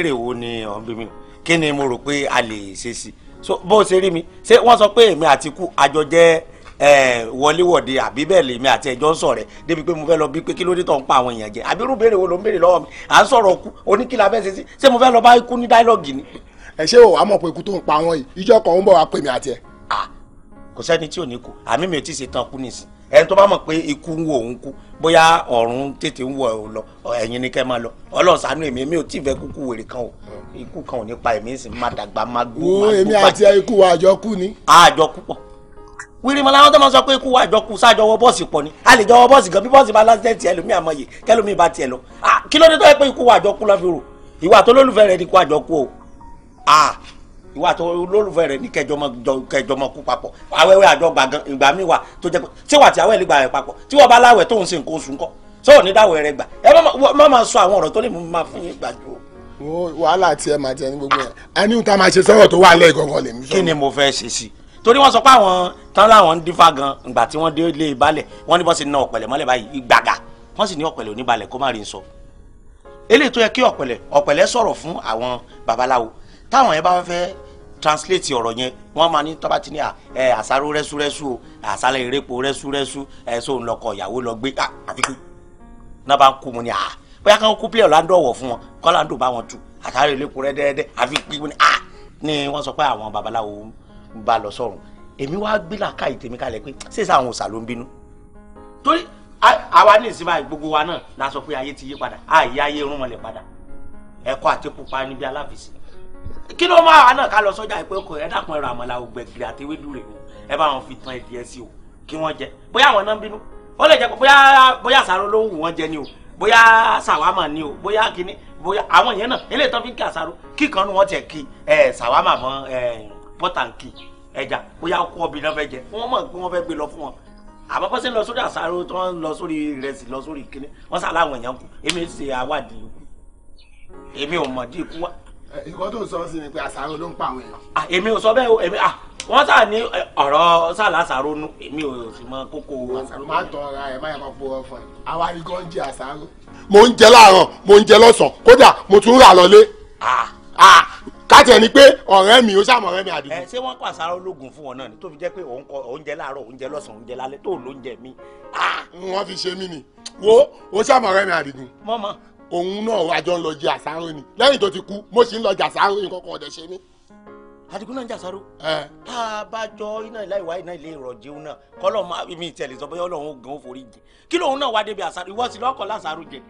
ìbéèrè wo ni ọ̀n bí mi kí ni mo rò pé a lè ṣe sí so bó o ṣe rí mi ṣé wọ́n sọ pé èmi àti ikú àjọ jẹ́ wọléwọ̀de àbí bẹ́ẹ̀ lèmi àti ẹjọ́ ń sọ̀rẹ́ débi pé mo fẹ́ lọ bí pé kí ló dé tó ń pa àwọn èèyàn jẹ àbí irú béèrè wo ló ń béèrè lọ́wọ́ mi à ń sọ̀rọ̀ ku oníkìlá fẹ́ ṣe sí ṣé mo fẹ́ lọ bá ikú ní dáílọ́ọ̀gì ni. ẹ ṣé o àmọ̀ pé ikú tó ń pa àwọn yìí ìjọ kan ń bọ̀ wá pè mí àti ẹ. kò sẹ́ni tí ò ní kú àmì mi ò tí ì ṣe tán kú nìsín ẹni tó bá mọ̀ pé ikú ń wo òun kú bóyá ọ̀run tètè ń wọ òun lọ ẹ̀yin ni kẹ́ máa lọ ọlọ́sàánú èmi èmi ò tí ì fẹ́ kúkú wèrè kan o ikú kan ò ní pa èmi sì má dàgbà má gbó má gbó báyìí. èmi àti ikú wa àjọ kú ni. àjọ kú pọ̀ wíri mọ́lá wọn tó máa sọ pé ikú wa àjọ kú sáàjọ wọ bọ́ọ̀sì pọ̀ ni a lè jọ wọ bọ́ọ̀sì gan bí bọ́ọ̀sì bá lásìtẹ́ tiẹ̀ lómi àmọye kẹ́lómi bá tiẹ̀ lọ kí ló dé tó yẹ pé ikú wa àjọ kú lọ́ ìwà tó lólùfẹ́ rẹ̀ ni ikú àjọ kú o ìwà àti olólùfẹ́ rẹ̀ ní kẹjọ mọ kú papọ̀ awẹ́wẹ́ àjọgbà gan ìgbà mi wà tó jẹ́ pé tí wà tí awẹ́ lè gbà rẹ̀ papọ̀ tí wọ́n bá láwẹ̀ tó ń ṣe nǹkan oṣù ńkọ́ sọ̀rọ̀ ní dáwọ̀ rẹ̀ gbà ẹ má máa sọ àwọn ọ̀rọ̀ tó lè mú máa fún yín gbà jù. wàhálà tí ẹ máa jẹ ní gbogbo yẹn a ní ta máa ṣe sọ̀rọ̀ tó wà lẹ́ẹ̀gọ̀ngàn lèmi sọ̀rọ̀. kí ni mo fẹ́ ṣe sí i torí wọ́n sọ pé àwọn tán láwọn ń dífá gan ìgbà tí wọ́n dé lé ìbálẹ̀ wọ́n ní bọ́ sí ní ọ̀pẹ̀lẹ̀ mọ́lẹ̀ báyìí gbàgà wọ́n sì ní ọ̀pẹ̀lẹ̀ oníbalẹ̀ kó má rí n sọ eléyìí tó yẹ kí ọ̀pẹ̀lẹ̀ ọ̀pẹ̀lẹ̀ sọ̀rọ̀ fún àwọn babaláwo táwọn yẹn bá fẹ́ translate ọ̀rọ̀ yẹn wọ́n máa ní tọ́ba ti ní ẹ àsáró rẹ́súrẹ́sú o àsálẹ̀ ìrẹ́pọ̀ rẹ́súrẹ́sú ẹ sóun lọkọ̀ ìyàwó lọ gbé àfikún náà bá ń kú mu ni à bóyá káwọn kú pílẹ̀ ọ̀làndọ̀ wọ̀ fún wọn kọ́làndọ̀ bá wọn tu àsáró ìrẹ́pọ̀ rẹ́ dẹ́dẹ́ àfikún ni à ni wọ́n sọ pé àwọn babaláwo ń bá lọ sọ̀rùn èmi wá gbé làákà ìtèmi kalẹ̀ pé ṣèṣe àwọn òòsà ló ń bínú torí àwa ní ìsinmi àì gbogbo wa náà la sọ pé ayé ti yí kí ló máa wà náà ká lọ sọ́jà ìpé ọkọ̀ ẹ̀ dàkún ẹ̀rọ àmàlà ògbẹ̀gìrì àti ewédú o ẹ bá wọn fi tan ẹ̀dì ẹ̀ sí o kí wọ́n jẹ bóyá àwọn náà ń bínú ó lè jẹ pé bóyá bóyá àsáró ló wù wọ́n jẹ ni o bóyá sàwámà ni o bóyá kíní bóyá àwọn yẹn náà eléyìí tán fi ń kí àsáró kí kan nu wọ́n tiẹ̀ kí ẹ̀ sàwámà mọ́ ẹ̀ pọ́tàǹkì ẹja bóyá kú ọbì náà fẹ́ jẹ wọ́n mọ̀ pé wọ́n fẹ́ gbé lọ fún wọn àmọ́ pọ́sẹ̀ ń lọ sórí àsáró tó ń lọ sórí nǹkan tó ń sọ sí ni pé àṣàrò ló ń pa àwọn èèyàn. Ah, èmi ò sọ bẹ́ẹ̀ o èmi ah, wọ́n sà ní eh, ọ̀rọ̀ sàlá àṣàrò nu èmi ò sì mọ kókó. àṣàrò máa tọ ara ẹ̀ máa yẹ kó purọ́ fún ẹ àwa ni gan jẹ àṣàrò. mo ń jẹ láàárọ̀ mo ń jẹ lọ́sàn-án kódà mo tún rà lọlé. Ah. káàtẹ̀ ni pé ọ̀rẹ́ mi ó sàmọ̀ ọ̀rẹ́ mi àdúgbò. ẹ eh, ṣé wọ́n kọ àṣàrò ológun fún wọn náà ni tó fi jẹ́ pé oúnjẹ láàárọ̀ oúnjẹ lọ́sàn oúnjẹ lálẹ́ tó lóúnjẹ mi. wọ́n fi ṣe mí ni wo ó sàmọ̀ ọ̀rẹ́ mi àdúgbò. mọ́mọ́ òun náà àjọ ń lọ jẹ àsáró ni lẹ́yìn tó ti kú mo sì ń lọ jẹ àsáró yìí kankan ọ̀dẹ̀ ṣe mí. àdìgún náà ń jàsáró. tá a bá jọ iná ìlà ìwà iná ilé ìrọ̀jẹun náà kọ́lọ̀ máa mi ìtẹ̀lẹ̀ sọ bóyá ọlọ́run gan forí jẹ kí lóun náà wá débi àsáró ìwọ sí lọ́kọ̀ lásáró jẹ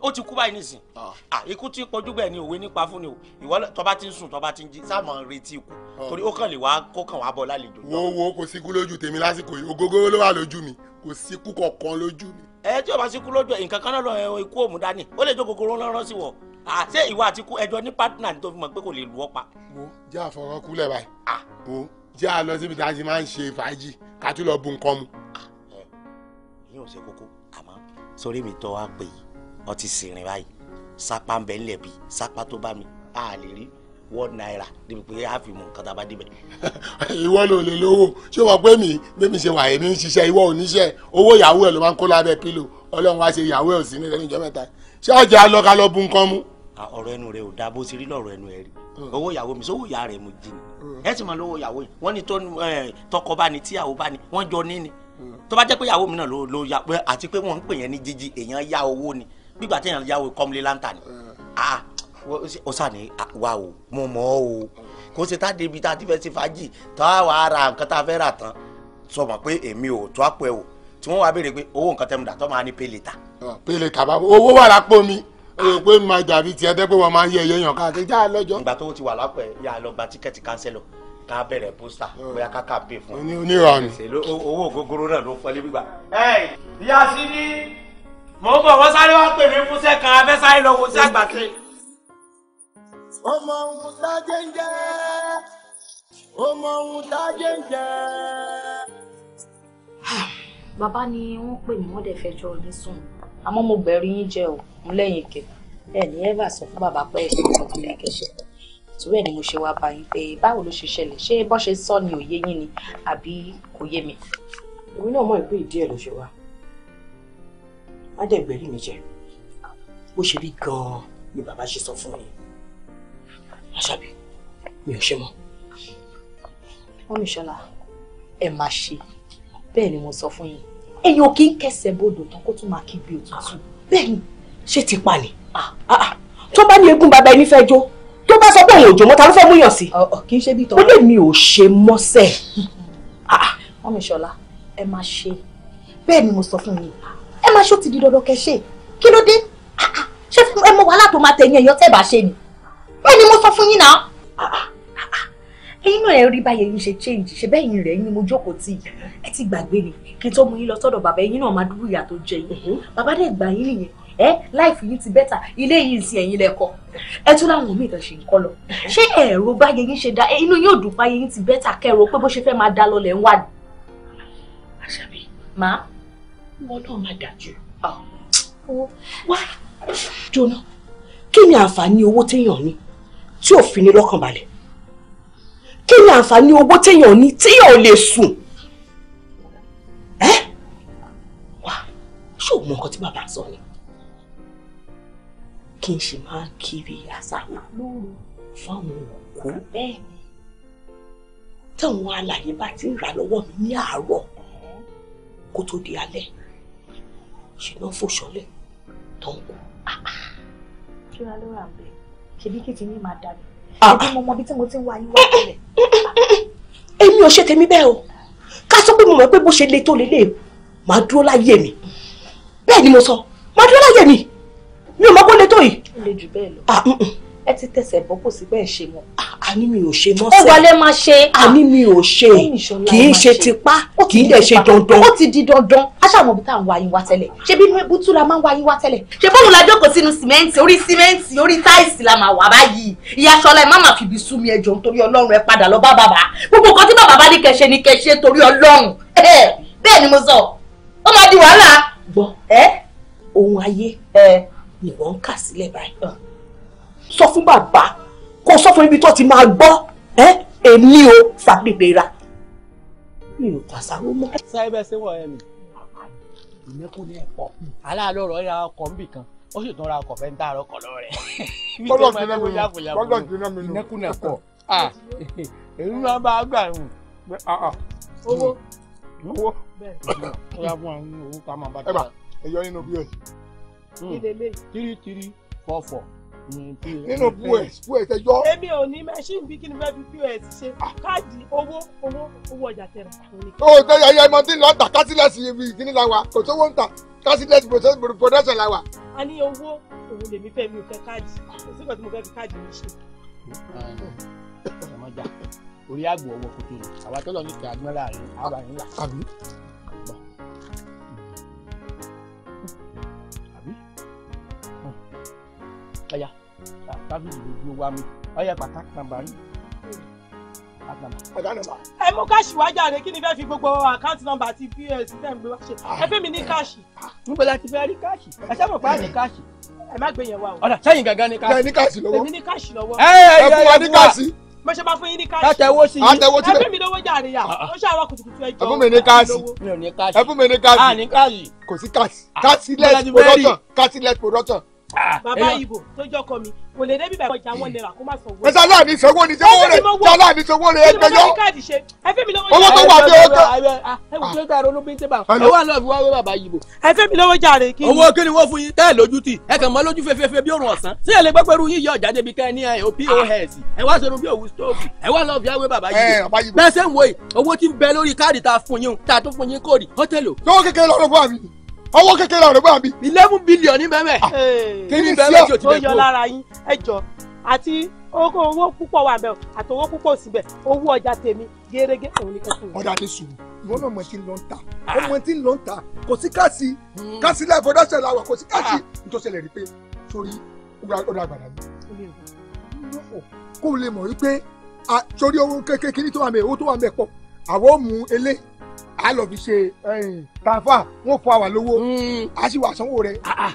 ó ti kú báyìí nísìn ah. ah, ikú tí pọ̀jù bẹ́ẹ̀ ni òwe nípa fún ni o ìwọ tó bá ti ń sùn tó bá ti ń jí sáà máa ń retí ikú ah. torí ó kàn lè wá kó kàn wá bọ̀ lálejò. wo wo kò síkú lójú tèmi lásìkò yìí ògógóró ló wà lójú mi kò síkú kankan lójú mi ẹ tí o bá sí kú lójú ẹ nǹkan kan náà lọ ẹ ikú òmù dání ó lè jó kòkòrò ńlọrọ sí wọ àṣé ìwọ àti ikú ẹjọ ní pátínà tó fi mọ pé kò lè lù ọ pa. wo jẹ́ àfọwọ́ kúlẹ̀ báyìí wo jẹ́ àlọ́ síbi tá a ti máa ń ṣe fàájì ká tún lọ bu nǹkan mu. ìyẹn ò ṣe kókó àmọ́ sórí mi tọ́ wá pè yìí ọ ti sìnrìn báyìí sápá ń bẹ ńlẹ̀ bíi sápá tó bá mi a rí one naira débi pé a fi mú nǹkan tá a bá débẹ̀. ìwọ ló lè lówó ṣé wàá pé mi bẹ́mi ṣe wàá ní ṣiṣẹ́ ìwọ oníṣẹ́ owó ìyàwó ẹ̀ ló máa ń kó lábẹ́ pílò ọlọ́run wá ṣe ìyàwó ẹ̀ sí nílẹ̀ níjọ́ mẹ́ta ṣé àjẹ́ alọ́ka lọ bu nǹkan mú. ọ̀rọ̀ ẹnu rẹ ò dáa bó ṣe rí lọ́rọ̀ ẹnu ẹ rí hmm. owó ìyàwó mi sówó ìyá rẹ mo jí ni hmm. ẹ sì mọ lówó ìyàwó yìí wọ́n ní tọkọ bá ní tíyàwó bá ní wọ́n jọ ní ni hmm. tó bá jẹ́ pé ìyàwó mi náà ló ya àti pé wọ́n ń pè yẹn ní jíjí èèyàn yá owó ni gbígbà téèyàn yáwó kọ́mulé láǹtà ni ọ̀sà ni wa o mo mọ̀ ọ́ o kò ṣe tá débi tá a ti fẹ́ ṣe fàájì tá a wà á ra nǹkan tá a fẹ́ rà tán sọ mọ̀ pé èmi ò tó àpò ẹ̀ o tí wọ́n wá béèrè pé owó nǹkan tẹ́ mu dà tó máa ní pélé-ta. pélé-ta bá owó wà lápò mi èrò pé máa dàbí tiẹ̀ tẹ́ pé wọ́n máa ń yẹ ẹyẹ yàn káàkiri já lọ́jọ́. ìgbà tó ti wà lápò ẹ̀ yà á lọ gba tíkẹ́ẹ̀tì kánsẹ́lọ̀ ká bẹ̀rẹ̀ pósítà bóyá ká kà pè fún. onírànù. owó ògógóró náà ló fọlé gbígbà. ẹ ìyá sí ni mò ń bọ̀ wọ́n sáré wá pè mí fúnṣẹ́ kan abẹ́sáré lọ́wọ́ sí àgbàṣe ó mọ ohun tájé ń jẹ ó mọ ohun tájé ń jẹ. Ah, bàbá ni wọ́n pè mí wọ́n dẹ̀ fẹjọ́ ní sùn àmọ́ mo gbẹ̀rù yín jẹ ò ń lẹ́yìn ìkẹ́ ẹ̀ ní ẹ́fà sọ fún bàbá pé ẹ̀sìn nǹkan tó ní kẹ́sẹ̀ ìtúwẹ̀ ni mo ṣe wá bá yín pé báwo ló ṣe ṣẹlẹ̀ ṣé bọ́ ṣe sọ ni òye yín ni àbí kò yé mi. èmi náà mọ̀ pé ìdí ẹ̀ ló ṣe wá á dẹ̀ gbẹ̀rí mi jẹ bó ṣe rí gan ni bàbá ṣe sọ fún mi. Àṣàbí mi ò ṣe mọ́. Mọ́míṣọ́lá ẹ máa ṣe bẹ́ẹ̀ ni mo sọ fún yín èèyàn kì í kẹsẹ̀ bodò tán kó tún máa kí bí òtútù bẹ́ẹ̀ ni ṣé ti pa ni. Ah. Ah, ah. tó bá ní eégún bàbá ẹni fẹ́ jó tó bá sọ pé òun ò jó mọ́ ló fẹ́ múyàn sí. kì í ṣe bí tọ́ ó mi ò ṣe mọ́sẹ̀. Mọ́míṣọ́lá ẹ máa ṣe bẹ́ẹ̀ ni mo sọ fún yín ẹ máa ṣó ti di dandan kẹ́ ṣe kí ló dé ṣé ẹ mọ wàhálà tó máa tẹ̀yìn ẹ̀yọ́ tẹ́ bá ṣe ni mo ni mo sọ fún yín náà ẹ̀yin náà ẹ rí báyẹn yín ṣe change ṣe bẹ́ẹ̀ yín rẹ̀ yín ni mo jókòó tì ẹ ti gbàgbé ni kí n tó mú yín lọ sọ́dọ̀ bàbá ẹ̀yin náà máa dúró ìyà tó jẹ yín mhm. bàbá dẹ̀ gbà yín nìyẹn ẹ láìfì yín ti bẹ́tà ilé yìí sí ẹ̀yin lẹ́kọ̀ ẹ tún láwọn míì tán ṣe ń kọ́ lọ mhm. ṣé ẹ̀rọ báyẹn yín ṣe dá inú yóò dùn báyẹn yín ti bẹ́tà kẹ́rọ pé bó ṣe fẹ́ máa dá lọlẹ̀ ń wà ní. àṣàbí má wọn náà má dájú. Ah. jóná kí ni àǹfààní owó téèyàn ní tí ò fi ní lọ́kàn balẹ̀ kí ni àǹfààní owó téèyàn ní téèyàn lè sùn ẹ ṣé o mọ nǹkan tí bàbá sọ ni kí n ṣe máa kiri àṣàrò lóru fáwọn òkú bẹ́ẹ̀ ni táwọn alàyè bá ti ń rà lọ́wọ́ mi ní àárọ̀ kó tó di alẹ́ ṣùgbọ́n fòṣọlẹ̀ tó ń kú. kí wàá ló rà ṣebí kìtì ní màá darí ah. ẹbí mo mọ ibi tí mo ti ń wá yín wá tẹ́lẹ̀. èmi ò ṣe tèmi bẹ́ẹ̀ o ká sọ pé mo mọ̀ pé bó ṣe le tó lélẹ̀ màá dúró láyé mi bẹ́ẹ̀ ni mo sọ màá dúró láyé mi mi ò mọ̀ bó le tó yìí. ó le jù bẹ́ẹ̀ lọ. Ah, ẹ ti tẹsẹ̀ bọ́ kò sí bẹ́ẹ̀ ṣe mọ́. àní ah, mi ò ṣe mọ́ sẹ́ẹ̀. ó wọlé máa ṣe. àní mi ò ṣe kì í ṣe tipá kì í dẹ̀ ṣe dandan. ó ti di dandan aṣáwọn òbí tá à ń wáyé wá tẹ́lẹ̀ ṣé bí inú ebútú la máa ń wáyé wá tẹ́lẹ̀ ṣé bóun la jókòó sínú sìmẹ́ǹtì orí sìmẹ́ǹtì orí táìsì la máa wà báyìí ìyá aṣọlá ẹ má má fìbí sú mi ẹjọ nítorí ọlọ́run ẹ padà lọ bá bàbá gbogbo nǹkan tí bàbá bá ní kẹṣe ni kẹṣe torí ọlọ́run bẹ́ẹ̀ ni mo sọ ó máa di wàhálà. gbọ́ ohun ayé ni wọ́n ń kà sílẹ̀ báyìí sọ fún bàbá kó sọ fún ibi tó ti máa gbọ́ ẹ èmi o sàgbègbè ra mi ò tàṣàrò mọ́. sáré bẹ́ẹ̀ ṣé wọ́n ẹ mi ìmẹ́kùn ní ẹ̀pọ̀ aláàlọ́ ọ̀rọ̀ yà ọkọ̀ níbì kan ó sì tún ra ọkọ̀ fẹ́ ń dàrọ̀ ọkọ̀ lọ rẹ̀. bọ́lọ̀ ti lẹ́nu mi bọ́lọ̀ ti lẹ́nu mi ìmẹ́kùn ní ẹ̀pọ̀ èyí máa bá a gbà ń. owó owó bẹ́ẹ̀ ó yà fún àwọn owó ká máa bá a. ẹ ẹ nínú pos pos ẹjọ. èmi ò ní machine bí kí ni fẹ́ fi pos ṣe káàdì owó owó owó ọjà tẹ̀rẹ̀. o tẹ ẹyẹ ẹmọ tí ń lọ tà kásílẹ̀sì ibi ìdílé la wa kò sówó ń tà kásílẹ̀sì production la wa. a ní owó òun lèmi fẹ́ mi ò fẹ́ káàdì kò sí ìgbà tí mo fẹ́ fi káàdì mi ṣe. ọmọ ìjà orí àgbò ọwọ́ kò tó lọ àwa tó lọ ní kí agbọ́n láàrin àwa ń ọ̀yà tábìlì gbogbo wa mi ọ̀yà pàtà nàmbà rí ẹ mú káàṣì wá jàre kí ni fẹ́ fi gbogbo àkáǹtì nọmba àti pos tẹ̀ ń gbé wá ṣe ẹ fẹ́ mi ní káàṣì. níbo la ti fẹ́ rí káàṣì ẹ sábà pa á ní káàṣì ẹ má gbé yẹn wá o. ọ̀dà sẹ́yìn gangan ní káàṣì. ní káàṣì lọ́wọ́ èmi ní káàṣì lọ́wọ́. ẹ ẹ ẹ fún wa ní káàṣì. mo ṣe máa fún yín ní káàṣì. àtẹ̀wó sí i àtẹ̀wó sílẹ̀. ẹ fún mi lówó jàre yà ó ṣàárọ̀ kùtùkùtù ẹjọ́. ẹ fún mi ní káàṣì. ẹ fún mi ní káàṣì. kò sí káàṣì. káàṣì lẹ́t production káàṣì lẹ́t production Ah, bàbá ibo tó jọkọ mi kò lè débi bàbá ìjà wọn náírà kó má sọ wọlé. ẹsẹ aláàní sanwó ni sanwó rẹ jẹ aláàní sanwó rẹ ẹgbẹjọ owó tó wà ní ọjọ. ẹ wò ló dára olóbi ń tẹ́bà ẹ wà lọ́ọ̀bù wá wé bàbá ibo. ẹ fẹ́ mi lọ́wọ́ jàre kí. owó kí ni wọ́n fún yín tẹ́ ẹ lójú tì ẹ kàn mọ́ lójú fẹ́fẹ́fẹ́ bí òrùn ọ̀sán sí ẹ lè gbọ́ pẹ̀lú yín yọ ọ̀já débi kẹ́ ní ẹ o pos ẹ wá sọ̀rọ̀ bí òwú stóòfù ẹ wà lọ́ọ̀bù wá wé bàbá ibo. bẹ́ẹ̀ sẹ́ ń owó tí ń bẹ lórí káàdì tá a fún yín tá a tún fún yín kórì họ́tẹ́lì. lọ́wọ́ kékeré lọ́rọ̀ fún àmì ọwọ́ kékeré rẹ̀ gbà mí. eleven billion bẹ́ẹ̀ ah. bẹ́ẹ̀. kí ni bẹ́ẹ̀ tí o ti bẹ̀ kú. ó yọ lára yín ẹ jọ àti owó púpọ̀ wà bẹ́ẹ̀ àti owó púpọ̀ sí owó ọjà tèmi gẹ́gẹ́ òun ni kẹ́kọ̀ọ́. ọ̀dà ni sùn ìwọ náà mọ̀ tí ń lọ ń ta ah. ọmọ tí ń lọ ń ta kò sí káàsì hmm. káàsì láì fọdá ṣẹlẹ̀ àwà kò sí ah. káàsì nítòsílẹ̀ rí pé sórí ọ̀dà àgbàdà mi. kó o lè mọ̀ wípé sórí owó kékeré kí ni tó wà mẹ́ owó tó wà mẹ́ pọ̀ àwọn mú eléyìí a lọ fi ṣe tàǹfà wọn fọ àwà lówó hmm. a sì wà sanwó rẹ. Ah, ah.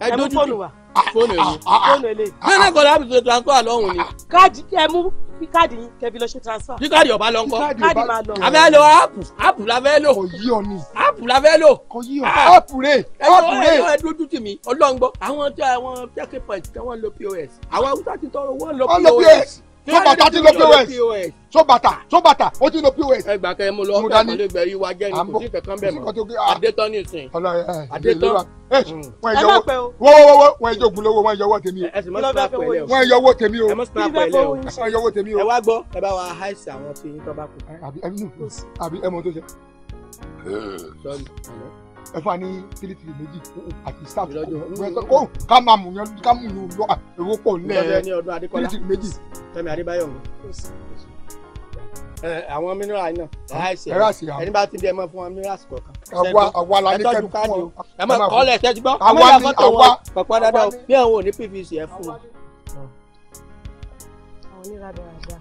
ẹ mú fóònù wa ah, fóònù èlé fóònù èlé. nínú ìkọlẹ̀ àbí ṣe transfer lọ́hùn ni. káàdì ẹ mú kí káàdì yín kẹbi lọ ṣe transfer. kí káàdì ọba lọ ń kọ káàdì máa lọ. a fẹ́ lo áàpù áàpù la fẹ́ lò. kò yí ọ ni. áàpù la fẹ́ lò. kò yí ọ áàpù rẹ áàpù rẹ. ẹ dojú tì mí ọlọ́ngbọ́ àwọn tí POS so bàtà ti lo pos so bàtà so bàtà o ti lo pos. ẹ gbà kẹ́ mo lọ fẹ́ kọ́lé gbẹ yíwa jẹ́ ní kò sí kankan bẹ́ẹ̀ mọ́ ah. adétọ́ ní ìsìn adétọ́. wọ́n ẹ̀jọ̀ wọ́n wọ́n ẹ̀jọ̀ ògùn lówó wọ́n ẹ̀jọ̀ owó tèmi o wọ́n ẹ̀jọ̀ owó tèmi o wọ́n ẹ̀jọ̀ owó tèmi o. ẹ wá gbọ́ ẹ bá wa háìsì àwọn fi yín tọ́ bá kù. àbí ẹ mọ tó ṣe ẹ fún wa ní three three méjì àti staff kó ká máa mú yẹn ká mú yẹn lọ èrò pọ̀ nílẹ̀ three three méjì. Fẹ́mi Adébáyọ̀ mi àwọn mineral náà láìsí ẹni bá ti di ẹmọ fún wọn minerals kọ̀ọ̀kan. àwa àwa la ní kẹ́mi fún ọ. ẹ máa kọ́ lẹ̀ tẹ́jú gbọ́ ọmọ ìyá fọ́tò wọn pọ̀pọ̀ dáadáa bí àwọn òní pvc ẹ fún wọn. àwọn onírà dáadáa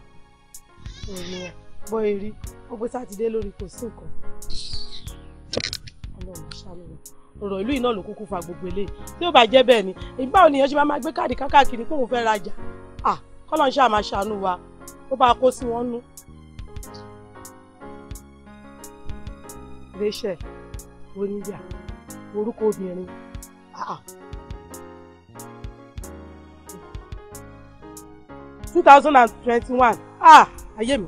òní ẹ bọ́ eré ó gbé sátidé lórí kò sí nǹkan ọlọ́run ṣàánú wa ọ̀rọ̀ ìlú iná ló kúkú fa gbogbo eléyìí tí ó bá jẹ́ bẹ́ẹ̀ ni ìgbà ò níyànjú bá máa gbé káàdì kákàkiri pé òun fẹ́ rajà à kọ́lọ́n ṣáà máa ṣàánú wa ó bá kó sí wọn nú. rachel oníyà orúkọ obìnrin two thousand and twenty-one ah ayé mi.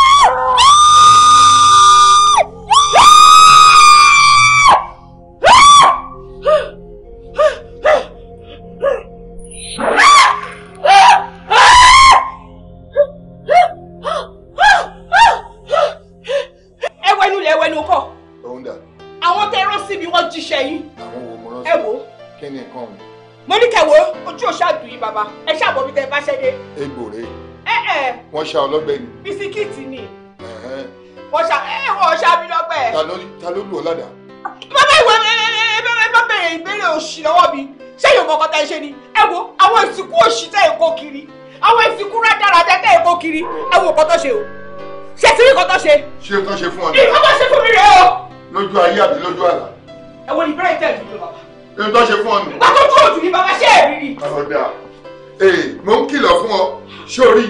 nǹkan o. mo ní kẹwo ojú ò ṣáàdù yìí bàbá ẹ ṣàbọ̀ mi tẹ bá ṣẹ́ dé. egbò rè é. ẹ ẹ. wọ́n ṣá ọlọ́gbẹ́ ni. bisikíìtì ni. wọ́n ṣá ẹ wọ́n ṣá mi lọ́gbẹ́. ta ló lù ọ́ ládàá. bàbá ìwọ ẹ bá bèrè ìbéèrè òṣì lọ́wọ́ mi ṣé yóò mọ ọkọta iṣẹ́ ni ẹ wo àwọn ìsìnkú òṣì tẹ̀ ẹ̀kọ́ kiri àwọn ìsìnkú rádaràdà tẹ̀ ẹ̀kọ́ kiri ẹ wo ọkọ tó ṣe o ṣe ti rí nǹkan tó ṣe. ṣé nǹkan ṣe fún ọ ni. nǹkan tó ṣe fún mi rèé o. lójú ayé àbí lójú àlá. ẹ wo ìbéèrè tẹ̀ ẹ̀ èyí tó ṣe fún ọ nù. ìgbà tó dúró jù ní bàbá ṣe é rí. ọ̀dà ee mò ń kìlọ̀ fún ọ sórí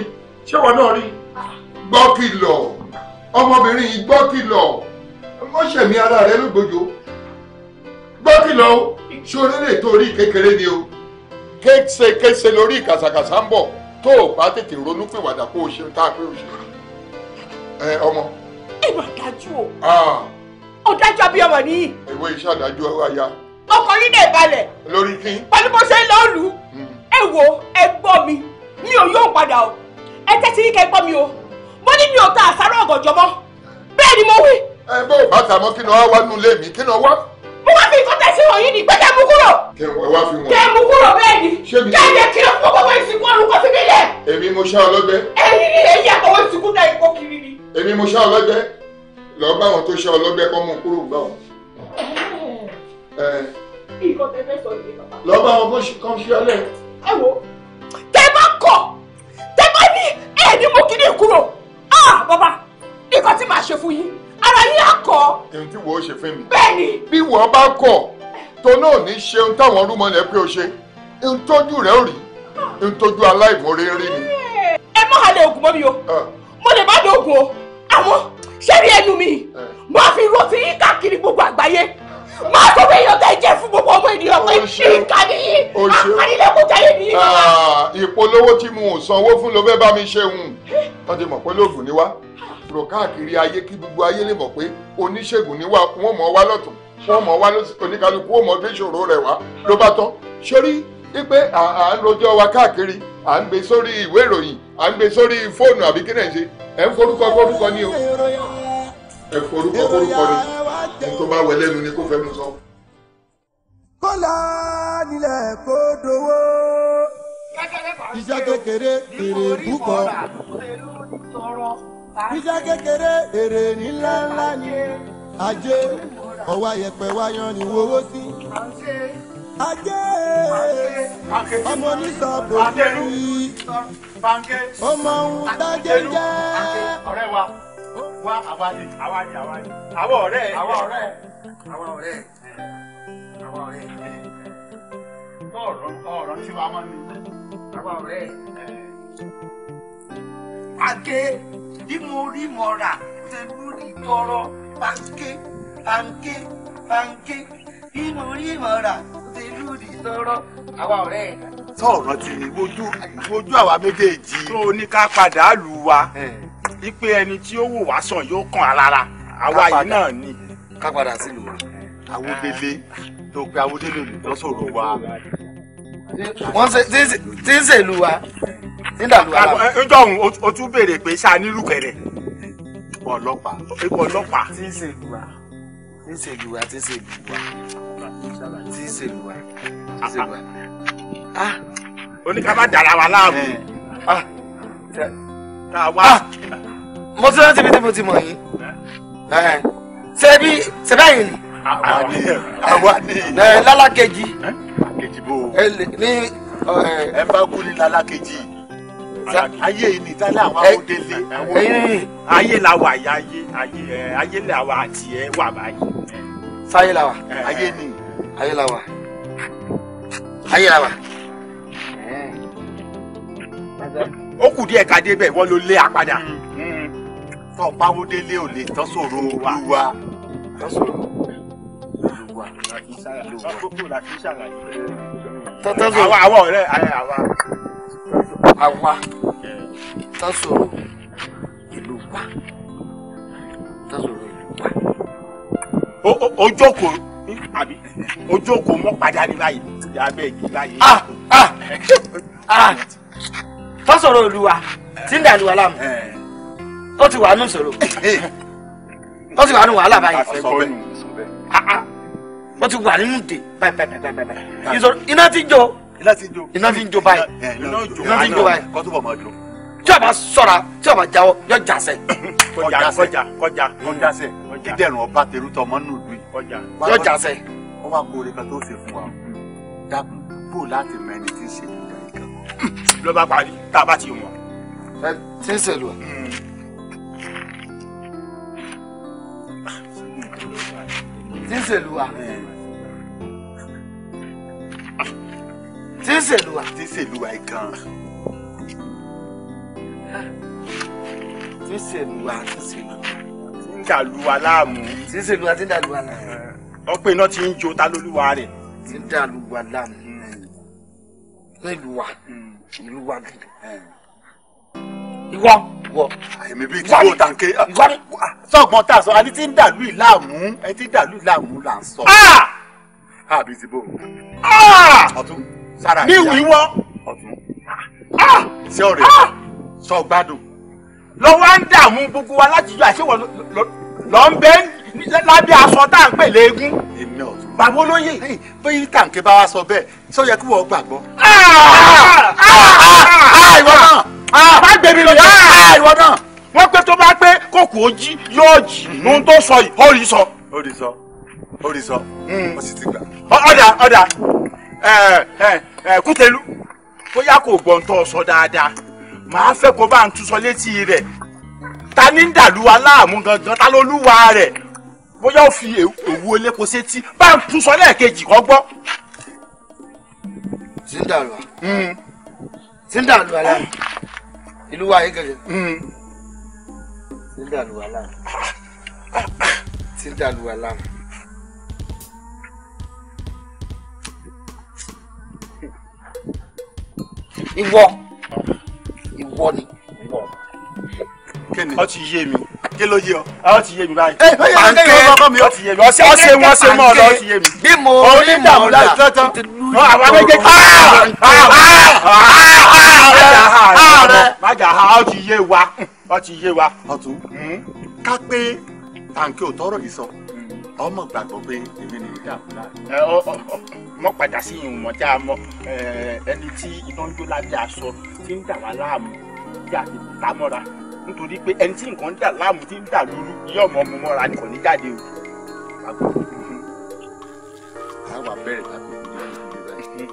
ṣé wọn náà rí gbọ́ kìlọ̀ ọmọbìnrin yìí gbọ́ kìlọ̀ ó ṣẹ̀mí ara rẹ lógbòjò gbọ́ kìlọ̀ o sórí lè torí kékeré ni o kéṣekéṣe lórí kàṣàkàṣà ń bọ̀ tó o bá tètè ronú pìwàdà kó o ṣe tá a pé o ṣe ẹ ọmọ. ìwà dájú o ah. ọ̀dájú abiyamọ ni. ìwé iṣẹ́ àdájú ẹ̀ wá ya ọkọ yín dẹ̀ balẹ̀. lórí kí. pẹ̀lú bó ṣe ń lọ lù ú. Hmm. ẹ wo ẹ gbọ́ mi mi ò yóò padà o ẹ tẹ́tí yín kẹ́ gbọ́ mi o mo ní mi ò ta àsáró ọ̀gànjọ́ mọ́ bẹ́ẹ̀ ni mo wí. ẹ bó o bá ta mọ́ kí ni wọ́n wá nú ilé mi kí ni wọ́n. mo wá fi nǹkan tẹ̀sí wọ̀nyí ni pé kẹ́ mú kúrò. kẹ́ ẹ wá fi wọn. kẹ́ mú kúrò bẹ́ẹ̀ ni. kẹ́ ẹ jẹ́ kí ló fún gbogbo ìsìnkú ọ̀run kọ́ síbi lẹ̀. èmi mo ṣá ọlọ́gbẹ́. ẹ̀yin ni èyí àtọwọ́ ìsìnkú náà ìkó kiri ni. èmi mo nǹkan tẹ fẹ́ sọ nìyẹn bàbá. lọ bá wọn kàn fi ọlẹ. ẹ wo tẹ bá kọ tẹ bá ní ẹ ní mo kí kúrò ah bàbá nǹkan tí màá ṣe fún yín ara yín á kọ. èyí tí wọ́n ṣe fún mi. bẹ́ẹ̀ni. bí wọ́n bá kọ̀ tó náà ní ṣe ohun táwọn ọdún mọ́lẹ̀ pé o ṣe ń tọ́jú rẹ̀ ò rí ń tọ́jú aláìmọ̀re rí ni. ẹ má halẹ̀ oògùn mọ́ mi o mo lè má dọ̀ oògùn o àmọ́ ṣé ẹnu mi mo fi rò sí káàkiri gbogbo àgbáyé máa tó fẹ́ ni ọmọ ìṣe ìkàdé yìí oh, ah, àkànilẹ́kùnjà yìí ni ìmọ̀ wa. ìpolówó tí mo sanwó fún ló bá mi ṣe hùn wọ́n ti mọ̀ pé lóògùn ni wá rò káàkiri ayé kí gbogbo ayé lè mọ̀ pé oníṣègùn ni wá wọ́n mọ̀ wá lọ́tún wọ́n mọ̀ wá lọ́sí oníkálukú wọ́n mọ̀ fíṣòro rẹ̀ wá ló bá tán sórí wípé à ń rojọ́ wa káàkiri à ń gbé sórí ìwé ìròyìn à ń gbé sórí fóònù àbí kí náà ẹ̀ ń forúkọ forúkọ ni o ẹ̀ forúkọ forúkọ ni ẹ̀ tó bá wẹ̀ lẹ́nu ni kò fẹ́ mu sọ kọ́lá nílẹ̀ kó dowó. iṣẹ́ kékeré èrè púpọ̀. iṣẹ́ kékeré èrè nílá ńlá ni ajé ọwọ́ ayẹ̀pẹ̀ wáyán ni wọ́wọ́ sí. ajé ọmọ onísọ̀bù yìí ọmọ ohun dájé jẹ́. ọ̀rẹ́ wa wá àwa ni àwa ni àwa ni àwa ọ̀rẹ́ àwa ọ̀rẹ́ àwa ọ̀rẹ́ ọ̀rẹ́ ẹ̀ ọ̀rọ̀ ọ̀rọ̀ tí wàá mọ́ ni bàbá ọ̀rẹ́ ẹ̀. àgé bí mo rí mọ rà ṣe lórí tọrọ pàǹké pàǹké pàǹké bí mo rí mọ rà ṣe lórí tọrọ àwa ọ̀rẹ́ ẹ̀. sọ̀rọ̀ tí ìwojú ìwojú àwa méjèèjì. tó o ní ká padà lù wá ipe ẹni tí ó wò wá sàn yóò kàn án rárá àwa yìí náà ni. ká padà sílùú àwọn òbèlè tó pe awúdé lòlù tó sọ̀rọ̀ wa. wọ́n ṣe tí ń ṣèlú wa tí ń dàlú wa. ǹjọ́ òun o tún béèrè pé ṣáà nílùú kẹrẹ. ipò ọlọ́pàá ipò ọlọ́pàá. tí ń ṣèlú wa tí ń ṣèlú wa tí ń ṣèlú wa tí ń ṣèlú wa tí ń ṣèlú wa. oníkàbá ah, dàrá wa láàmú. Eh, ah, ah, mo ti rántí bí tí mo ti mọ̀ yín eh? Eh, ṣe bí ṣe ni àwa ni. ẹ lálákejì. lálákejì bò. ẹ ní. ẹ bá kú ní lálákejì. ayé yìí ni tálẹ̀ àwọn òdele. ayé la wà yá ayé ayé la wà àti ẹ wà báyìí. sáyé la wà. ayé ni. ayé la wà. ayé la wà. ó kù díẹ̀ ká débẹ̀ wọ́n ló lé apádà. Mm, mm. tọ́páwó délé ò lè tọ́sọ̀rọ̀ olúwa. tọ́sọ̀rọ̀ wa àkókò padà ní báyìí abẹ́ ìgbé báyìí. Ah, ah, ah. tọ́sọ̀rọ̀ ìlú tí ń dà ìlú wa eh. ó ti wà nù sọ̀rọ̀ eh. ó ti wà nù wàhálà báyìí wọ́n ti wà nínú de báyìí báyìí báyìí báyìí ìsọ̀rọ̀ iná ti jó iná ti jó iná ti jó báyìí iná eh, ti jó báyìí tí o bá sọ̀ra tí o bá jáwọ́ yọ jàsẹ̀. kọjá kọjá kọjá kọjá sẹ̀ dídẹ̀rùn ọba tẹ̀rù tọ́ ọmọ nù lùi. yọ jàsẹ̀. wọ́n wá kó orin kan tó ṣe fún wa dákun bò láti mọ ẹni tí ń ṣe ìdá ìkan. ló parí tá a bá ti mọ̀. ẹ ti ń ṣèlú ẹ. Hmm. ti ń ṣèlú wa. Eh. tí ń ṣèlú wa. tí ń ṣèlú wa gan. tí ń ṣèlú wa tí ń ṣèlú wa. tí ń dàlú wa láàmú. tí ń ṣèlú wa tí ń dàlú wa láàmú. ọpẹ iná ti ń jó ta lólúwa rẹ. tí ń dàlú wa láàmú. nílùú wa ìlú wa gidi. ìwọ wọ. àyèmí bíi tí yóò tàn ké. sọ́gbọ́n tá a sọ àní tí ń dàlú ìlàmú ẹni tí ń dàlú ìlàmú là ń sọ. àbí ah! ah, ti bò. Ah! ọtún ní ìwíwọ́ ah! ah! ṣé ọ̀rẹ́ ah! sọ gbádùn lọ́wọ́ á ń dààmú gbogbo wa láti yọ àṣewọ̀ lọ́ ń bẹ́ lábẹ́ aṣọ tá à ń pè léegun. èmi ọ̀tún. bàbá olóyè bẹ́ẹ̀ tàǹkì bá wa sọ bẹ́ẹ̀ sọ yẹ kí wọ́n gbàgbọ́. ìwọ náà má gbé mi lọ yá ìwọ náà. wọ́n pé tó bá pé kókò ojì yóò jì mm-hmm. ohun tó sọ yìí ó rí sọ. ó rí sọ ó rí sọ ó mm. sì ti gbà. ọ̀dà ọ̀dà ẹ Kútẹlú bóyá kò gbọ́n tó sọ dáadáa màá fẹ́ kó bá ń túsọ létí rẹ̀ ta ní ń dàlúwa láàmú gangan ta ló lúwa rẹ̀ bóyá ó fi òwú elépo sétí bá ń túsọ lẹ́ẹ̀kejì kọ́ gbọ́. tí ń dàlúwa tí ń dàlúwa láàmú ìlú wa yìí gẹ̀gẹ̀ hmm. tí ń dàlúwa láàmú tí ń dàlúwa láàmú. ìwọ ìwọ ni ìwọ. kíni ọ ti yé mi kí ló yé ọ ó ti yé mi báyìí. pàǹkẹ́ mi ti yé mi ọṣẹ ọṣẹ wọn ṣe ọ ti mi. bí mo rí mọ̀ ọ́lá tọ́tọ́ àwọn méjèèjì. Ah! májà ha ti wa ti yé wa. ọ̀tún hmm? tọrọ yìí sọ hmm. ọmọ gbàgbọ́ pé èmi mọ́ padà sí ìwọ̀n tí a mọ eh, ẹni tí iná ń jó lábẹ́ aṣọ tí ń dà wá láàmú tí a ti ta mọ́ra nítorí pé ẹni tí nǹkan ń dà láàmú tí ń dà lóru yóò mọ ọmọ mọ́ra nìkan ní jáde o. àwa bẹ̀rẹ̀ láti ní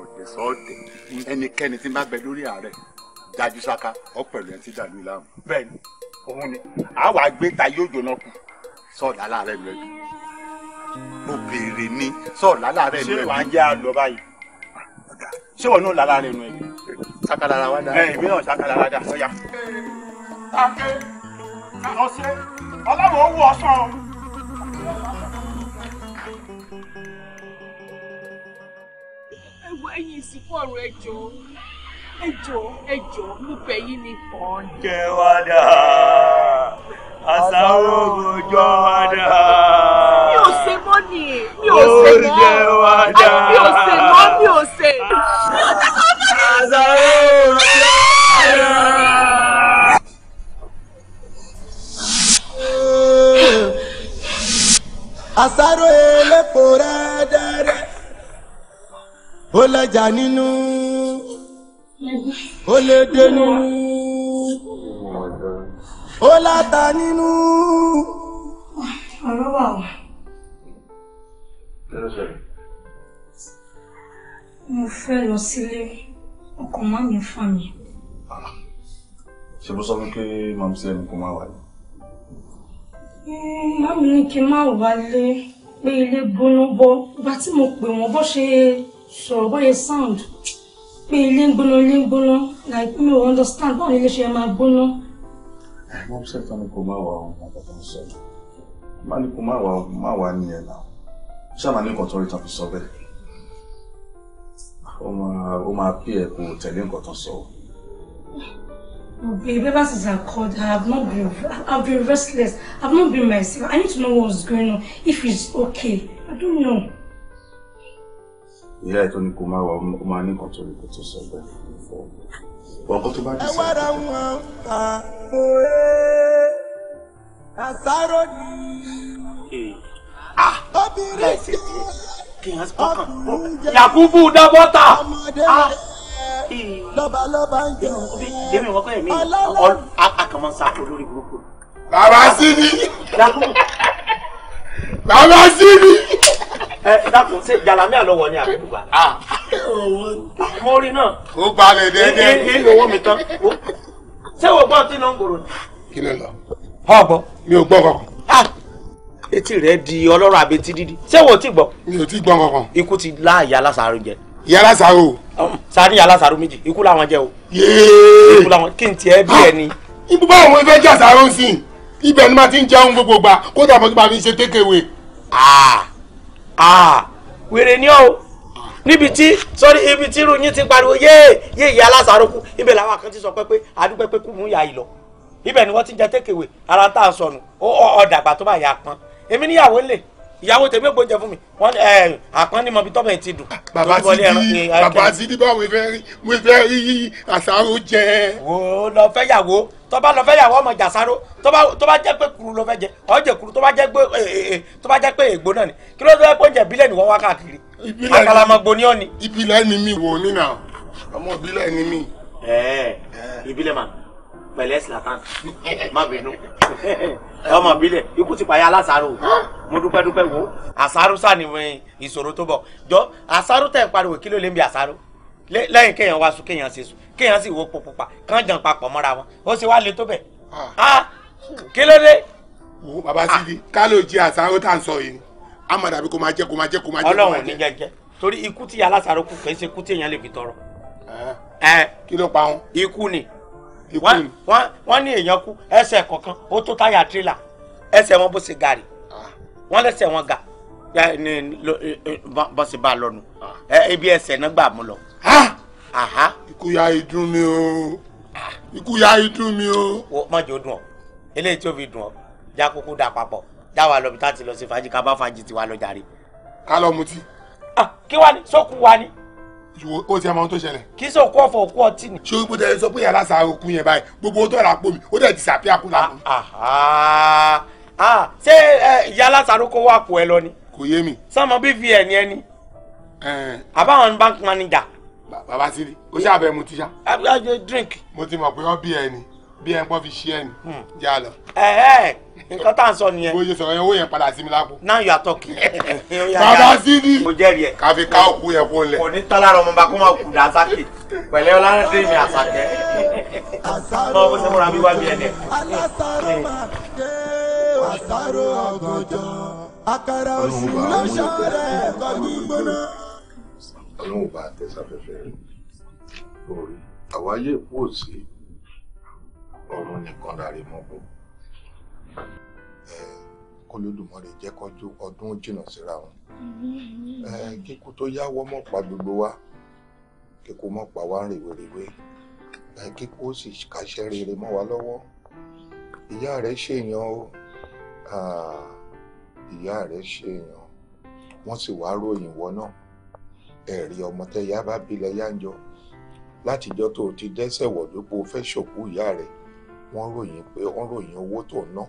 ọ̀dẹ̀ sọ́ọ̀dẹ̀ ẹnikẹ́ni tí ń bá bẹ lórí ààrẹ dájú sáká ọ pẹ̀lú ẹni tí dà lóru láàmú. bẹ́ẹ̀ni òun ni àwa gbé ta yóò jóná kù sọọdà láàrẹ lọ mo béèrè ni sọ lálá rẹ nù ẹ. ṣé wàá jẹ́ àlọ́ báyìí ṣé wọn náà lálá rẹ nù ẹ. sakalara wa da. ẹ ìbí náà sakalara da sọyà. ake ọsẹ ọlọ́wọ́ owó ọsàn. ẹ wọ ẹyin ìsìnkú ọ̀rọ̀ ẹ jọ ẹ jọ̀ọ́ ẹ jọ̀ọ́ mo bẹ̀ yín ni. oúnjẹ wa dà àṣàrò òjò wa dà. mi ò ṣe mọ́ ni mi ò ṣe mọ́ oúnjẹ wa dà mi ò ṣe mọ́ mi ò ṣe. àṣàrò òjò wa dà. àṣàrò elépo rẹ̀ dẹ́rẹ́ ó lẹ́jà nínú ó lè dé nínú ó láta nínú. ọ̀rọ̀ wà wá. mo fẹ́ lọ sílé ọkọ̀ má mi fà mí. ṣe bó sọ fún pé màmí sí ẹnì kó má wà ní. màmí ní kí n má wálé pé ilé gbóná bọ́ ìgbà tí mo pè wọ́n bó ṣe sọ̀rọ̀ bó ṣe sound pé ilé ń gbóná ilé ń gbóná like mi ò understand báwo ni ilé ṣe máa gbóná. mo ń ṣètò ní kò má wà ohun àbàtà ń sọ má ní kò má wà ohun má wà nìyẹn náà ṣáà máa ní nǹkan tó rí tán fi sọ bẹ́ẹ̀ ó máa pí ẹ kò tẹ̀lé nǹkan tó sọ. Babe, ever since I called, I have not been, I've been restless. I've not been myself. I need to know what's going on. If it's okay, I don't know ìyá ẹ̀ tó ní kó máa wà ó máa ní kòtò ní kòtò sọ bẹ́ẹ̀ ọkọ tó bá dé sọ. ẹ wára wọn pa òye àsáró ni ah! obìnrin tí ọkùnrin jẹ Yakubu Dabota lọ́balọ́ba ń jẹ ọlọ́lọ́ akọmọsá burúkú. bàbá sí ni bàbá sí ni ẹ dákun ṣe jalamiya lọ wọ ni àbí bùbá. Ah. mo rí náà. ó balẹ̀ dẹ́dẹ́. ní owó mi tán. ṣé o gbọ́ tí ló ń gòrò ni. kí ló lọ. Ah! etí rẹ di ọlọ́rọ̀ àbetí dídí ṣé wo ti gbọ́. mi ò ti gbọ́ kankan. ikú ti lá ìyá lásàárò jẹ. ìyá lásàárò. sani ìyá lásàárò méjì ikú làwọn jẹ o. yéé ikú làwọn kí n tiẹ̀ bí ah! ẹni. ibùba àwọn ìfẹ́ jà sàárò sí ibẹ̀ ni màá ti ń jẹun gbogbo gbà kó dàbọ̀ kí màá fi ṣe tékèwé. Ah, wèrè ni ó níbi tí sọ́rí ibi tí irú yín ti pariwo yéè yéè yá aláṣàrò kú ibẹ̀ làwọn kan ti sọ pé pé àdúgbò pé kú mú ya yìí lọ ibẹ̀ ni wọ́n ti jẹ tékèwé ara tá a sọnù ó ọ̀dàgbà tó bá yà pọ́n èmi níyàwó lè ìyàwó tèmi ò gbóúnjẹ fún mi wọn ẹ àpọ́nìmọ̀ bí tọ́bẹ̀ ti dùn. Ah, bàbá ti di bàbá ti di báwo fẹ́ rí mo fẹ́ rí àṣàrò jẹ. wo lọ fẹ́ yàwó tó bá lọ fẹ́ yàwó ọmọ jàsáró tó bá jẹ́ pé kuru lọ fẹ́ jẹ ọ̀jẹ̀ kuru tó bá jẹ́ pé e, e, e, tó bá jẹ́ pé ègbó náà ni kí ló fẹ́ gbóúnjẹ bílẹ̀ ni wọ́n wá káàkiri àkàlàmọ̀gbò ni ó ni. ìbílẹ̀ ni mi wò ní nà ọmọ ìbílẹ̀ ni mi. ìbílẹ̀ màá pẹ̀lẹ́ silatan má bínú ọmọ bílẹ̀ ikú ti payá alásàrò mo dúpẹ́ dúpẹ́ wo àsáró sàní ìṣòro tó bọ̀ jọ àsáró tẹ̀ ń pariwo kí ló lè ń bi àsáró lẹ́yìn kéèyàn wá sùn kéèyàn ṣe kéèyàn sì wo pupa kán jàn papọ̀ mọ́ra wọn ó sì wá le tó bẹ̀ ah. Ah, kí ló dé. wo baba sidi ah. ká ló jí àsáró tá à ń sọ yìí a máa dàbí kó máa jẹ kó máa jẹ kó máa jẹ. Ọlọ́run ní jẹjẹ torí ikú tí alásàró kù kì í ṣe ikú tí èèyàn lè fi tọrọ. Eh. Eh. kí ló pa wọn. ikú ni wọ́n ní èèyàn kú ẹsẹ̀ kọ̀ọ̀kan ó tó táyà tírélà ẹsẹ̀ wọn bó ṣe gàrí ah. wọ́n lẹ́sẹ̀ wọn gà eh, eh, bọ́n ṣe bá a lọ́nu ah. ibi ẹsẹ̀ náà gbà mú lọ. ìkúyà ìdùn mi o ah. ìkúyà ìdùn mi o. mọ̀jọ́ dùn ọ́ eléyìí tí ó fi dùn ọ́ já kúkú dà papọ̀ já wa lọ bí tá a ti lọ sí fàájì ká bá fàájì tiwa lọ jàre. ká lọ mutí. kí wàá ní sókù wa ni. So o ti ẹmọ tó ṣẹlẹ̀. kì í sọ kú ọ̀fọ̀ kú ọtí ni. ṣé o gbọ́dọ̀ sọ pé yàrá sa okun yẹn báyìí gbogbo tó yàrá pomi ó dẹ̀ ti sàpé àpò làpò. ṣé yàrá sàrókò wà pò ẹ lọ ni. kò yé mi. sọmọ bvn yẹn ni. àbáwọn bank manager. bàbá ti rí o ṣe àbẹ̀ mu ti ṣá. drink. mo ti mọ̀ pé ọ bí ẹ ni bí ẹ ń fi ṣí ẹ ni. Hmm nǹkan tá à ń sọ nìyẹn. oye sọ̀rọ̀ yẹn owó yẹn padà sí mi lápò. now you are talking. bàbá sídìí. mo jẹ́rìí ẹ̀. káfí ká òkú yẹn fún lẹ. kò tán lára ọmọ kó máa kú dá sákè pẹ̀lẹ́ ọlọ́dẹ mi àsàkẹ́. náà bó ṣe múra bí wá bí ẹni. ọgọjọ àkàrà òsì lọṣọ rẹ kọjú gbóná. ọlọ́run bá tẹ̀sáfẹ́fẹ́ lórí àwáyé kú òsì ọ̀run nìkan dàrí mọ́ kólódùmarè jẹ́ kọjú ọdún jìnnà síra wọn kíkú tó yáwọ mọ̀ pa gbogbo wa kíkú mọ̀ pa wá rèwerèwe kíkú ó sì kàṣẹ rere mọ́ wa lọ́wọ́ ìyá rẹ̀ ṣèyàn o ìyá rẹ̀ ṣèyàn wọ́n sì wá ròyìn wọ náà ẹ̀rí ọmọ tẹ́yà bá bilẹ̀ yánjọ látijọ́ tó ti dẹ́sẹ̀ wọ̀dúpọ̀ fẹ́ ṣòkú ìyá rẹ̀ wọ́n ròyìn pé wọ́n ròyìn owó tó ná. No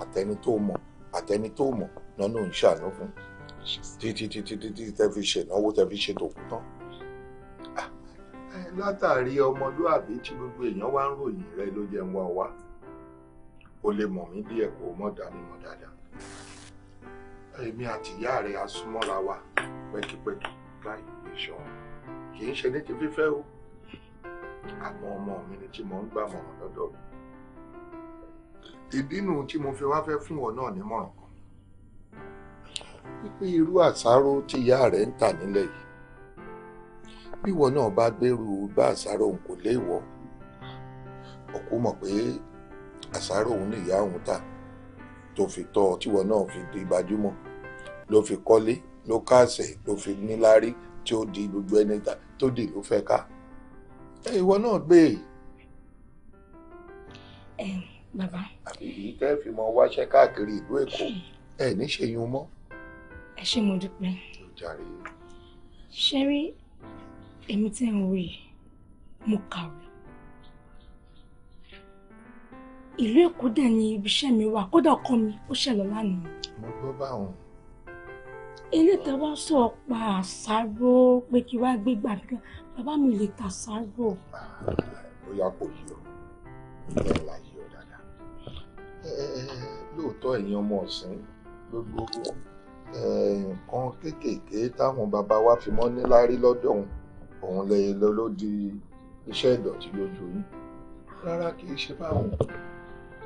àtẹni tó mọ̀ àtẹni tó mọ̀ lọ́nà ò ń ṣàánú fún títí títí títí tẹ fi ṣe ìnáwó tẹ fi ṣe tòkú tán. Ah, eh, látàrí ọmọlúàbí tí gbogbo èèyàn wá ń ròyìn rẹ ló jẹ́ ń wá wá o lè mọ̀ mí díẹ̀ kó o mọ̀ dá mi mọ̀ dáadáa. èmi àtìyá rẹ̀ a súnmọ́ra wa pẹ́kípẹ́kí láì lè ṣọ́ kì í ṣe ní ti fífẹ́ o àmọ́ ọmọ mi ni tí mò ń gbà mọ̀ lọ́dọ̀ mi ìdínú tí mo fi wá fẹ́ fún ọ náà nímọ̀ràn kan wípé irú àsáró tí ìyá rẹ̀ ń tà nílẹ̀ yìí bíwọ náà bá gbèrú bá àsáró òun kò léèwọ̀ ọkọ mọ̀ pé àsáró òun ní ìyá òun tà tó fi tọ́ ọ tíwọ náà fi di gbajúmọ̀ ló fi kọ́lé ló káàsẹ̀ ló fi níláárí tí ó di gbogbo ẹni tó dì ló fẹ́ ká ìwọ náà gbé e bàbá. àbí tẹ́ fi mọ wáṣẹ́ káàkiri ìlú èkó ẹ ní ṣèyún mọ́. ẹ ṣé mo dúpẹ́. ó jàre. ṣé rí èmi tí ń wò yìí mo kàwé ìlú èkó dẹ̀ ni ibiṣẹ́ mi wà kódà ọkọ mi ó ṣẹlẹ̀ lánàá. mo gbọ́ báwọn. ilé tẹwọ́ sọ pa àṣàrò pé kí wàá gbégbà kí bàbá mi lè tàṣàrò. bóyá ah, kò yí ọ lọ́la lóòótọ́ ẹ̀yin ọmọ ọ̀sìn gbogbo nǹkan kéékèèké táwọn bàbá wa fi mọ́ níláárí lọ́dọ̀ òun òun lẹ́yìn ló di iṣẹ́ ìdọ̀tí lójú yín rárá kì í ṣe báwọn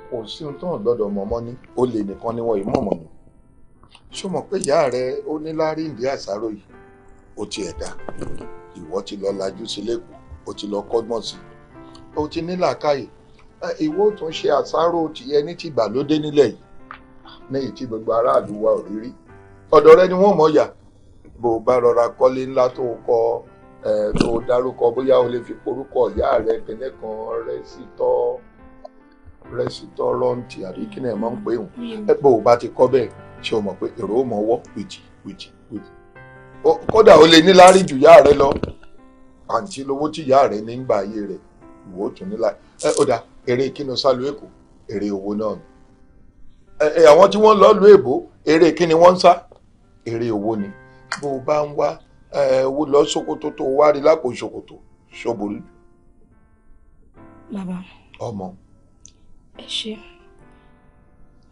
kò sí ohun tó hàn lọ́dọ̀ mọ́mọ́ ní o lè nìkan ni wọ́n yìí mọ̀mọ́ ni ṣó mọ̀ pé ìyá rẹ ó ní lárí ìdí àṣàrò yìí ó ti ẹ̀dá ìwọ ti lọ lajú sí lẹ́kọ̀ọ́ ó ti lọ kọ́gbọ́n sí ó ti ní làákàyè ìwọ tún ṣe àṣàrò tìyẹ ní ti ìgbàlódé nílẹ̀ yìí ní èyí tí gbogbo aráàlú wa ò ọ̀dọ̀ rẹ ni wọ́n mọ̀ yà bó o bá rọra kọ́lé ńlá tó kọ́ tó dárúkọ bóyá o lè fi porúkọ ìyá rẹ kẹ́lẹ́ kan rẹ́sítọ́ rẹ́sítọ́rọ́ǹtì àbí kí ni ẹ̀ máa ń pè wọ́n ẹ bó o bá ti kọ́ bẹ́ẹ̀ ṣe o mọ̀ pé èrò ó mọ̀ wọ́ wìjì wìjì wìjì kódà o lè níláárí ju ìyá rẹ lọ àǹtí lówó tí ìyá rẹ ní ń gbà ayé rẹ ìwọ ó tún níláárí ẹ ó eré kíni sálù èkó eré owó náà ni àwọn tí wọ́n lọ lu èbó eré kíni wọ́n ń sá eré owó ni bó o bá ń wá owó lọ ṣòkòtò tó wá rí lápò ṣòkòtò ṣòbò. bàbá ọmọ. ẹ ṣe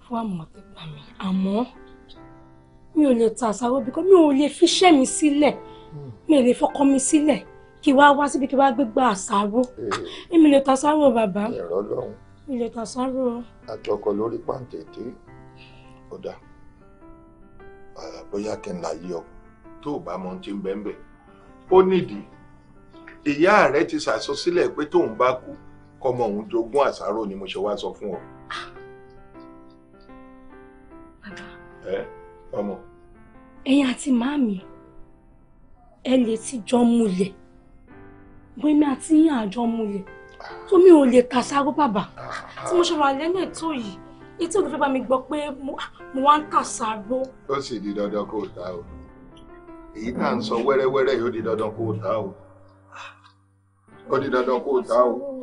fún àmọ̀tẹ́pà mi àmọ́ mi ò lè ta àṣàrò bí kò mi ò lè fiṣẹ́ mi sílẹ̀ hmm. mi ò lè fọkọ mi sílẹ̀ kí wá wá síbi kí wá gbégbá àṣàrò hmm. èmi lè tasárò bàbá ẹ̀rọ lọ́hùn mi lè tasárò. àjọkọ lórí pàǹtẹ̀tẹ̀ ọ̀dà bóyá kí n là yí ọ tó o bá mọ ohun tí ń bẹ́ẹ̀ bẹ́ẹ̀ ó nídìí ìyá rẹ ti ṣàsọsílẹ̀ pé tóun bá kú kọmọ òun jogún àṣàrò ni mo ṣe wá sọ fún ọ. ẹ ọmọ. ẹ̀yin àti màmí ẹ lè ti jọ múlẹ̀ gbẹmí àti àjọ múlẹ̀ tó mi ò lè kà sáró bàbà tí mo ṣe wà lẹ́nu ètò yìí etí òdòdó bá mi gbọ́ pé mo ah, wá ń kà sáró. ó sì di dandan kó o ta o èyí tá à ń sọ wẹ́rẹ́wẹ́rẹ́ yóò di dandan kó o ta o ó di dandan kó o ta o.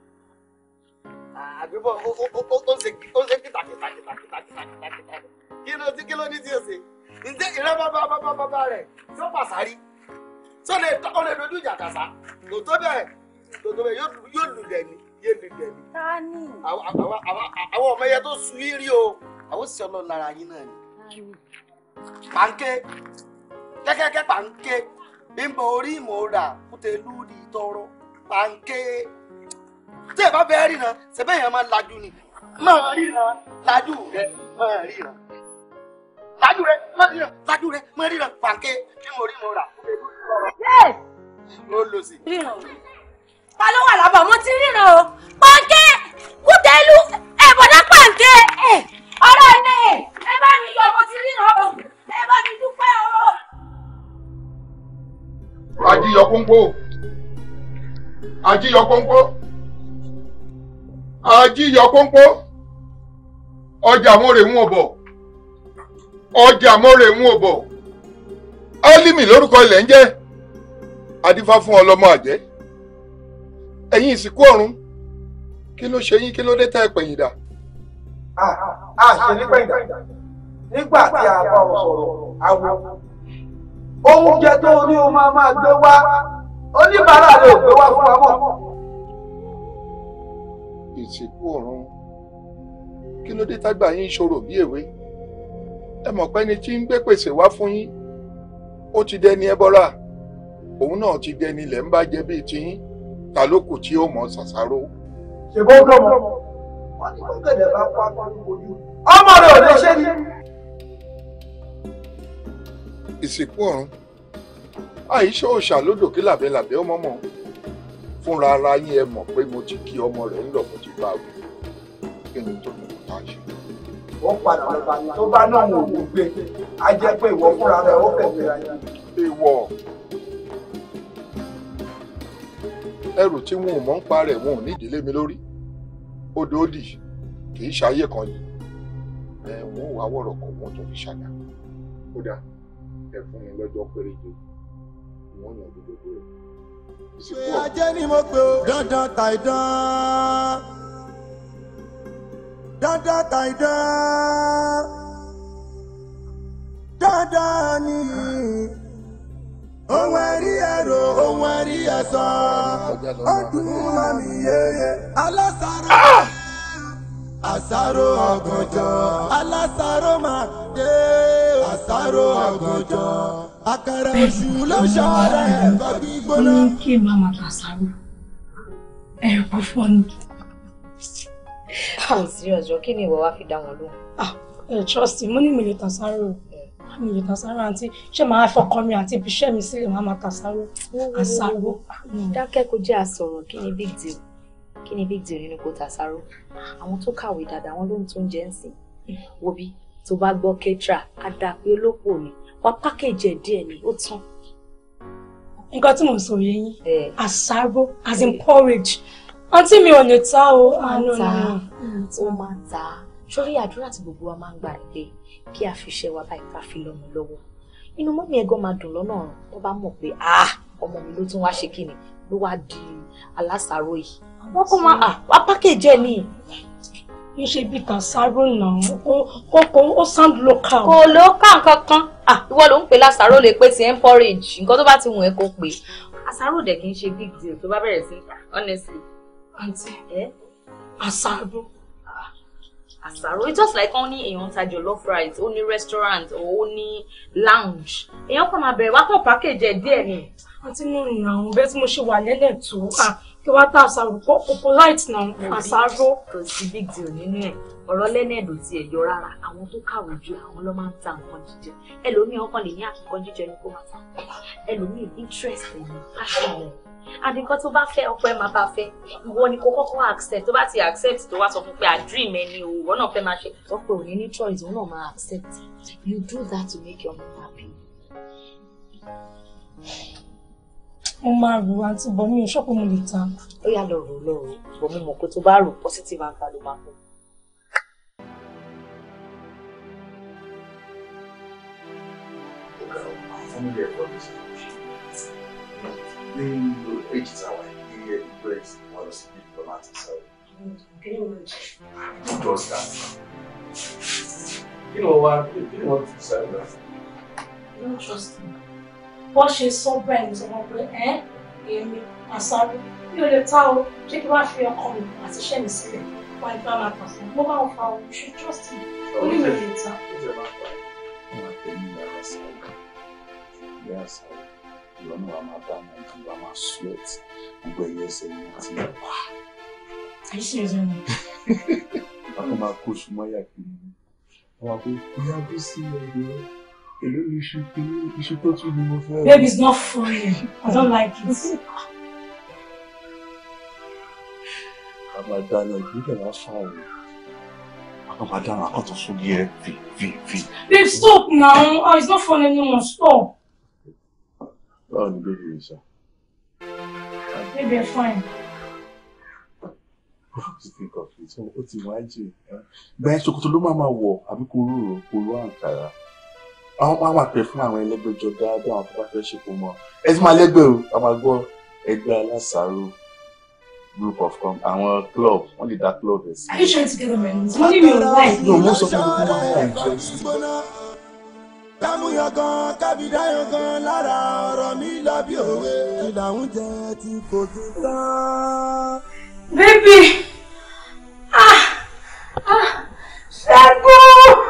panke kẹkẹkẹ panke bímbọ orí ìmọ̀ọ́ra kútẹ́lú di tọrọ panke tí ẹ bá fẹ́ rí náà sẹ́bẹ̀ yẹn máa lajú ni máa ríran lajú rẹ máa ríran lajú rẹ máa ríran lajú rẹ máa ríran panke bímbọ orí ìmọ̀ọ́ra kútẹ́lú di tọrọ. ló lò sí. ta ló wà lábàá mo ti ríran o panke kútẹ́lú ẹ̀bọ̀dá panke ọ̀rọ̀ ni ẹ bá mi yọ mo ti ríran o ẹ bá mi dúpẹ́ o. àjíyọ kóńkó àjíyọ kóńkó àjíyọ kóńkó ọjà mọ́rẹ̀ ń wọ̀ bọ̀ ọjà mọ́rẹ̀ ń wọ̀ bọ̀ ọ́límì lórúkọ ilẹ̀ ń jẹ́ adífá fún ọlọ́mọ àjẹ́ ẹ̀yin ìsìnkú ọ̀run kí ló ṣe yín kí ló dé tẹ́ ẹ a ṣe ní pẹ̀yìndà nígbà tí a bá ọ sọ̀rọ̀ awo oúnjẹ tó ní o máa máa gbé wá oníbàárà rẹ ò gbé wá fún wa mọ́. ìsìnkú ọ̀run kí ló dé tágbà yín ṣòro bí èwe ẹ mọ̀ pé ẹni tí ń gbé pèsè wá fún yín ó ti dẹni ẹbọra òun náà ti dẹni ilẹ̀ ń bá jẹ bíi tiyín ta ló kù tí ó mọ̀ ṣàṣàrò. ṣèbó dọ̀mọ̀ wọn ni kókèdè bá pa pàlú ojú ọmọ rẹ ò lè ṣe ni ìsìnkú ọ̀run àìṣe òòṣà lódò kí làbẹ́ làbẹ́ ọmọ mọ̀ fúnra ara yín ẹ mọ̀ pé mo ti kí ọmọ rẹ̀ ńlọ mo ti bá wù kí ni tó ní kó tá a ṣe. wọ́n padà lọ́ba tó bá náà wọn ò ní gbé a jẹ́ pé ìwọ fúnra rẹ̀ ó bẹ̀rẹ̀ ayé. ìwọ ẹrù tí wọn ò mọ̀ ń pa rẹ̀ wọn ò ní ìdílé mi lórí odò ó dì kì í ṣe ayé kan yìí ẹ̀ wọ́n wà wọ̀rọ̀ kan wọ́n tó fi ṣàdá kódà tẹ fún yẹn lọ́jọ́ péréje wọ́n yàn gbogbo rẹ̀. ṣé ajé ni mo pe o dandan tàìdán dandan tàìdán dandan ni ohun ẹ̀rí ẹ̀rọ ohun ẹ̀rí ẹ̀sán ọdún mami yeye alásàrà. Ah! Asaro ọ̀gànjọ́ alasaro ma, dé àsáró ọ̀gànjọ́ àkàrà oṣù ló ṣọ́ọ̀rẹ́ ẹ̀fọ́ gbígbóná. ó ní kí n má máa ta àsáró ẹ̀rù kò fọ́ ni. àwọn serious jọ kí ni ìwọ wá fi dá wọn lóhùn. ah trust me mo ní mi lè ta àsáró ah, mi lè ta àsáró àǹtí ṣé màá fọkọ mi àti ibiṣẹ́ mi sílẹ̀ màá máa ta àsáró dákẹ́ kó jẹ́ àsọ̀rọ̀ kí ni big deal kí ni big deal nínú kó tàṣàrò àwọn tó kàwé dáadáa wọn ló ń tún jẹ ń sìn wo bí tó bá gbọ́ ketra á dáa pé olópò ni wàá pákéjì ẹ̀ díẹ̀ ni ó tán. nǹkan tí mò ń sọ yé yín àṣàrò as in porridge àǹtí mi ò lè ta o àánú ah, ni ó máa ta sórí àdúrà tí gbogbo wa máa ń gbà pé kí a fi iṣẹ́ wa báyìí ká fi lọ́mọ lọ́wọ́ inú mọ́mí ẹ̀gọ́ máa dùn lọ́nà ọ̀run tó bá mọ̀ pé ah, ọmọ mi ló tún wá ṣe kí ló wá di alásàárò yìí wọ́n kọ́ máa ah, wá package ẹ̀ ní yìí ṣe bí Tasaro náà kókó ó sound local. kò local kankan ah, ìwọ ló ń pè lásàrò lè pé ti encourage nǹkan tó bá ti wùn ẹ́ kó pè àsàrò dẹ̀ kì í ṣe big deal tó bá bẹ̀rẹ̀ sí ta honestly. àǹtí àsàrò. àsàrò ah, it's just like ó ní èèyàn ń ta jollof rice ó ní restaurant ó ní lounge èèyàn kan máa bẹ̀rẹ̀ wá kàn package ẹ̀ díẹ̀ ni. àǹtí mo rìn àwọn bẹ́ẹ̀ tí mo ṣe wà lẹ́lẹ̀ tó kí wá tá àṣàrò kó kó polite náà àṣàrò. kò sí big deal nínú ẹ̀ ọ̀rọ̀ lẹ́nu ẹ̀dùn tí ẹ̀ yọ rárá àwọn tó kàwé ju àwọn ló máa ń ta nǹkan jíjẹ ẹlòmíì ọkàn lè ní àkíkan jíjẹ ni kó máa ta ẹlòmíì interest ẹ̀ ní passion ẹ̀ àdìkan tó bá fẹ́ ọpẹ́ máa bá fẹ́ ìwọ ni kò kọ́kọ́ accept tó bá ti accept tó wá sọ fún pé a dream ẹni o ìwọ náà fẹ́ máa ṣe ọpẹ́ òní ní choice òun náà máa accept you do that to make your mother happy mo máa rò àti bọ̀ ní ṣọ́ọ̀pù mo lè ta. ó yà lọ rò lọ rò bọ̀ mo mọ̀ pé tó bá rò positive anka ló máa fún. Family ẹ̀kọ́ ló ṣe é ṣe. Ní ìlú èjì táwa ní ẹ̀dúgbò ẹ̀sìn wọn lọ sí ibi ìgbọ́ láti sọ̀rọ̀. Who does that? You know what? You know what to You don't trust him bọ́ ṣe sọ bẹ́ẹ̀ ni sọmọ pé ẹ́ èmi àṣàrò mi ò lè ta o ṣé kí wàá fi ọkọ mi àti iṣẹ́ mi sílẹ̀ wá ibà máa pàṣẹ mo bá wọn fa o ṣe trust me orí mi ò lè ta. ìlọ́nà wa máa bá mi kí wa máa sweat gbogbo ẹ̀yẹ ẹsẹ̀ mi àti ìwà. àìsí ẹ̀sẹ̀ mi. báwo máa kó sùnmọ́ kiri ni àwọn àpò ìyá sí ẹ̀yẹ. Hello, you should be, you should talk to me more first. Babe, it's not funny. I don't like it. I Bàbá dáná ìgbésẹ̀ lásán o. Bàbá I akọ́tọ̀ sórí ẹ V, V, V. Babe, stop now. Oh, it's not funny anymore. Stop. Oh, baby, Báwo ni bébí mi sá? Babe, you're fine. Ó ti wá jẹ. Gbẹ́ ṣòkòtò ló máa ma wọ̀ àbí kò rúrò kò rú àǹkàrà àwọn máa máa pè fún àwọn ẹlẹgbẹjọ dáadáa àwọn tó bá fẹ́ ṣepò mọ́ ẹ ti máa lẹ́gbẹ̀ẹ́ o a máa gbọ́ ẹgbẹ́ alásàárò group of com àwọn club wọ́n lè dá club ẹ̀ sí. are you trying to get on my nerves? wọ́n ní mi ò no mo sọ fún mi kí wọ́n máa ń jẹ́ lámúyọ gan kábídáyọ gan lára ọ̀rọ̀ mi lọ òwe ìlàwùn jẹ tí kò sí tán. baby ah ah ṣẹ́gun.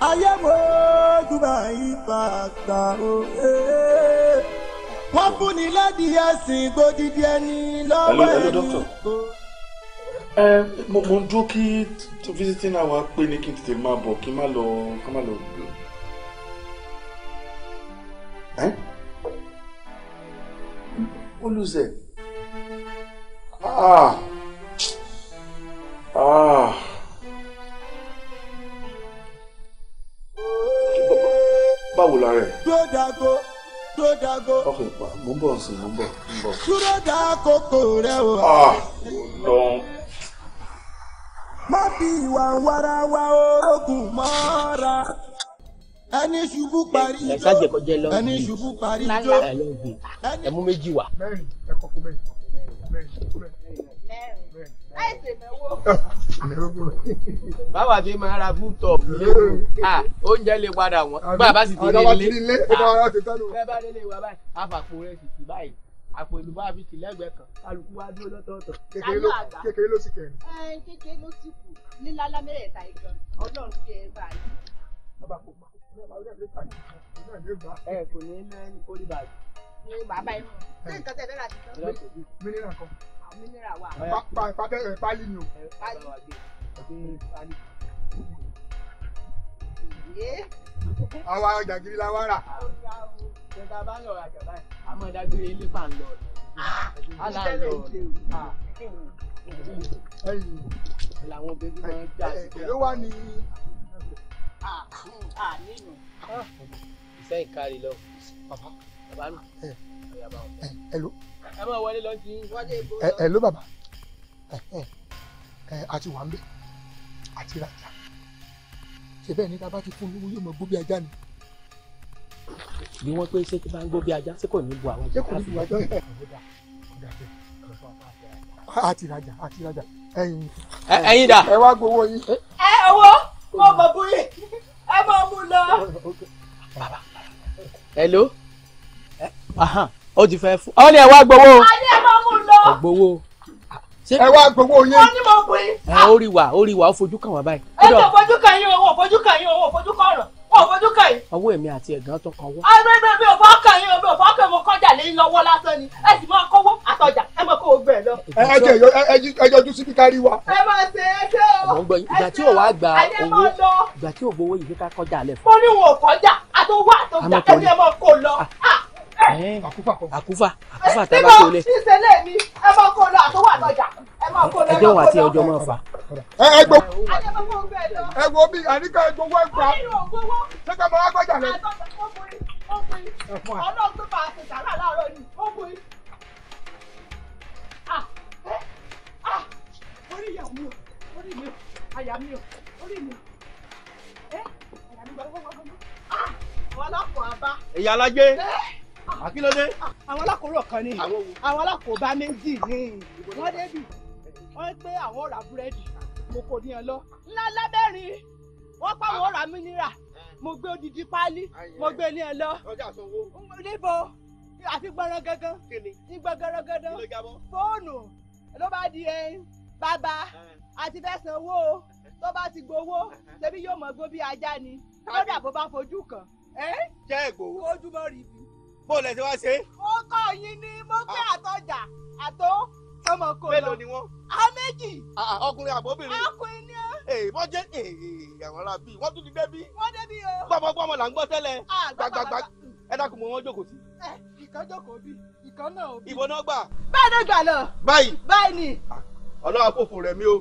ayé mo dùbà yí pàtà o. wọ́n fún ni lẹ́dí ẹ̀sìn gbòdìdì ẹni lọ́wọ́ ẹni kò. ẹ eh, mo ń dúró kí visiting hour pé ní kí n tètè máa bọ̀ kí n má lọ kí n má lọ. Eh? olùsẹ̀ ah ah. báwo la rẹ. dúró dago dúró dago. ọkọ ìpà mò ń bọ̀ sí mò ń bọ̀ ń bọ̀. dúró da kókó rẹ o. lọ. Ah, má fi ìwà warawa orógùn mọ́ra ẹni ṣubú parí ijó ẹni ṣubú parí ijó ẹni. méjì wá. mẹ́rin ẹ kọ́kọ́ mẹ́rin mẹ́rin mẹ́rin báwa fi máa ra bútọ̀ léwu oúnjẹ lè padà wọ́n bá a bá sì ti nílé bẹ́ẹ̀ bá délé wa báyìí àfàpò rẹ̀ sì ti báyìí àpò ìlúbọ àbí tìlẹ́gbẹ̀ẹ́ kan kálukú wá dúró lọ́tọ̀ọ̀tọ̀. kékeré ló sì kẹrin. kékeré ló sì kù nílá lámẹ́rẹ̀ẹ́ta ìkan ọlọ́run ti ẹ̀ bá yìí. bàbá kò mọ ẹ kò ní ní orí bàbá. ní bàbá yìí mọ sí nǹkan tẹ̀ fẹ́ láti tán. mílíọ̀nù kan mineral wà. pàtẹ ẹ pálí ni o. pálí eh, pálí. àwa ọjà kiri la wá rà. ṣèta bá ń lọ rajà báyìí àmọ́ ìdájọ́ ilé pa ń lọ. àlà ń lọ làwọn bẹbí máa ń gbà sí. èló eh, wà ní. Ah, hmm, ah, nínú. ìfẹ́ ah. ìkárí lọ. bàbá bàbá nù. ẹ eh. ẹ ẹ máa wọlé lọ sí. ẹ ẹ ló bàbá ẹ ẹ àti wà ń bẹ àti rajà ṣe bẹ́ẹ̀ ni bàbá ti fún un yóò mọ gbóbi ajá ni. bí wọ́n pé ṣé tí bá ń gbóbi ajá ṣé kò ní bu àwọn ajá. ṣé kò ní bu ajá yẹn. àti rajà àti rajà ẹ̀yin. ẹ̀yin dà. ẹ wá gbowó yín. ẹ owó mo bọ̀ bóyè ẹ máa mú lọ. bàbá hello ó ti fẹ́ fún ọ ní ẹ wá gbowó. a ní ẹ máa mú un lọ. ọgbowó. ẹ wá gbowó yín. wọ́n ní mo pè é. ẹ wa ó rí wa ó fojú kàn wá báyìí. ẹ jọ fojú kàn yín o fojú kàn yín o fojú kàn ọ̀rọ̀ o fojú kàn yín. ọwọ́ èmi àti ẹ̀gán tó kan wọ́. ẹ bẹ́ẹ̀ mi ò fọ́ kàn yín o mi ò fọ́ kàn mo kọjá lé lọ́wọ́ lásán ni ẹ sì máa kọ́wọ́ àtọjà ẹ máa kó o gbẹ lọ. ẹ jẹ ẹ yọjú síbi kárí wa. ẹ máa ṣe é ṣe o. ìgbà tí ò wá gba owó ìgbà tí ò gbowó yìí fi ká kọjá lẹ fún. mo ní wọn ò kọjá àtọwọ́ àtọjà kẹ́kẹ́ máa kó lọ. Ah. Ah. Eh. àkúfà àkúfà tàbá kò lẹ. ìṣẹ̀lẹ̀ mi ẹ máa kó lọ àtọwọ́ àtọjà ẹ máa kó lọ. ẹjọ́ wà tí ọjọ́ máa fà. ẹ gbọ́ ẹ wo bí àníkà ẹ gbowó ẹ gbà ṣé ká máa gbọ́jà lẹ. Ah, eh, ah, eh, ah, ìyá alájẹ àkílódé. àwọn alákòóró kan ni àwọn alákòóbá méjì ni wọ́n débì wọ́n pé àwọn ra búrẹ́dì mo kò ní ẹ lọ ńlá lábẹ́rin wọ́n pa àwọn ra mí níra mo gbé odidi páálí mo gbé ní ẹ lọ níbo àti gbọ́nrán gangan ní gbọ́nrán gangan fóònù ló bá di ẹ bàbá àti fẹ́ sanwó tó bá ti gbowó ṣebí yóò mọ̀ gbó bí ajá ni kódà bó bá fojú kàn. jẹ́ ègbò ojúmọ́ rí bi bóòlù ẹ̀ ti wá ṣe. mo kọ́ yín ní mo pé ah. àtọjà àtó ọmọ kò lọ. mélòó ni wọ́n. a méjì. Ah, ah, ọkùnrin àbóbìnrin. ọkùnrin ni ó. èè eh, wọ́n jẹ́ èè eh, àwọn ará bíi wọ́n tún ti débí. wọ́n débí o. gbọ́mọgbọ́mọ là ń gbọ́ tẹ́lẹ̀. gbàgbàgbà ẹ dákun mọ́ wọ́n jókòó sí. ẹ eh, ìkan jókòó bí ìkan náà bí. ìbò náà gbà. báyìí ló gbà lọ. báyìí. báyìí ni. ọlọ́wà kò fún rẹ̀ mi o.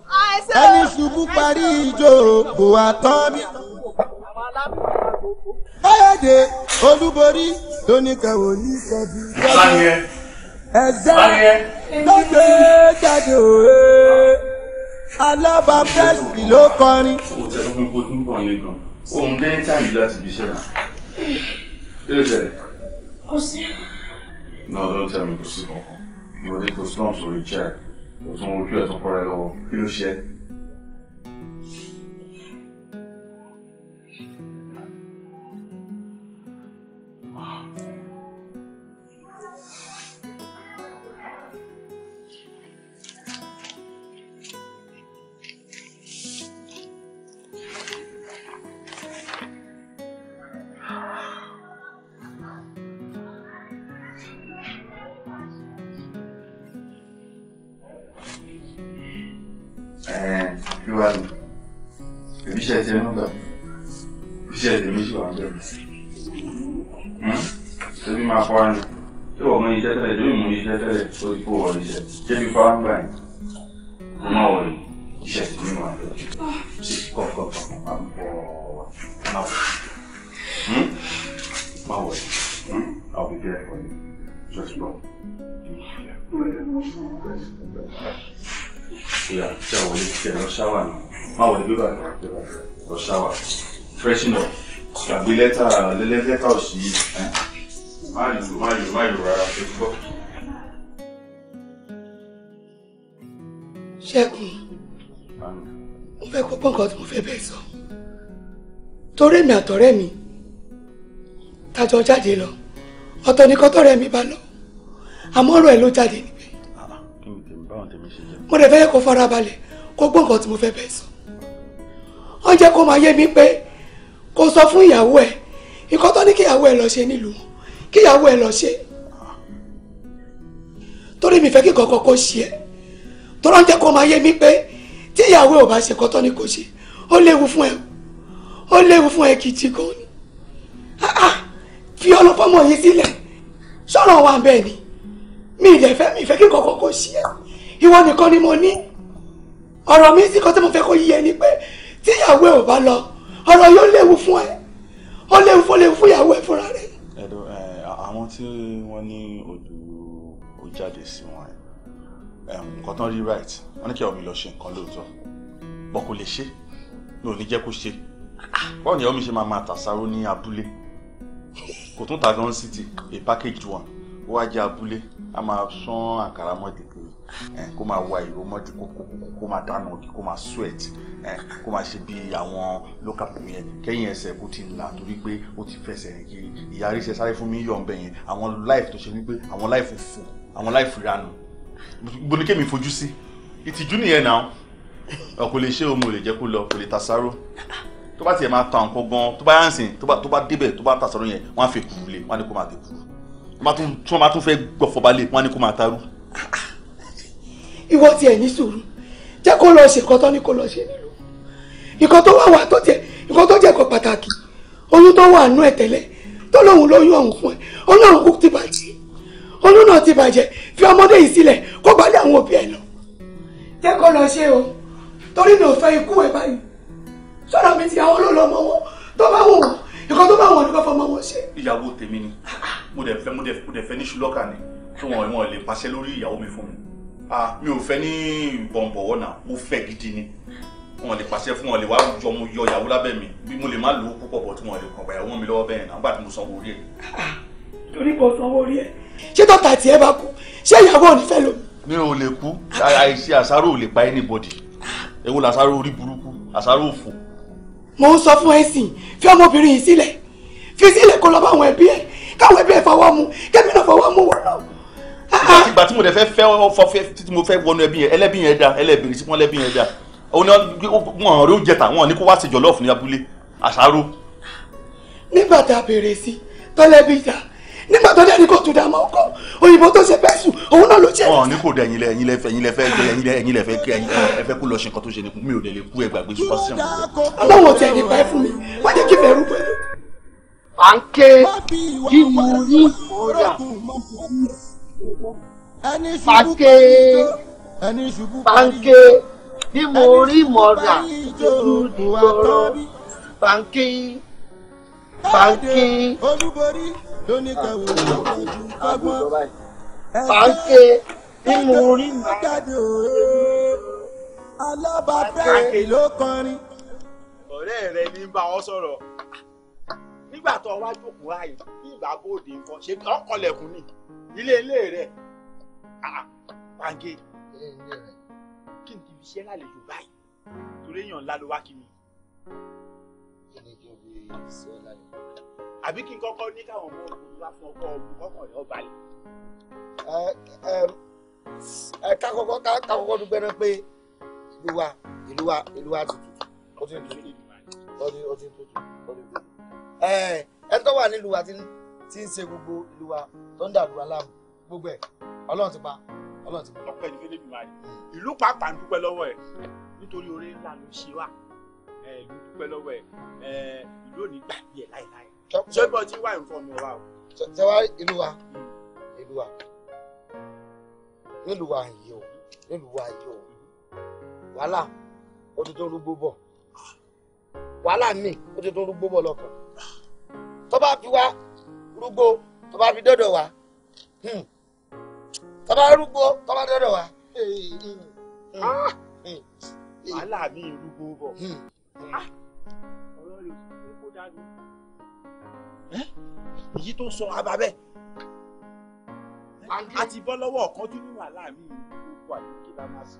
ẹni ṣubú parí ìjó bùwà tán mi. àwọn alábìrì káyọ̀dé olúborí lóníkàwọ́ ní kẹfì kẹfì ẹ̀sẹ̀ lọ́gbẹ́ jáde òwe alábà fẹ́ẹ̀sì ló kọrin. o tẹ fún mi bó tún bọ̀ yẹn gan ohun dẹ́yìn táyì láti fi ṣẹ́ra kí ló ṣẹlẹ̀. kò sí. náà ló tẹ̀ mí kò sí kankan ìwọlé tó stump sórí chair kò ojú ẹ̀ tó kọ́ra ẹ lọ́wọ́ kí ló ṣe é. báyìí mo máa wọ̀ yìí iṣẹ́ tí mi máa lọ jù kọ́ kọ́ kọ́ máa bọ̀ máa wọ̀ yìí máa wọ̀ yìí I'll be there for you just run. Yeah, ṣá wọlé kí ẹ lọ ṣáwà náà. Máa wọlé bíbà lọ ṣáwà. Freshen up. Tàbí lẹ́tà lẹ́lẹ́tà òṣì yìí. Má lù má lù má lù rárá tó gbọ́. ṣẹ́gun mo fẹ́ kó gbọ́ nǹkan tí mo fẹ́ bẹ́ẹ̀ sọ torí èmi àtọ̀rẹ́ mi tájọ jáde lọ ọ̀tọ̀ ní kọ́tọ̀rẹ́ mi bá lọ àmọ́ ọ̀rọ̀ ẹ̀ ló jáde níbẹ̀ mo rẹ̀ fẹ́ kó fara balẹ̀ kó gbọ́ nǹkan tí mo fẹ́ bẹ́ẹ̀ sọ ó jẹ́ kó máa yé mi pé kó sọ fún ìyàwó ẹ̀ nǹkan tó ní kíyàwó ẹ̀ lọ ṣe nílùú kíyàwó ẹ̀ lọ ṣe torí mi fẹ́ kí kọ̀ọ̀kan kó ṣe é tọ́lọ́ ń jẹ́ kó máa yé mi pé tí ìyàwó ò bá ṣe kọ́tọ́ ni kò ṣe ó léwu fún ẹ ó léwu fún ẹ kìtì gan ni ah, ah, fi ọlọ́fọ́mọ yìí sílẹ̀ sọ̀rọ̀ wa bẹ́ẹ̀ ni mi ìdẹ̀ fẹ́ mi ìfẹ́ kí nǹkan kọ̀ọ̀kan ṣí ẹ ìwọ nìkan ni mo ní ọ̀rọ̀ mi sì kan tí mo fẹ́ kó yí ẹ ni pé tí ìyàwó ẹ ò bá lọ ọ̀rọ̀ yóò léwu fún ẹ ó léwu fún léwu fún ìyàwó ẹ fúnra rẹ. ẹ̀dọ̀ àwọn tí wọ́n ní odò ó jáde sí wọn nǹkan tán rí right wọ́n ní kí ọmọ mi lọ ṣe nǹkan lóòótọ́ bọ́ kò lè ṣe mi ò ní jẹ́ kó ṣe ah, báwo ni ọmọ mi ṣe máa máa tàṣàrò ní abúlé kò tún ta gan city a package one ó wá jẹ abúlé a máa sán àkàrà mọ́dì kiri kó máa wa ìró mọ́dì kó máa dáná òkè kó máa sweat kó máa ṣe bí àwọn local premier kẹ́yìn ẹsẹ̀ kó ti là torí pé ó ti fẹsẹ̀ rìn kiri ìyá rí ṣe sáré fún mi yọ̀ ọ́ bẹ́yẹn àwọn life tó ṣe wípé àwọn life fò àwọn life ránu gbọ́dọ̀ kémi fojú sí ìtìjú nìyẹn náà ọkọ lè ṣe òun ò lè jẹ́ kó lọ kò lè tasáró tó bá tiẹ̀ máa ta nǹkan gan tó bá yánsìn tó bá débẹ̀ tó bá tasáró yẹn wọ́n á fi kú lé wọ́n á ní kó máa fi kú tí wọ́n bá tún fẹ́ gbọ̀fọ̀ balẹ̀ wọ́n á ní kó máa tarú. ìwọ tiẹ̀ ní sùúrù jẹ́ kó lọ ṣe nǹkan tó ní kó lọ ṣe nílùú nǹkan tó wà wà tó jẹ́ nǹkan tó jẹ́ kó pàtàkì oyún tó wà nú ẹ̀ tó lóun lóyún ọ̀hún fún ẹ olú náà ti bàjẹ́ fi ọmọdé yìí sílẹ̀ kó gbálẹ̀ àwọn òbí ẹ̀ lọ. jẹ́ kó lọ ṣe o torí mi ò fẹ́ ikú ẹ̀ báyìí sọ́dọ̀ mi ti àwọn olólọ́mọ wọn tó bá wò wọ́n nǹkan tó bá wọ̀ ní kó fọmọ wọn ṣe. ìyàwó tèmi ni mo dẹ̀ fẹ́ mo dẹ̀ fẹ́ ní ṣùlọ́kà ni kí wọ́n ìwọ̀n lè pàṣẹ lórí ìyàwó mi fún mi mi ò fẹ́ ní bọ̀m̀bọ̀wọ́ náà mo fẹ́ gidi ni wọn lè pàṣẹ fún wọn lè wá jọ mo yọ ìyàwó lábẹ́ mi bí mo lè má lò ó púpọ̀ bọ̀ tí wọn lè kọ̀ọ̀bà ìyàwó mi lọ́wọ́ bẹ́ẹ̀ náà nígbà tí mo sanwó orí ẹ̀ torí kò sanwó rí ẹ ṣé tọ́ta tiẹ̀ bá kú ṣé ìyàwó ò ní fẹ́ lómi. mi ò lè kú àìsí àṣàrò ò lè pa anybody èwo làṣàrò orí burúkú àṣàrò òfò. mo ń sọ fún ẹ sìn fi ọmọbìnrin yìí sílẹ̀ fi sílẹ̀ kó lọ bá àwọn ẹbí ẹ káwọn ẹbí ẹ fọwọ́ mu kẹ́mi náà fọwọ́ mu wọ́n náà ah, ah. ìgbà tí mo dẹ̀ fẹ́ fẹ́ fọ́fẹ́ tí mo fẹ́ wọnú ẹbí yẹn ẹlẹ́bí yẹn da ẹlẹ́bìrì sí wọn lẹ́bí yẹn da òun ni wọn rí oúnjẹ tà wọn ní kó wá sí jọlọ́ọ̀fù ní abúlé àṣàrò. nígbà tá a bèrè sí tọ́lẹ́bí ta nígbà tó dẹ́ni kò tún dá mọ́ kọ́ òyìnbó tó ṣe pẹ́sù òun náà ló ṣe. ọ ní kò dẹ ẹyin lẹ ẹyin lẹ fẹ ẹyin lẹ fẹ ẹyin lẹ ẹyin lẹ fẹ kí ẹyin ẹ fẹ kú lọ ṣe nǹkan tó ṣe ni mi ò dẹ lè kú ẹ gbàgbé super seven. ọlọ́wọ́ tẹ̀ ní pẹ́ fún mi wọ́n jẹ́ kí bẹ̀rù pẹ̀lú. à ń ké kí mo rí ọ̀rà pàkè pàkè kí mo rí mọ̀rà tó dùn ọ̀rọ̀ pàkè pàǹkì pàǹkì nínú orí mi. alábàápẹ́ ló kọrin. ọ̀rẹ́ rẹ ní bá ọ sọ̀rọ̀ nígbà tó wá jókòó àyè bí ìgbà bóde nǹkan ṣe ọkọlẹ̀kùn ni ilé ilé rẹ pàǹkì kí n ti fi ṣẹ́ lálejò báyìí torí èèyàn ńlá ló wá kí mi àbí kí n kọ́kọ́ ní káwọn ọmọ òkú bá fún ọkọ ọmọ kọ́kọ́ rẹ̀ ọba yìí. ẹ ká kọ́kọ́ ká kọ́kọ́ dúpẹ́ náà pé ìlú wa ìlú wa ìlú wa ti tutù ó ti ń tutù ó ti ń tutù ó ti ń tutù. ẹ tó wà nílùú wa ti ń ṣe gbogbo ìlú wa tó ń dàlú wa láàmú gbogbo ẹ̀ ọlọ́run ti pa ọlọ́run ti pa. ọpẹ́ ní fẹlẹ bí wàá rí ìlú pàápàá ń dúpẹ́ lọ́wọ́ ẹ nítorí oore ńlá ló ṣe wá ìlú dúpẹ́ lọ́wọ́ ẹ ìlú ò ní gbàgbé ẹ láìláì ṣé bọ́ ti wá ìfọ̀nù wa o. ṣe wá ìlú wa ìlú wa nílùú wa yìí o nílùú wa yìí o wàhálà ó ti tó rúgbó bọ̀ wàhálà mi ó ti tó rúgbó bọ̀ lọ́kàn tó bá fi wá rúgbó tó bá fi dọ́dọ̀ wá hmm. tó bá rúgbó tó bá dọ́dọ̀ wá hmm. Ah! Hmm. wàhálà mi rúgbó bọ̀. Ah! ọ̀rọ̀ rẹ̀ ò kó dànù. èyí tó sọ ababẹ́ a ti bọ́ lọ́wọ́ ọ̀kánjú nínú àlá mi ìlú àdókè la máa sì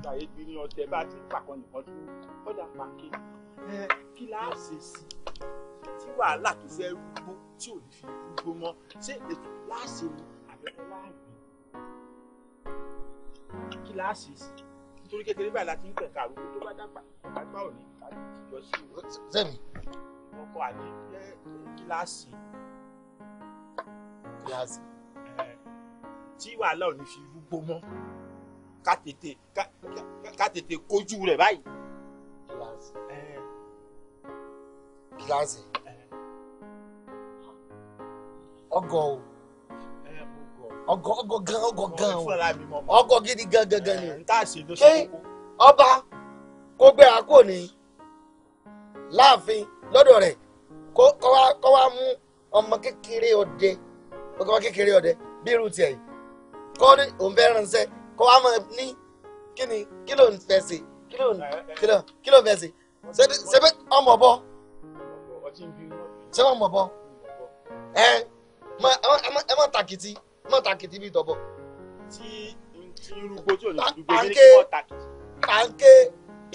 gba ebi ní ọtẹ bá ti ń pàkọ́ nìkan tó kọ́dà pàkí kí la ṣe sí tí wàhálà tó fẹ́ rúgbó tí ò ní fi rúgbó mọ́ ṣé ètò láṣẹ ni àbẹ̀kọ́ láàbì kí la ṣe sí torí kékeré báyìí láti ń pẹ̀ka àrùn tó bá dàgbà àgbà ò ní ká lọ sí ìwé. fẹ́mi. ọkọ àná jẹ́ kíláàsì. kíláàsì. tí wàhálà ò ní fi rúgbó mọ́ ká tètè ká tètè kojú rẹ̀ báyìí. kíláàsì. kíláàsì. ọgọ o ọgọ ọgọ gan ọgọ gan o ọgọ gidi gan gangan ni ṣé ọba kó gbé àkó ni láàfin lọ́dọ̀ rẹ̀ kó wá mú ọmọ kékeré ọdẹ ọmọ kékeré ọdẹ bí irú tiẹ̀ yìí kó ní òun fẹ́ kó wá mọ̀ ní kí ni kí ló ń fẹ́ sí kí ló ń kí ló ń fẹ́ sí ṣebí ọmọ bọ́ ṣebí ọmọ bọ́ ẹ ẹ má tàkìtì má tàkìtì bí tọ̀bọ̀. tí tí irúgbó tí ò ní irúgbó yẹn kí wọ́n tàkìtì. pànkẹ́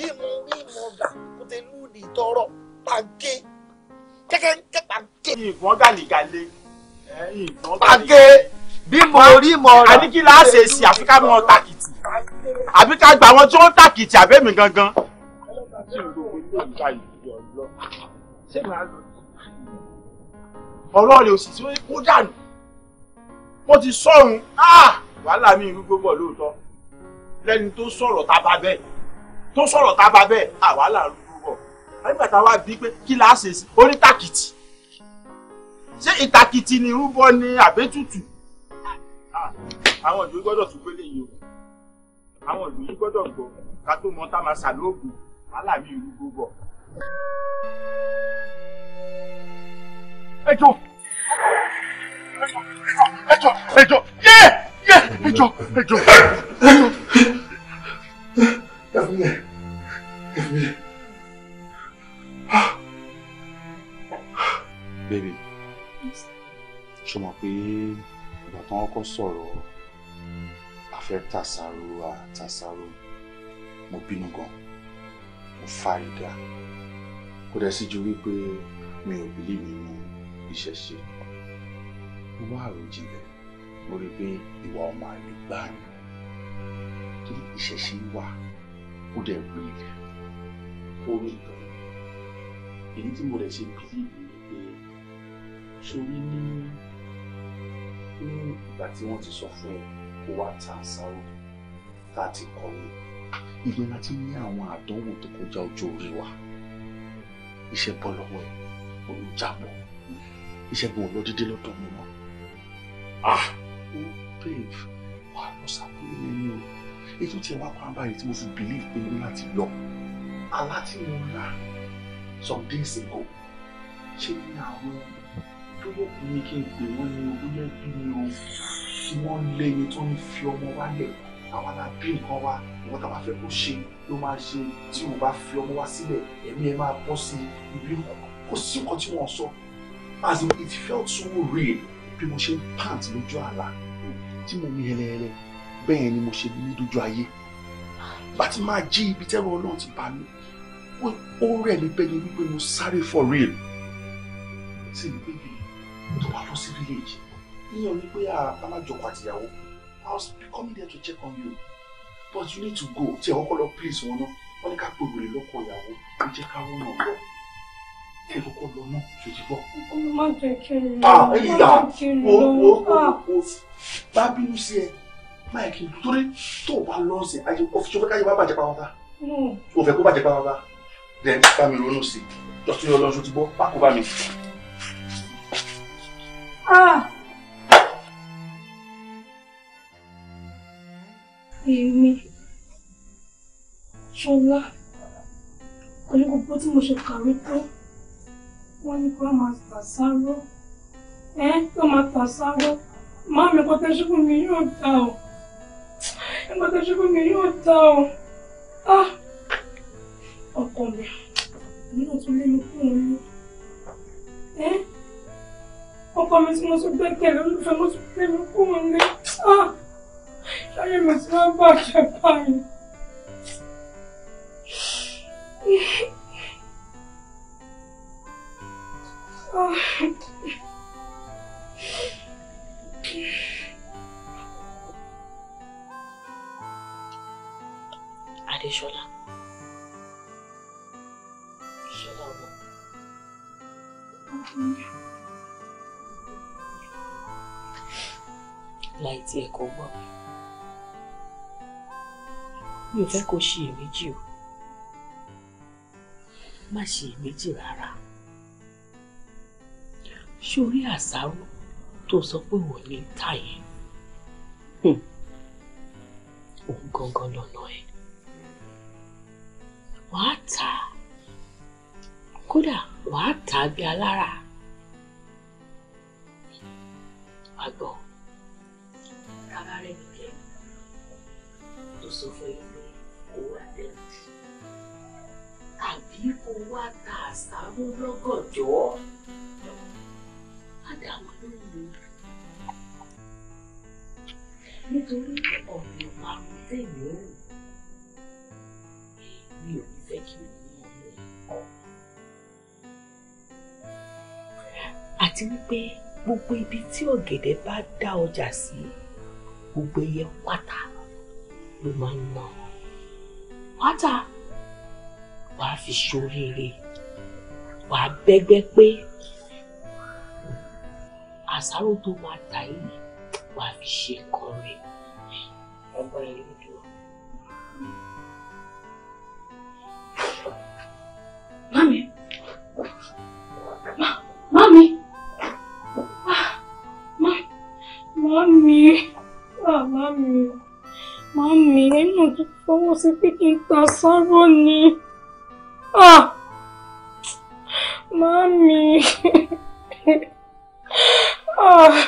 ìmú ìmú ọ̀gá kúté lúùdì tọrọ pànkẹ́ kẹ́kẹ́ pànkẹ́. ìbọn gàlígàlé ìbọn gàlígàlé. pànkẹ́ bí mo rí mọ rà. àní kí láà sí àfi mọ tàkìtì àbí ká gba àwọn tí wọ́n tàkìtì àbẹ́mi gangan. ọlọ́ọ̀lẹ̀ òsì tí ó kó dànù mo ti sọ̀rùn ah! wàhálà mi gbogbo bọ̀ lóòótọ́ lẹ́ni tó sọ̀rọ̀ tá a bá bẹ́ẹ̀ tó sọ̀rọ̀ tá a bá bẹ́ẹ̀ ah! wàhálà gbogbo bọ̀ nígbà tá a wá bí pé kí la ṣe sí onítàkìtì ṣé ìtàkìtì ni rúbọ ni àbẹ́tùtù ah! àwọn ìlú gbọ́dọ̀ tún gbélé yìí o àwọn ìlú yìí gbọ́dọ̀ gbọ́ ká tó mọ tá a máa ṣàlóògùn wàhálà mi gbogbo bọ̀. ẹ jọ ẹjọ ẹjọ yẹ yẹ ẹjọ ẹjọ ẹjọ. Emine, Emine. Baby, ṣo mọ̀ pé ìgbà tí wọ́n kọ́ sọ̀rọ̀ afẹ́ tàṣàrò àtàṣàrò mo bínú gan, mo fárídà, kò dẹ̀ sí ju wípé mi ò bìlí nínú ìṣẹ̀ṣe mo wá àròjinlẹ̀ mo rí i pé ìwà ọmọ àlè gbà ní torí ìṣẹ̀ṣe wà ó dẹ̀ rí ilẹ̀ ó rí nǹkan èyí tí mo rẹ̀ ṣe bílíìbì ni pé sórí ní ní ìgbà tí wọ́n ti sọ fún ẹ kó wá ta àṣàrò tá a ti kọ́ ni ìgbẹ́ láti ní àwọn àdánwò tó kọjá ojú orí wa iṣẹ́ bọ́ lọ́wọ́ ẹ̀ ó ń jábọ̀ iṣẹ́ bọ́ lọ lọ́dọ̀ mi náà ah oh babe wà lọ sàkúrò yẹn ni o èyí tó tiẹ̀ wá pa báyìí tí mo fi believe pé ní láti lọ àlá tí mo lá some days ago ṣé ní àwọn tó yẹ kó ní kí n pè wọ́n ní owó ẹbí ni o tí wọ́n lé ni tó ń fi ọmọ wálẹ̀ àwọn alábí nǹkan wa ìwọ́n tá a bá fẹ́ kó ṣe ló máa ṣe tí o bá fi ọmọ wa sílẹ̀ ẹ̀mí ẹ̀ máa bọ́ sí ibi kò sí nǹkan tí wọ́n sọ as in it felt so real bí mo ṣe ń pant lójú àlá tí mo mi hẹlẹhẹlẹ bẹ́ẹ̀ ni mo ṣe ní dojú ayé bá ti máa jí ibi tẹ́rù ọlọ́run ti bá mi ó rẹ̀ mí bẹ́ẹ̀ ni wípé mo sáré for real sí ni bébì tó bá lọ sí village níyàn ní pé alájọkọ ah, àtìyàwó I was coming there to check on you but you need to go tí ẹ̀ kọ́kọ́ lọ please wọn náà wọ́n ní ká pè wèrè lọ́kọ̀ ìyàwó ó jẹ́ ká wọ́n náà lọ kí ló kọ́ lọ náà ṣe ti bọ́. ọmọ má jẹ́ kí n lọ ah, ọmọ ìyá wo wo wo ah. bá bínú sí ẹ máa kí n torí tó o bá lọ sí ayé o fi ṣọfẹ́ káyé bá bàjẹ́ o fẹ́ kó bàjẹ́ pàápàá then bá mi ronú sí i dọ́tí ọlọ́run ṣe ti bọ́ pákó bá mi. Ah. Èmi, Ṣọlá, pẹ̀lú gbogbo tí mo ṣe kàwé tó wọ́n ní kó máa tà sáró ẹ́ kó mami eu sáró máa mi kọ́tẹ́ ṣubú mi yóò ta o kọ́tẹ́ ṣubú mi yóò ta o ah! ọkọ mi mi náà tún lé não sou òun ní ẹ́ ọkọ mi tí mo tún gbẹ́kẹ̀lé olùfẹ́ mo tún lé mi kú òun Adéṣọlá. Ṣọlá ọmọ. Láì tí gbọ́ mi. ò fẹ́ kó ṣiyèméjì o. Má ṣiyèméjì rárá ṣé orí àṣàrò tó sọ pé wọ́n ní ta yẹn hmm. òun gangan lọ́nà ẹ̀ wàá tà á kódà wàá tà á bí alára wàá gbọ́ rárá rẹ̀ nìyẹn tó sọ fún yín pé kó tàbí kó wá ta lọ́gọ̀jọ́ àdàwọ̀ lóhùn nítorí ọ̀nà ìparun tèmi ò rò mi ò ní fẹ́ kí wọ́n mọ̀ ọ́ àti wípé gbogbo ibi tí ọ̀gẹ̀dẹ̀ bá dá ọjà sí gbogbo ẹyẹ pátá ló máa ń ná pátá wàá fi ṣoríire wàá bẹ́gbẹ́ pé àṣàrò tó máa tà yìí wàá fi ṣe nǹkan rẹ̀ ọgbọ́n ẹ̀ Mami! Ma Mami! Ah, ma Mami! Ah, Mami! Mami, ẹ̀yìn náà tó fọwọ́ sí pé kí n ta sáró ni. Ah! Mami! Ah.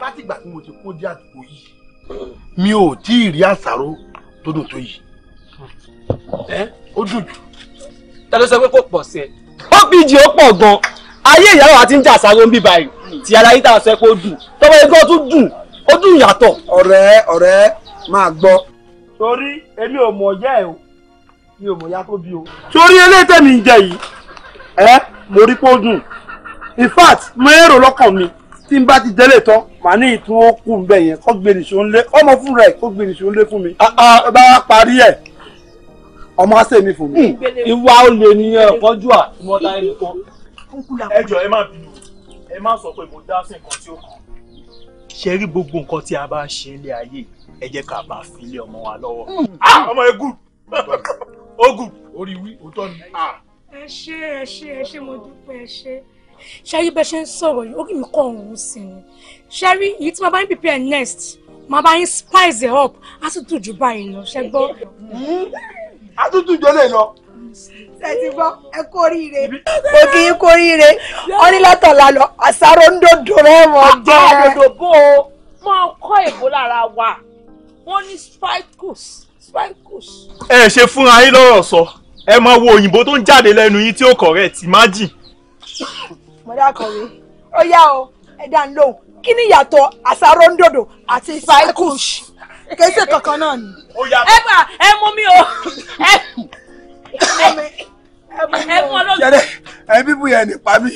látìgbà tí mo ti kó dé àdúgbò yìí mi ò tí ì rí àṣàrò tó dùn tó yìí ó dùn jù. ta ló sọ pé kò pọ̀ sí ẹ. ó bí ìjì ó pọ̀ gan-an ayé ìyá wa ti ń jà ń bí báyìí tí ara tá a sọ pé ó dùn tọ́wọ́ ẹgbẹ́ tún dùn ó dùn yàtọ̀. ọ̀rẹ́ ọ̀rẹ́ máa gbọ́. torí èmi ò mọ̀ ọ̀yá ẹ̀ o mi ò mọ̀ ya tó bí o. torí eléyìí tẹ̀mí ń jẹ yìí ẹ eh, mo rí pé ó dùn in fact mo èrò lọ́kàn mi tí n bá ti délé tán màá ní ìtún ó kù nbẹ yẹn kó gbèrè ṣó ń lé ọmọ fún rẹ kó gbèrè ṣó ń lé fún mi. Ah, ah, bá a parí ẹ ọmọ á sèmi fún mi. Hmm, ìwà olè nìyẹn kọjú à mọ ta ẹni kan. ẹ jọ ẹ má bínú ẹ má sọ pé mo dá sí nǹkan tí ó kàn. ṣe rí gbogbo nǹkan tí a bá ń ṣe ilé ayé ẹ jẹ́ ká bá fi ilé ọmọ wa lọ́wọ́. Hmm. Ah, ọmọ ẹ gùn ó gùn. orí wí òótọ́ ni ẹ ṣé ẹ ṣé ẹ ṣé mo dúpẹ́ ẹ ṣé ṣẹ́rí bẹ́ẹ̀ ṣe ń sọ̀rọ̀ yìí ó kì mí kọ́ òun sí ni ṣẹ́rí èyí tí màá bá yín prepare next màá bá yín spice up á tún tù jù báyìí lọ ṣẹ́ gbọ́. á tún tù jọ lè lọ. ṣètì gbọ́ ẹ kú oríire mo kì í kú oríire wọ́n ní látọ̀la lọ àṣàrò ń dòdò rẹ̀ mọ̀ ah, jẹ́. àwọn ah, àdòdò bó o máa kọ́ èbó lára wa wọ́n ní spikes spikes. ẹ ṣe fúnra yín lọ́rọ̀ sọ. So ẹ máa wo òyìnbó tó ń jáde lẹ́nu yín tí ó correct imagine. mọ̀dá kọ̀wé ó yá o ẹ dá ń lóhùn kí ni ìyàtọ̀ àsáró ń dòdò àti faikush kìí kankan náà ni. ẹ gbà ẹ mú mi o ẹ mú ọlọ́gbìn. jẹ́rẹ́ ẹ bíbu yẹn nípa mi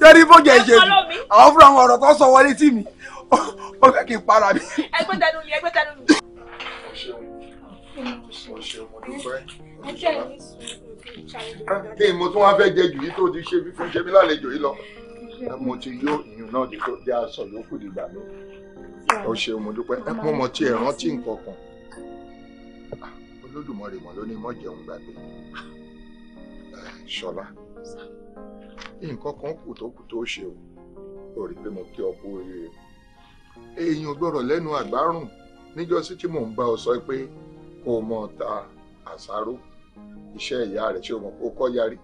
jẹ́rìí bójú ẹ̀jẹ̀ mi àwọn fúnra wọn ọ̀rọ̀ tó sọ wọlé tì mí ó fẹ́ kí n para mi. ẹgbẹ́ tẹnu mi ẹgbẹ́ tẹnu mi. o ṣeun o ṣeun mo dúpẹ́ kí ah, mo tún wá fẹ́ jẹ jù yìí tó ti ṣe fífún ṣe mí lálejò yìí lọ mo ti yó ìyún náà di tó di aṣọ yòókù dìgbà mi ó ṣe mo dúpẹ́ mo mọ̀ tí ẹ̀ rántí nǹkan kan ah, olódùmarè mọ̀ ló ní mọ̀ jẹun gbàgbé ṣọlá nǹkan kan kù tó kù tó ṣe o ò rí pé mo kí ọ kú oríire èèyàn gbọ́rọ̀ lẹ́nu àgbárùn níjọ́sí tí mò ń bá ọ sọ pé kò mọ̀ ta àṣàrò iṣẹ́ ìyá rẹ̀ ṣé o mọ̀ kó kọ́ yarí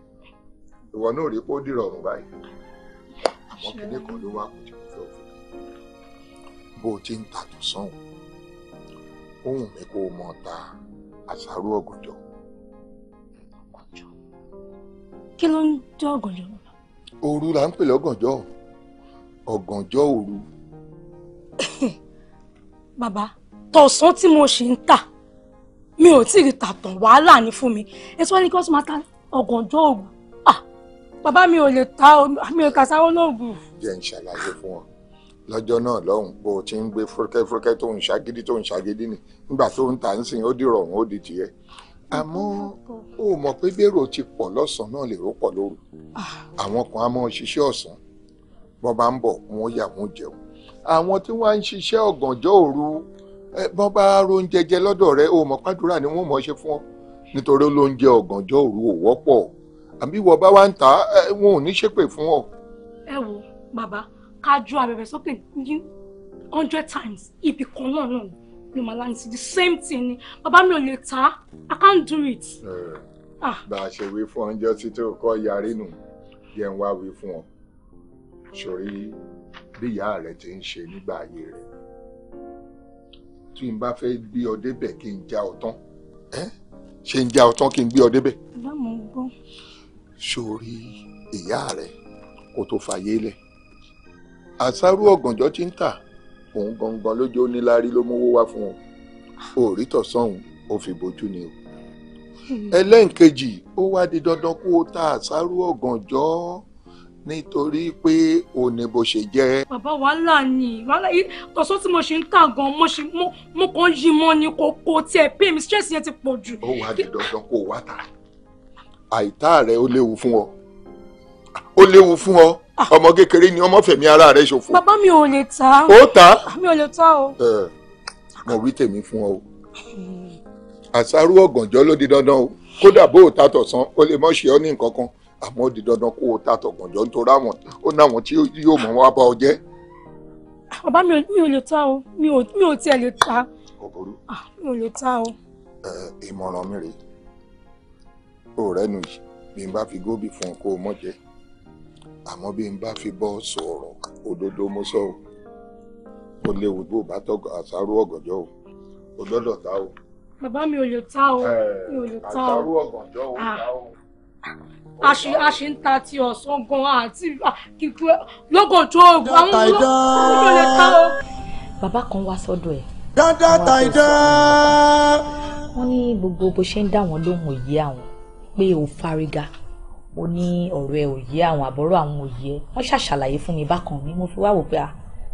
ìwọ náà rí pé ó dìrọ̀rùn báyìí àmọ́ kinní kan ló wá kó tí fẹ́ fún bó o ti ń tàtò sọ́hùn ohun mi kò mọ̀ ta àṣàrò ọ̀gànjọ́. kí ló ń jẹ́ ọ̀gànjọ́? òru là ń pè lọ́gànjọ́ ọ̀gànjọ́ òru. bàbá tọ̀sán tí mo ṣì ń tà mi ò tí ì tàtàn wàhálà ní fún mi ètò wọn ni kí wọn ta ọ̀gànjọ́ òògùn ah bàbá mi ò lè ta mi ò kà sáwọ́ lóògùn. jẹ́ ń ṣàlàyé fún wọn lọ́jọ́ náà lọ́hùn bó o ti ń gbé fúrúkẹ́fúrúkẹ́ tó ń ṣàgídí tó ń ṣàgídí nì nígbà tó ń tà ń sìn ó dìrọ̀ ọ̀hún ó di tiẹ̀ àmọ́ ó mọ̀ pé bérò ti pọ̀ lọ́sàn-án náà lè ró pọ̀ lóru àwọn kan á mọ́ ṣiṣẹ́ ọ̀sán bọ́ bá ń bọ̀ wọ́n yà wọ́n jẹun àwọn tí wọ́n á ń ṣiṣẹ́ ọ̀gànjọ́ òru bọ́n bá róúnjẹ jẹ lọ́dọ̀ rẹ o mọ̀ pàdúrà ni wọ́n mọ̀ ṣe fún ọ nítorí olóúnjẹ ọ̀gànjọ́ òru ò wọ́pọ̀ àbí ìwọ bá wá ń tà á wọn ò ní ṣépè fún ọ. ẹ wo bàbá ká ju abẹ̀bẹ̀ sókè ní hundred times ibì kan náà náà ni màlá ní sí the same thing ni bàbá mi ò lè tà á I can't do it. Ah. bá a ṣe wí fún ọjọ́ tí tó kọ́ yarí nù yẹn wá wí fún ọ sórí bí ìyá rẹ ti ń ṣe nígbà ayé rẹ tí n bá fẹ́ gbé ọ débẹ̀ kí n já ọ tán ṣe ń já ọ tán kí n gbé ọ débẹ̀. báwo ń gbọ́. sórí ìyá rẹ kó tó fàyè lẹ àṣàrú ọ̀gànjọ́ tí ń tà òun gangan lójó níláárí ló mówó wá fún o òrí tọ̀sán ò fi bójú ni o hmm. ẹlẹ́nkejì ó wá di dandan kó o ta àṣàrú ọ̀gànjọ́ nítorí pé ò ní bó ṣe jẹ́. bàbá wàhálà ni wàhálà yìí tọ̀sán tí mo ṣe ń tà gan mo ṣe mo kàn yí mọ́ ni kò kò tiẹ̀ pé mi stress yẹn ti pọ̀ jù. ó wàá di dandan kó o wá tà àìtá rẹ ó léwu fún ọ ó léwu fún ọ ah. ọmọ kékeré ni ọmọ fẹ̀mí ara rẹ ṣòfò. bàbá mi ò lè ta. ó ta. mi ò lè ta o. ẹ mo wí tèmi fún ọ o àṣàrò ọ̀gànjọ́ ló di dandan o kódà bó o ta tọ̀sán o lè mọ̀ ṣe ọ ní nǹkan kan àmọ́ di dandan kó o ta tọ̀gànjọ́ nítorí àwọn ó náwọn tí yóò mọ̀ wá bá ọ jẹ́. bàbá mi ò lè ta o mi ò tiẹ̀ lè ta ah, mi ò lè ta o. ìmọ̀ràn mi rèé o rẹ́nu yìí bí n bá fi góbì fún un kó o mọ̀ jẹ́ àmọ́ bí n bá fi bọ́ sọ̀rọ̀ òdodo mo sọ o ó léwu bó bá tọ́gọ̀ àṣàrò ọ̀gànjọ́ o ó gbọ́dọ̀ ta o. bàbá mi ò lè ta o mi ò lè ta o. àṣàrò ọ̀gànjọ́ o ah. ta o a ṣe a ṣe ń ta ti ọ̀sán gan-an àti kíkú lọ́gàn tó oògùn àwọn olóògùn lè ta o. bàbá kan wá sọ́dọ̀ ẹ̀. dáadáa ta ìdá. ní gbogbo bó ṣe ń dá wọn lóhùn òye àwọn pé ò fárígá ó ní ọ̀rọ̀ ẹ̀ òye àwọn àbọ̀rọ̀ àwọn òye ẹ̀ ṣàṣàlàyé fún mi bákan mi mo fi wá wò pé à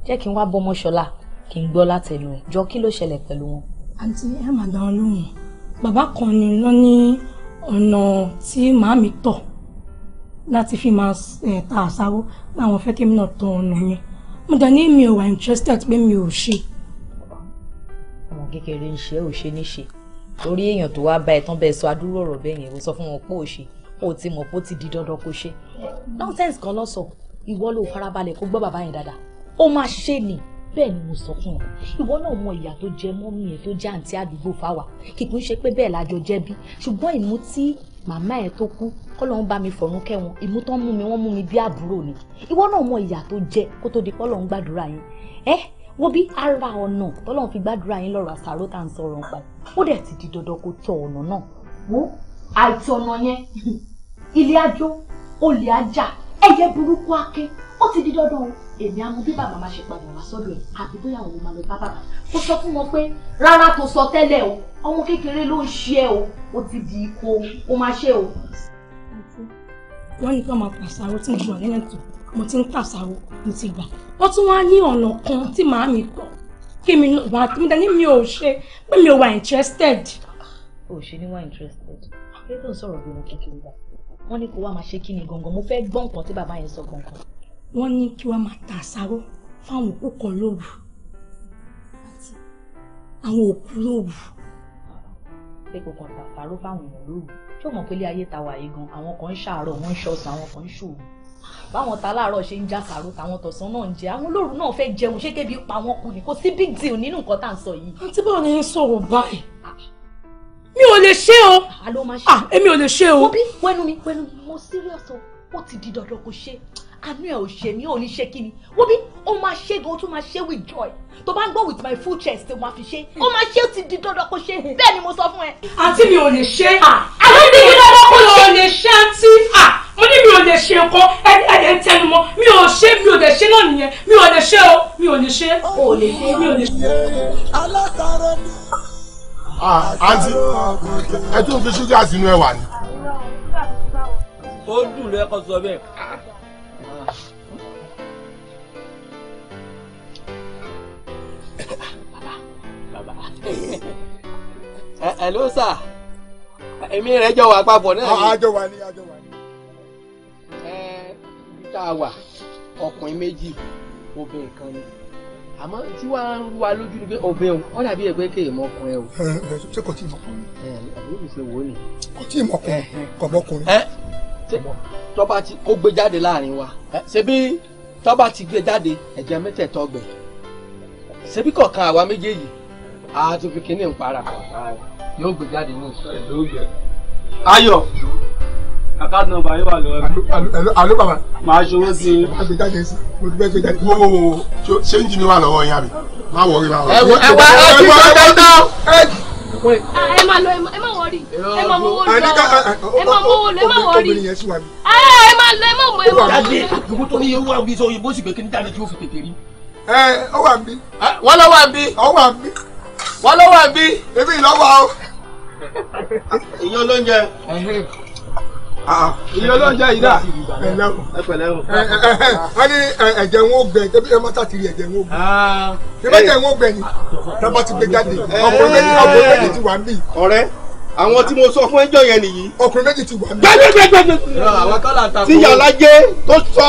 jẹ́ kí n wá bọ́mọ ṣọlá kí n gbọ́ látẹnu ẹ̀ jọ kí ló ṣẹlẹ̀ pẹ̀lú wọn. àǹtí ẹ̀ màdán lóhùn bàbá kan ni lọ́ ní ọ̀nà tí màámi tọ̀ láti fi máa ta àṣàwó pé àwọn fẹ́ kémi náà tan ọ̀nà yẹn mo dẹ̀ ní mi ò wà interested pé mi ò ṣe. ọmọ kékeré ń ṣe ò ṣe níṣe lórí èèyàn tó wá bá ẹ tán bẹ́ẹ̀ sọ adúrú ọ̀rọ̀ bẹ́ẹ̀ yẹn ó sọ fún wọn pé ò ṣe ó ti mọ̀ pé ó ti di dandan kó ṣe nonsense kan lọ́sọ̀ ìwọ ló farabalẹ̀ kó gbọ́ bàbá yẹn dáadáa ó máa ṣe ni bẹ́ẹ̀ ni mo sọ fún ọ ìwọ náà mọ ìyà tó jẹ mọ́mí ẹ̀ tó jẹ́ àǹtí àdúgbò fáwa kìkì ń ṣe pé bẹ́ẹ̀ lájọ màmá ẹ tó kú kọ́lọ́hún bá mi fọ̀run kẹ́ wọn ìmú tán mú mi wọ́n mú mi bí àbúrò ni ìwọ náà mọ ìyà tó jẹ kó tó di kọ́lọ́hún gbàdúrà yín ẹ wo bí ara ọ̀nà tọ́lọ́hún fi gbàdúrà yín lọ́rọ̀ àṣàrò tá à ń sọ̀rọ̀ nípa ó dẹ̀ ti di dandan kó tọ ọ̀nà náà wo àìtọ̀nà yẹn ilé ajó olè ajá ẹyẹ burúkú akin ó ti di dandan o èmi àmọ́ bí bàbá máa ṣe padà wá sọ́dọ̀ ẹ̀ àti bóyá òun máa lọ bá bàbá kó sọ fún wọn pé rárá tó sọ tẹ́lẹ̀ o ọmọ kékeré ló ń ṣe ẹ o ó ti di ikú o máa ṣe o. wọ́n ní kí wọ́n máa pàṣàrò tí mo wà nílẹ̀ tó mo ti ń pàṣàrò mo ti gbà wọ́n tún wá ní ọ̀nà kan tí màá mi kọ́ kí mi wà kí mi dání mi ò ṣe pé mi ò wà interested. o ṣe ni wà interested kí ló ń sọ̀rọ̀ bí mo kékeré bá wọ́n ní kó wá máa ṣe kí ni gangan mo fẹ́ gbọ́ nǹkan tí bàbá yẹn sọ gangan wọ́n ní kí wọ́n máa ta àsáró fáwọn òkú kan lóru àwọn òkú lóru. pé kò kàn ta àsáró fáwọn èèyàn lóru ṣé o mọ̀ pé ilé ayé ta wàyí gan àwọn kan ń ṣàárọ̀ wọ́n ń ṣọ̀sán àwọn kan ń ṣòro báwọn ta láàárọ̀ ṣe ń já sàrò táwọn tọ̀sán náà ń jẹ àwọn olóòrùn náà fẹ́ jẹun ṣé kébi pa wọn kù ní kò sí big deal nínú nǹkan tá à ń sọ yìí. àǹtí báwo ni ń sọ̀rọ̀ báyìí ah. mi ò lè ṣe o ah, èmi ò lè ṣe o. mo bí wẹ́nu mi wẹ́nu mi mo serious o ó ti di dandan kò ṣe àánú ẹ̀ ò ṣe mí ò ní ṣe kí ni wọ́n bí ó máa ṣe gan ó máa ṣe with joy tó bá ń gbọ́ with my full chest ó máa fi ṣe ó máa ṣe ó ti di dandan kó ṣe bẹ́ẹ̀ ni mo sọ fún ẹ. àǹtí mi ò lè ṣe àlọ́ ah, ah, mi ò lọ́wọ́ kó lọ lè ṣe àǹtí ah, mo ní mi ò lè ṣe nǹkan ẹ̀ẹ́dẹ̀ ń tẹnu mọ́ mi ò ṣe mi ò lè ṣe náà nìyẹn mi ò lè ṣe o mi ò lè ṣe o ò lè ṣe mi ò lè ṣe. àǹtí ẹ tún fi ṣúgà sínú ẹwà ni. ó dùn lẹ́kọ̀ọ́ sọ bẹ́ẹ̀ bàbá ẹ ló sà èmi rẹ jọ wà papọ̀ náà ni. Ah, àjọ wà ní àjọ wà ní. ẹ tá a wà ọkùnrin méjì obìnrin kan ni àmọ́ tí wàá ń wa lójú ni pé obìnrin ó dàbí ẹ̀ pé kéèyàn mọ ọkùnrin o. ṣé kò tí ì mọ ọkùnrin. ẹ àbúrò mi ṣe wò ó nì. kò tí ì mọ ọkùnrin kò mọ ọkùnrin tọ́ba ti kó gbé jáde láàrin wa ṣebí tọ́ba ti gbé jáde ẹ̀jẹ̀ mẹ́tẹ̀ẹ̀tọ́ gbẹ̀ ṣebí kọ̀ọ̀kan àwa méjèèjì a ti fi kínní ń para yóò gbé jáde ní ìṣẹ́. ayọ̀ àkáàtì nọ́mbà yóò wà lọ́wọ́ mi. alo baba. màá ṣòwò sí i. a gbé jáde sí i mo ti fẹ́ gbé jáde. wo wo wo ṣé ń jí mi wà lọ́wọ́ yín àbí má wọrí má wọrí. ẹ wá ẹ ti sọ dáadáa. Ah, ẹ má lọ ẹ má wọrí ẹ má mówó ah, lọ ẹ má mówó lọ ẹ má wọrí ẹ má lọ ẹ má mọ ẹ má. jáde ìwọ tó ní iye wà bí sọ iye bó sì gbé kí ní dáadé tí ó fi tètè rí. ẹ ọ wà bí. Ah, wọ́n lọ wà bí. ọ wà bí. wọ́n lọ wà bí. ebi ìlọ́wọ́ o. ìyọ́n ló ń jẹ iye olóúnjẹ yìí dà ẹ̀lẹ́ o ẹ̀pẹ̀lẹ́ o. wọ́n ní ẹ̀jẹ̀ ń wó gbẹ tẹ́bí ẹ̀ máa tàtìrì ẹ̀jẹ̀ ń wó gbẹ. tẹ́bí ẹ̀jẹ̀ ń wó gbẹ ni tọ́ba ti gbé jáde ọkùnrin méjì ọkùnrin méjì ti wà ń bì. ọ̀rẹ́ àwọn tí mo sọ fún ẹjọ́ yẹn nìyí. ọkùnrin méjì ti wà ń bì. gbẹgbẹgbẹgbẹ tí yàrá jẹ tó sọ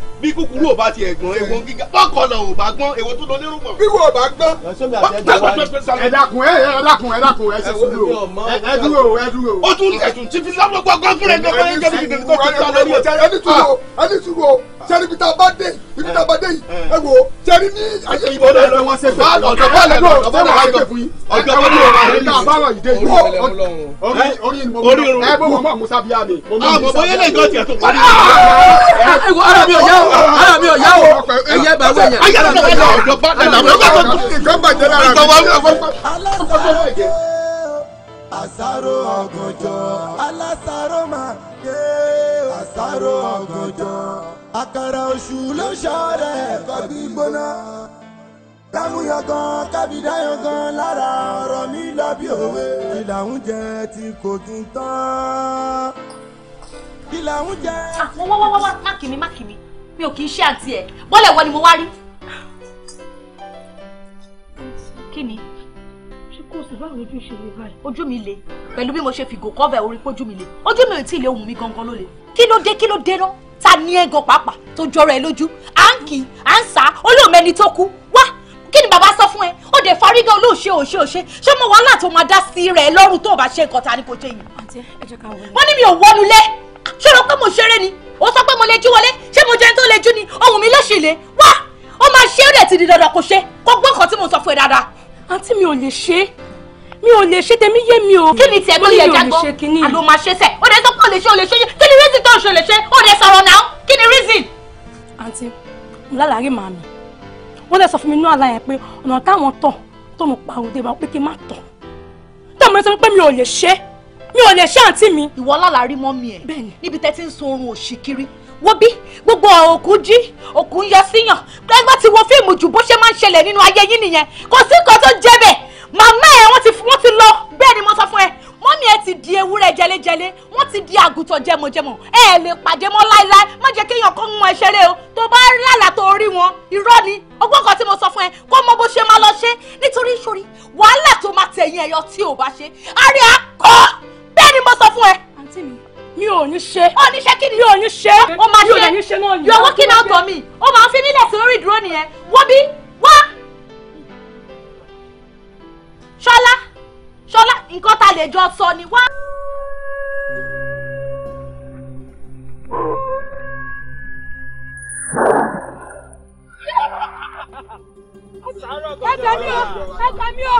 bí kúkúrú ò bá ti ẹ̀gbọ́n ewo gíga bọ́kọ̀lọ̀ ò bá gbọ́n ewo tó lọ nírú pọ̀. bí wọ́n bá gbọ́n. ẹ dákun ẹ ẹ ẹ dákun ẹ ṣe sùúrù ẹ dúró ẹ dúró o. tún ẹ̀sùn tí fi sábà gbọ́ngàn fúnra ẹgbẹ́ fún ẹgbẹ́ bíi tèmi tó ti sá lórí ẹ̀. ẹni túwò ẹni túwò sẹ́ni bí tá a dé ibi tá dé yìí ẹ wò sẹ́ni ní àyè ìbọ̀dọ̀ ẹ̀ wọ́n ṣe fẹ́. ọ̀dọ̀ bọ́ọ̀lù ara mi ò yá o ẹ̀yẹ bá wẹ̀ yẹn. ayé àti ọ̀gá ọ̀dọ́ bá dàda ọ̀dọ́ bá tó kú. nǹkan bàjẹ́ lára mi. ìtọ́wọ́ aláǹdọ́gbọ̀n. àṣàrò ọ̀gànjọ́ aláṣàrò máa dé àṣàrò mi lọ bí òwe ìlà oúnjẹ tí kò kí n tán ìlà oúnjẹ. àwọn ah, wá wá wá mi ò kì í ṣe àǹtí ẹ̀ bọ́lẹ̀ wọ ni mo wá rí. kí ni ṣé kò sí báwo ojú ṣe lè báyìí. ojú mi le pẹ̀lú bí mo ṣe fìgò kọ́ọ̀bẹ̀ orí pójú mi le ojú mi ò tí ì lé ohun mi gangan ló le kí ló dé kí ló dé náà ta ni ẹ gan pàápàá tó jọra ẹ lójú à ń kì í à ń sá olóòmọ ẹni tó kú wá kí ni bàbá sọ fún ẹ ó dé fárígá olóòṣe òṣe òṣe ṣé mo wàhálà tó máa dá sí rẹ lọ́rùn tó o bá ṣe nǹkan ta ni kò ṣe yìí. àǹtí ẹ jẹ́ ká wọlé. wọ́n ní mi ò wọnú lé ṣé o rò pé mo ṣeré ni ó sọ pé mo lè jú wọlé ṣé mo jẹ́ ẹni tó lè jú ni ohun mi ló ṣì lè wá ó máa ṣe é rẹ̀ ti di dandan kò ṣe kó gbọ́ nǹkan tí mo sọ fún ẹ dáadáa. àǹtí mi ò lè ṣe é mi ò lè ṣe tèmi yé mi o. kí ni tiẹ̀ lórí ẹja gbọ́ àló máa ṣe sẹ̀ ó lè sọ pé ó lè ṣe ó lè ṣe kí ni reason tó ń ṣe lè ṣe ó lè sọ̀rọ̀ náà kí ni reason. àǹtí mo lálàárí màá mi wọ́n lè sọ fún mi inú àlá pé ọ̀nà táwọn tọ̀ tó mo pa òde máa pé kí n má tọ̀ tó mo sọ mi ò lè ṣe àǹtí mi. ìwọ lálàá rí mọ́ mi ẹ̀ níbi tẹ́ ti ń sun oorun òṣìkiri wo bí gbogbo òkú jí òkú ń yọ síyàn gbẹ́gbẹ́ ti wo fíìmù jù bó ṣe máa ń ṣẹlẹ̀ nínú ayé yín nìyẹn kò sí nǹkan tó jẹ́ bẹ́ẹ̀ màmá ẹ̀ wọ́n ti wọ́n lọ bẹ́ẹ̀ ni mo sọ fún ẹ mọ́mí ẹ ti di ewúrẹ́ jẹlẹ́jẹlẹ́ wọ́n ti di àgùntàn jẹmọ̀jẹmọ̀ ẹ lè pàdé mọ́ láéláé má jẹ́ kéèyàn kó mú ẹ ṣeré o tó bá rí àlà tó wọn irọ́ ni ọgbọ́n kan tí mo sọ fún ẹ kó mọ bó ṣe máa lọ ṣe nítorí ìṣòrí wàhálà tó máa tẹ̀yìn ẹ̀yọ tí ò bá ṣe àárẹ̀ akọ́ bẹ́ẹ̀ ni mo sọ fún ẹ. àǹtí mi mi ò ní ṣe. ó ní ṣe kí ni. mi ò ní ṣe. ó máa ṣe mi ò ní ṣe náà ni. yọ wọ́n kí náà tọ̀ mí ó máa fi nílẹ̀ sórí ìdúró nìyẹn wọ́n bí wá. ṣọlá ṣọlá nǹkan tá lè jọ sọ ni wá. ẹ gbà o ẹ gbà o.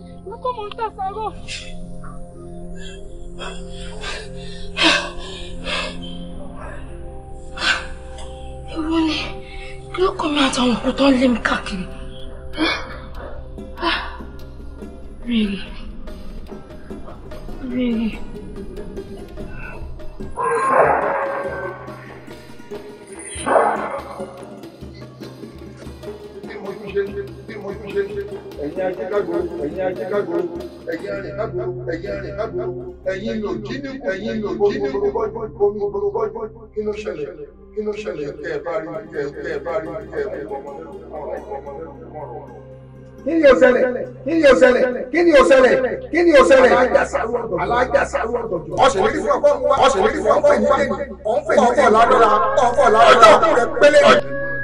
No como un tasago. Èwo ni kí ló kọ́ mi àtàwọn òkú tó ń lé mi káàkiri? Rèrè. Rèrè. Thank you ṣe bí mo tún ṣe ẹ̀yin ajíkágbó ẹ̀yin kí ló ṣẹlẹ̀ kí kí ni ó ṣẹlẹ̀ kí ni ó ṣẹlẹ̀ kí ni ó ṣẹlẹ̀ kí ni ó ṣẹlẹ̀ alájàsáwọ ọdọjọ fún ọkọ ọsèlérí fún ọkọ ìdílé ọfọ ládọra ọfọ ládọra ọjọ́ kúrẹ pélé.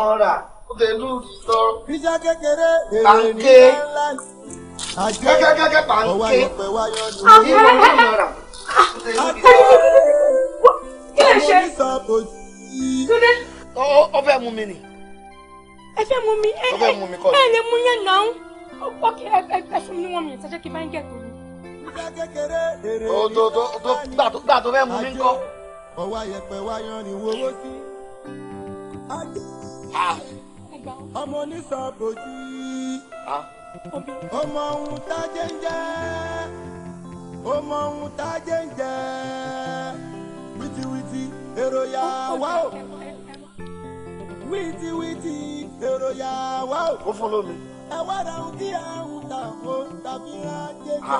mọ́ra ó lè lùdì lọ. bíjà kékeré èrè ní ńlá ni. kẹ́kẹ́kẹ́kẹ́ pàǹké ìwọ ní ìmọ̀ra ó lè lùdì lọ. kí lè ṣe túnde. ó fẹ́ mú mi nì. ẹ fẹ́ mú mi ẹ ẹ lè mú yẹn náà ọkẹ ẹ ẹ fún mi ní wọn mi ìtajẹ́ kí n bá ń gẹ̀ tó ní. bíjà kékeré èrè ní ńlá ni. gbà tó fẹ́ mú mi ń kọ́. ọwọ́ ayẹpẹ wáyọ ni wo wo sí. ọmọ onísàbòjì ọmọ ohun tá a jẹ́ ń jẹ́ ọmọ ohun tá a jẹ́ ń jẹ́ wìtìwìtì èrò yà wá o wìtìwìtì èrò yà wá o. ó fún lómi. ẹ wá ra ohun kí àwọn tàkó tàbí ra jẹjẹ.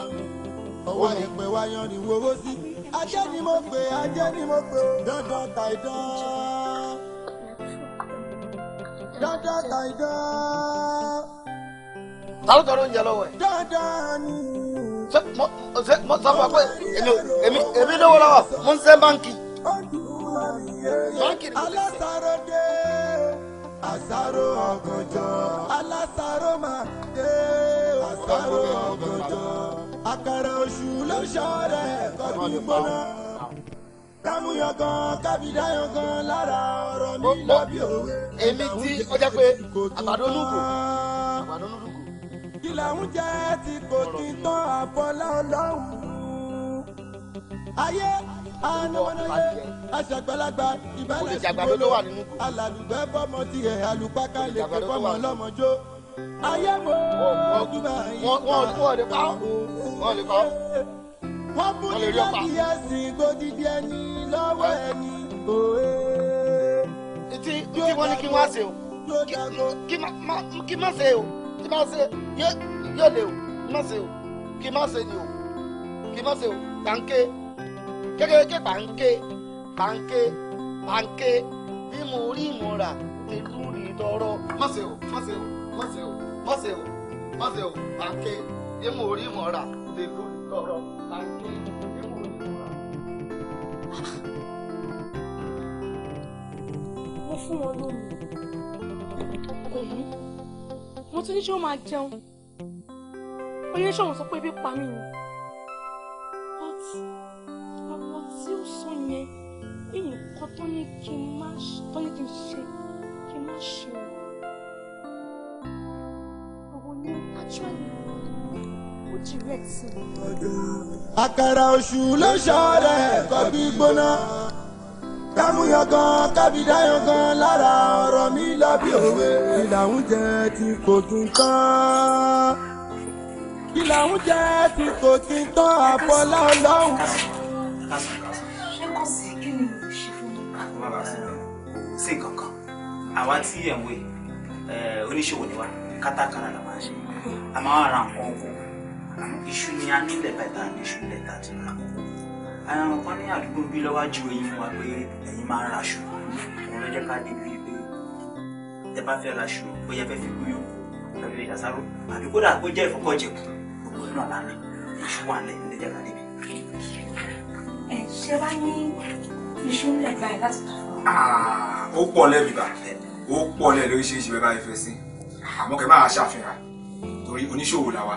ọwọ́ ìpè wáyọ̀ ni wo wó sí. ajẹ́ ni mo pè ajẹ́ ni mo pè dandan tàìdán. Dada Tiger. Ta ló tọrọ oúnjẹ lọ́wọ́ ẹ̀? Dada ni. Ṣé mo ṣe mo sọ fún ọ pé èmi èmi èmi lówó lọ́wọ́ mo ń ṣe báńkì. Báńkì ni mo ti ṣe. Alásàrò dé, àsàrò ọ̀gànjọ́. Alásàrò máa dé, àsàrò ọ̀gànjọ́. Àkàrà oṣù ló ṣọ́ rẹ̀ kọ́ bí gbọ́dọ̀ kámúyọ̀gàn kábídáyọ̀gàn lára ọ̀rọ̀ mi lábí òwe. èmi tí ó jẹ́ pé àbàdo nùgò àbàdo nùgò. kí làwọn jẹ́ ti kò kí n tán àbọ̀lá ọlọ́run. ayé anamọ́nayé aṣàgbàlagbà ìbálẹ̀ ìgbòho alàlùbẹ́ bọ́mọ tirẹ̀ alùpàkà lè pẹ́ bọ́mọ lọ́mọjó ayé mo dúbà yìí. wọ́n lè pa ọ́ wọ́n fún ní lókì ẹ̀sìn gbòdìdì ẹni lọ́wọ́ ẹni òwe. etí tí wọ́n ní kí wọ́n á ṣe o kí má ṣe o kí má ṣe yóò lè o kí má ṣe o kí má ṣe ni tọrọ mo fún wọn lómi kò mú mo tún ní ṣé ó máa jẹun oníṣòwò sọ pé ebi pa mí ni ọtí àwọn tí ó sọ yẹn èyí kan tó ní kí n má tó ní kí n ṣe kí n má ṣe o òun ni actually àkàrà oṣù ló ṣọ̀rẹ́ ẹ̀kọ́ gbígbóná kámúyọ̀gàn kábídáyọ̀gàn lára ọ̀rọ̀ mi lọ òwe. ìlàwùn ti kò tún tán. ìlàwùn ti kò tún tán àfọlá ọlọ́run. sí nǹkan àwa tí ẹ̀ ń wé oníṣòwò ni wa kátàkárà la máa ṣe a máa ń ra nǹkan oko iṣu ni a nílẹ̀ bàtà ní iṣu ilẹ̀ tàbí rà àwọn kan ní àdúgbò bí lọ́wájú eyín fún wa pé ẹ̀yin máa ń raṣu òun ló jẹ́ ká débi pé ẹ bá fẹ́ raṣu ó yẹ fẹ́ fi gúnyán tàbí lè dàsáró àbí kódà kó jẹ́ ìfọkànjẹ̀kù gbogbo náà lálẹ́ iṣu wà lẹ̀ ló jẹ́ ká débi. ẹ ṣe wá ní iṣu ńlẹ̀ báyìí láti tà fún wa. Ah, ó pọ̀ lẹ́bi bá ó pọ̀ lẹ́ lóríṣiríṣi bẹ́ẹ̀ bá yẹ fẹ́ sí àmọ́ kẹ́ máa ṣàfihàn torí oníṣòwò làwa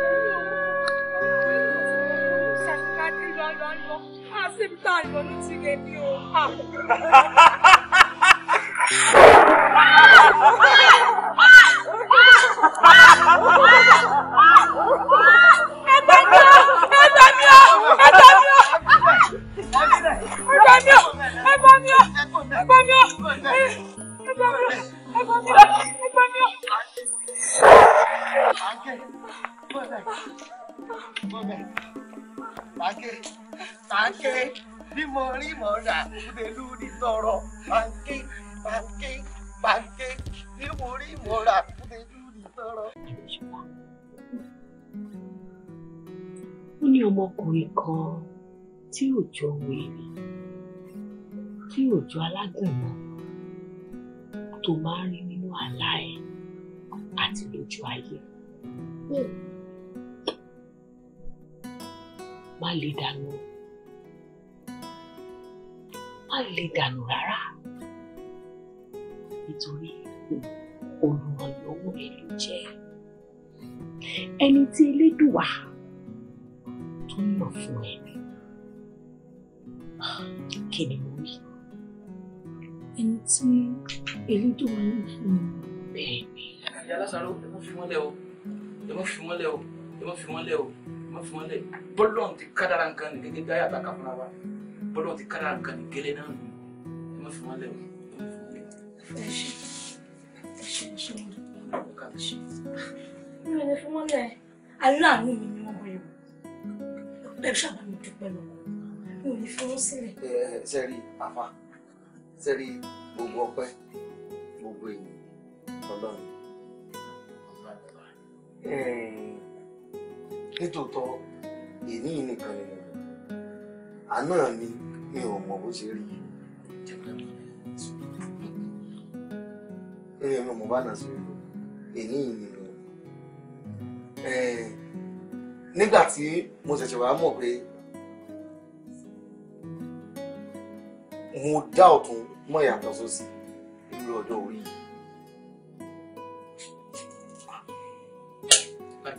sèmi tá a ló ti rẹ ní o. ẹ gbà mí o ẹ gbà pancake pancake rímọ rímọ ní tọrọ pancake pancake pancake rímọ rímọ ní tọrọ. ó ní ọmọkùnrin kan tí ò wèrè tí ò jọ tó máa ń rí nínú àlá ẹ̀ àti lójú ayé. Mm. má lè dànù má lè dànù rárá nítorí olùrànlọ́wọ́ rẹ ló jẹ́ ẹni tí elédùwà tó yàn fún ẹ kí ni mo rí ẹni tí elédùwà yàn fún bẹ́ẹ̀ ni. ìyá lásán ló kún fi wọ́n lẹ́ o ẹ má fi wọ́n lẹ́ o ẹ má fi wọ́n lẹ́ o má fún wọn lẹ bọ́lọ́n ti kádàrà nǹkan ní gẹ́gẹ́ bí ayàtà ká fúnra wa bọ́lọ́n ti kádàrà nǹkan ní gẹ́lẹ́ náà nù ẹ má fún wọn lẹ o. ẹ ṣe ẹ ṣe ẹ ṣe mi ò lè fún wọn lẹ aláàánú mi ni wọn bọyọ ẹ ṣàbá mi dúpẹ́ lọ mi ò lè fi nítòótọ́ èyí nìkan ni mo mọ̀ àná mi mi ò mọ̀ bó ṣe rí nínú ẹ̀rọ mo bá nà sí èyí ni mo nígbà tí mo ṣẹ̀ṣẹ̀ wá mọ̀ pé mo dá ọ̀tún mọ̀ yàtọ̀ sósì irú ọjọ́ orí yìí.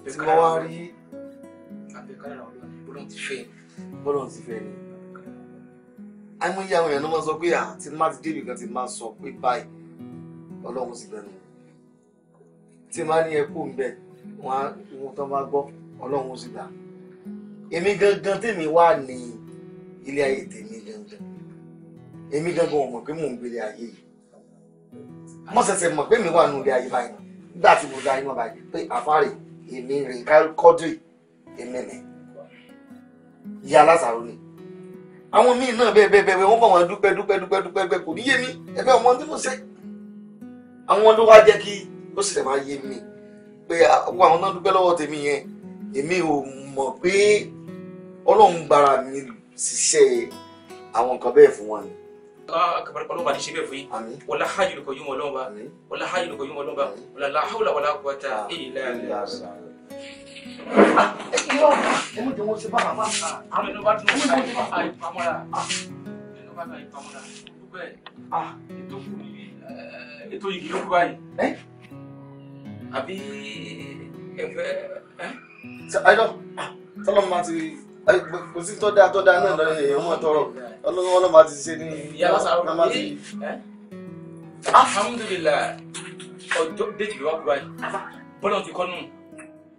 tí wọ́n wá rí kárára ọlọ́run bọ́lọ́run ti fẹ́ bọ́lọ́run ti àìmọye àwọn èèyàn ló máa sọ pé àti má ti kan ti máa sọ pé báyìí ọlọ́run ti bẹ̀rù tí má ní ẹkú ń wọn ohun tó bá gbọ́ ọlọ́run sì gbà. èmi gangan tèmi wà ní ilé ayé tèmi gangan èmi gangan ò mọ̀ pé mò ń gbélé ayé yìí mo ṣẹ̀ṣẹ̀ mọ̀ pé mi wà ní ilé ayé báyìí nígbà tí mo dá yín mọ̀ báyìí pé àfárè èmi rè kọ́dírì èmi nìyí ìyá alásàròrè àwọn míì náà bẹ́ẹ̀ bẹ́ẹ̀ bẹ́ẹ̀ wọ́n bọ̀ wọ́n dúpẹ́ dúpẹ́ dúpẹ́ dúpẹ́ bẹ́ẹ̀ kò ní yé mi ẹ̀fẹ́ ọmọ tí mo ṣe àwọn ló wá jẹ́ kí ó sì lè máa yé mi pé àwọn àwọn náà dúpẹ́ lọ́wọ́ tèmi yẹn èmi ò mọ̀ pé ọlọ́run gbára mi ṣiṣẹ́ àwọn nǹkan bẹ́ẹ̀ fún wọn ni kabarikalo bani sebe foyi wala hajulu ko yumolonba wala hajulu ko yumolonba wala la hawla wala quwwata ah, illa billah irọ́ ẹ̀mú jẹ́ wọ́n ṣe bá bàbá àwọn ẹ̀mú bá tún wọ́n ṣe bá ìpamọ́ra ẹ̀mú bá tún ìpamọ́ra gbogbo ẹ̀ ètò kù ní ètò yìí ló kú báyìí àbí ẹ̀fẹ́ ẹ̀jọ́ tọ́lọ́ máa ti kò sí tó dáa tó dáa náà lọ́yìn èèyàn mọ̀ tọrọ ọlọ́run ọlọ́run máa ti wá kú báyìí bọ́lá ti kọ́ nù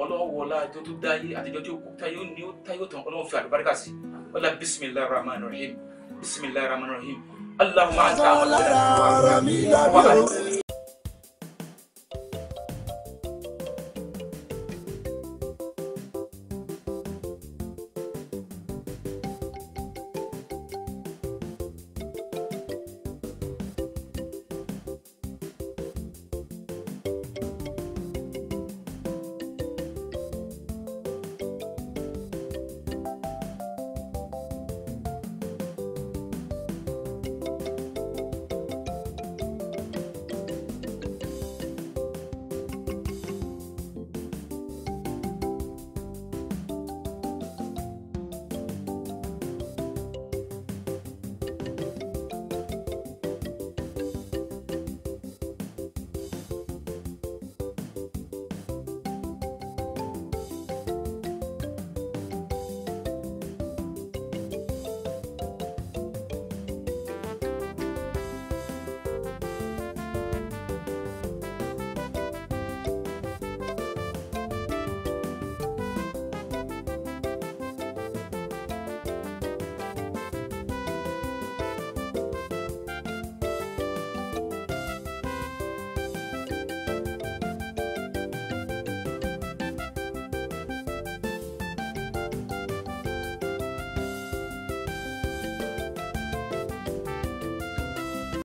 ọlọ́wọ́lá tó tó dáyé àtijọ́ tí ó kú táyé ó ó táyé tán ọlọ́wọ́ fi àlùbáríkà sí ọlá bisimilahi rahman rahim bisimilahi rahman rahim allahumma anta àwọn ọlọ́wọ́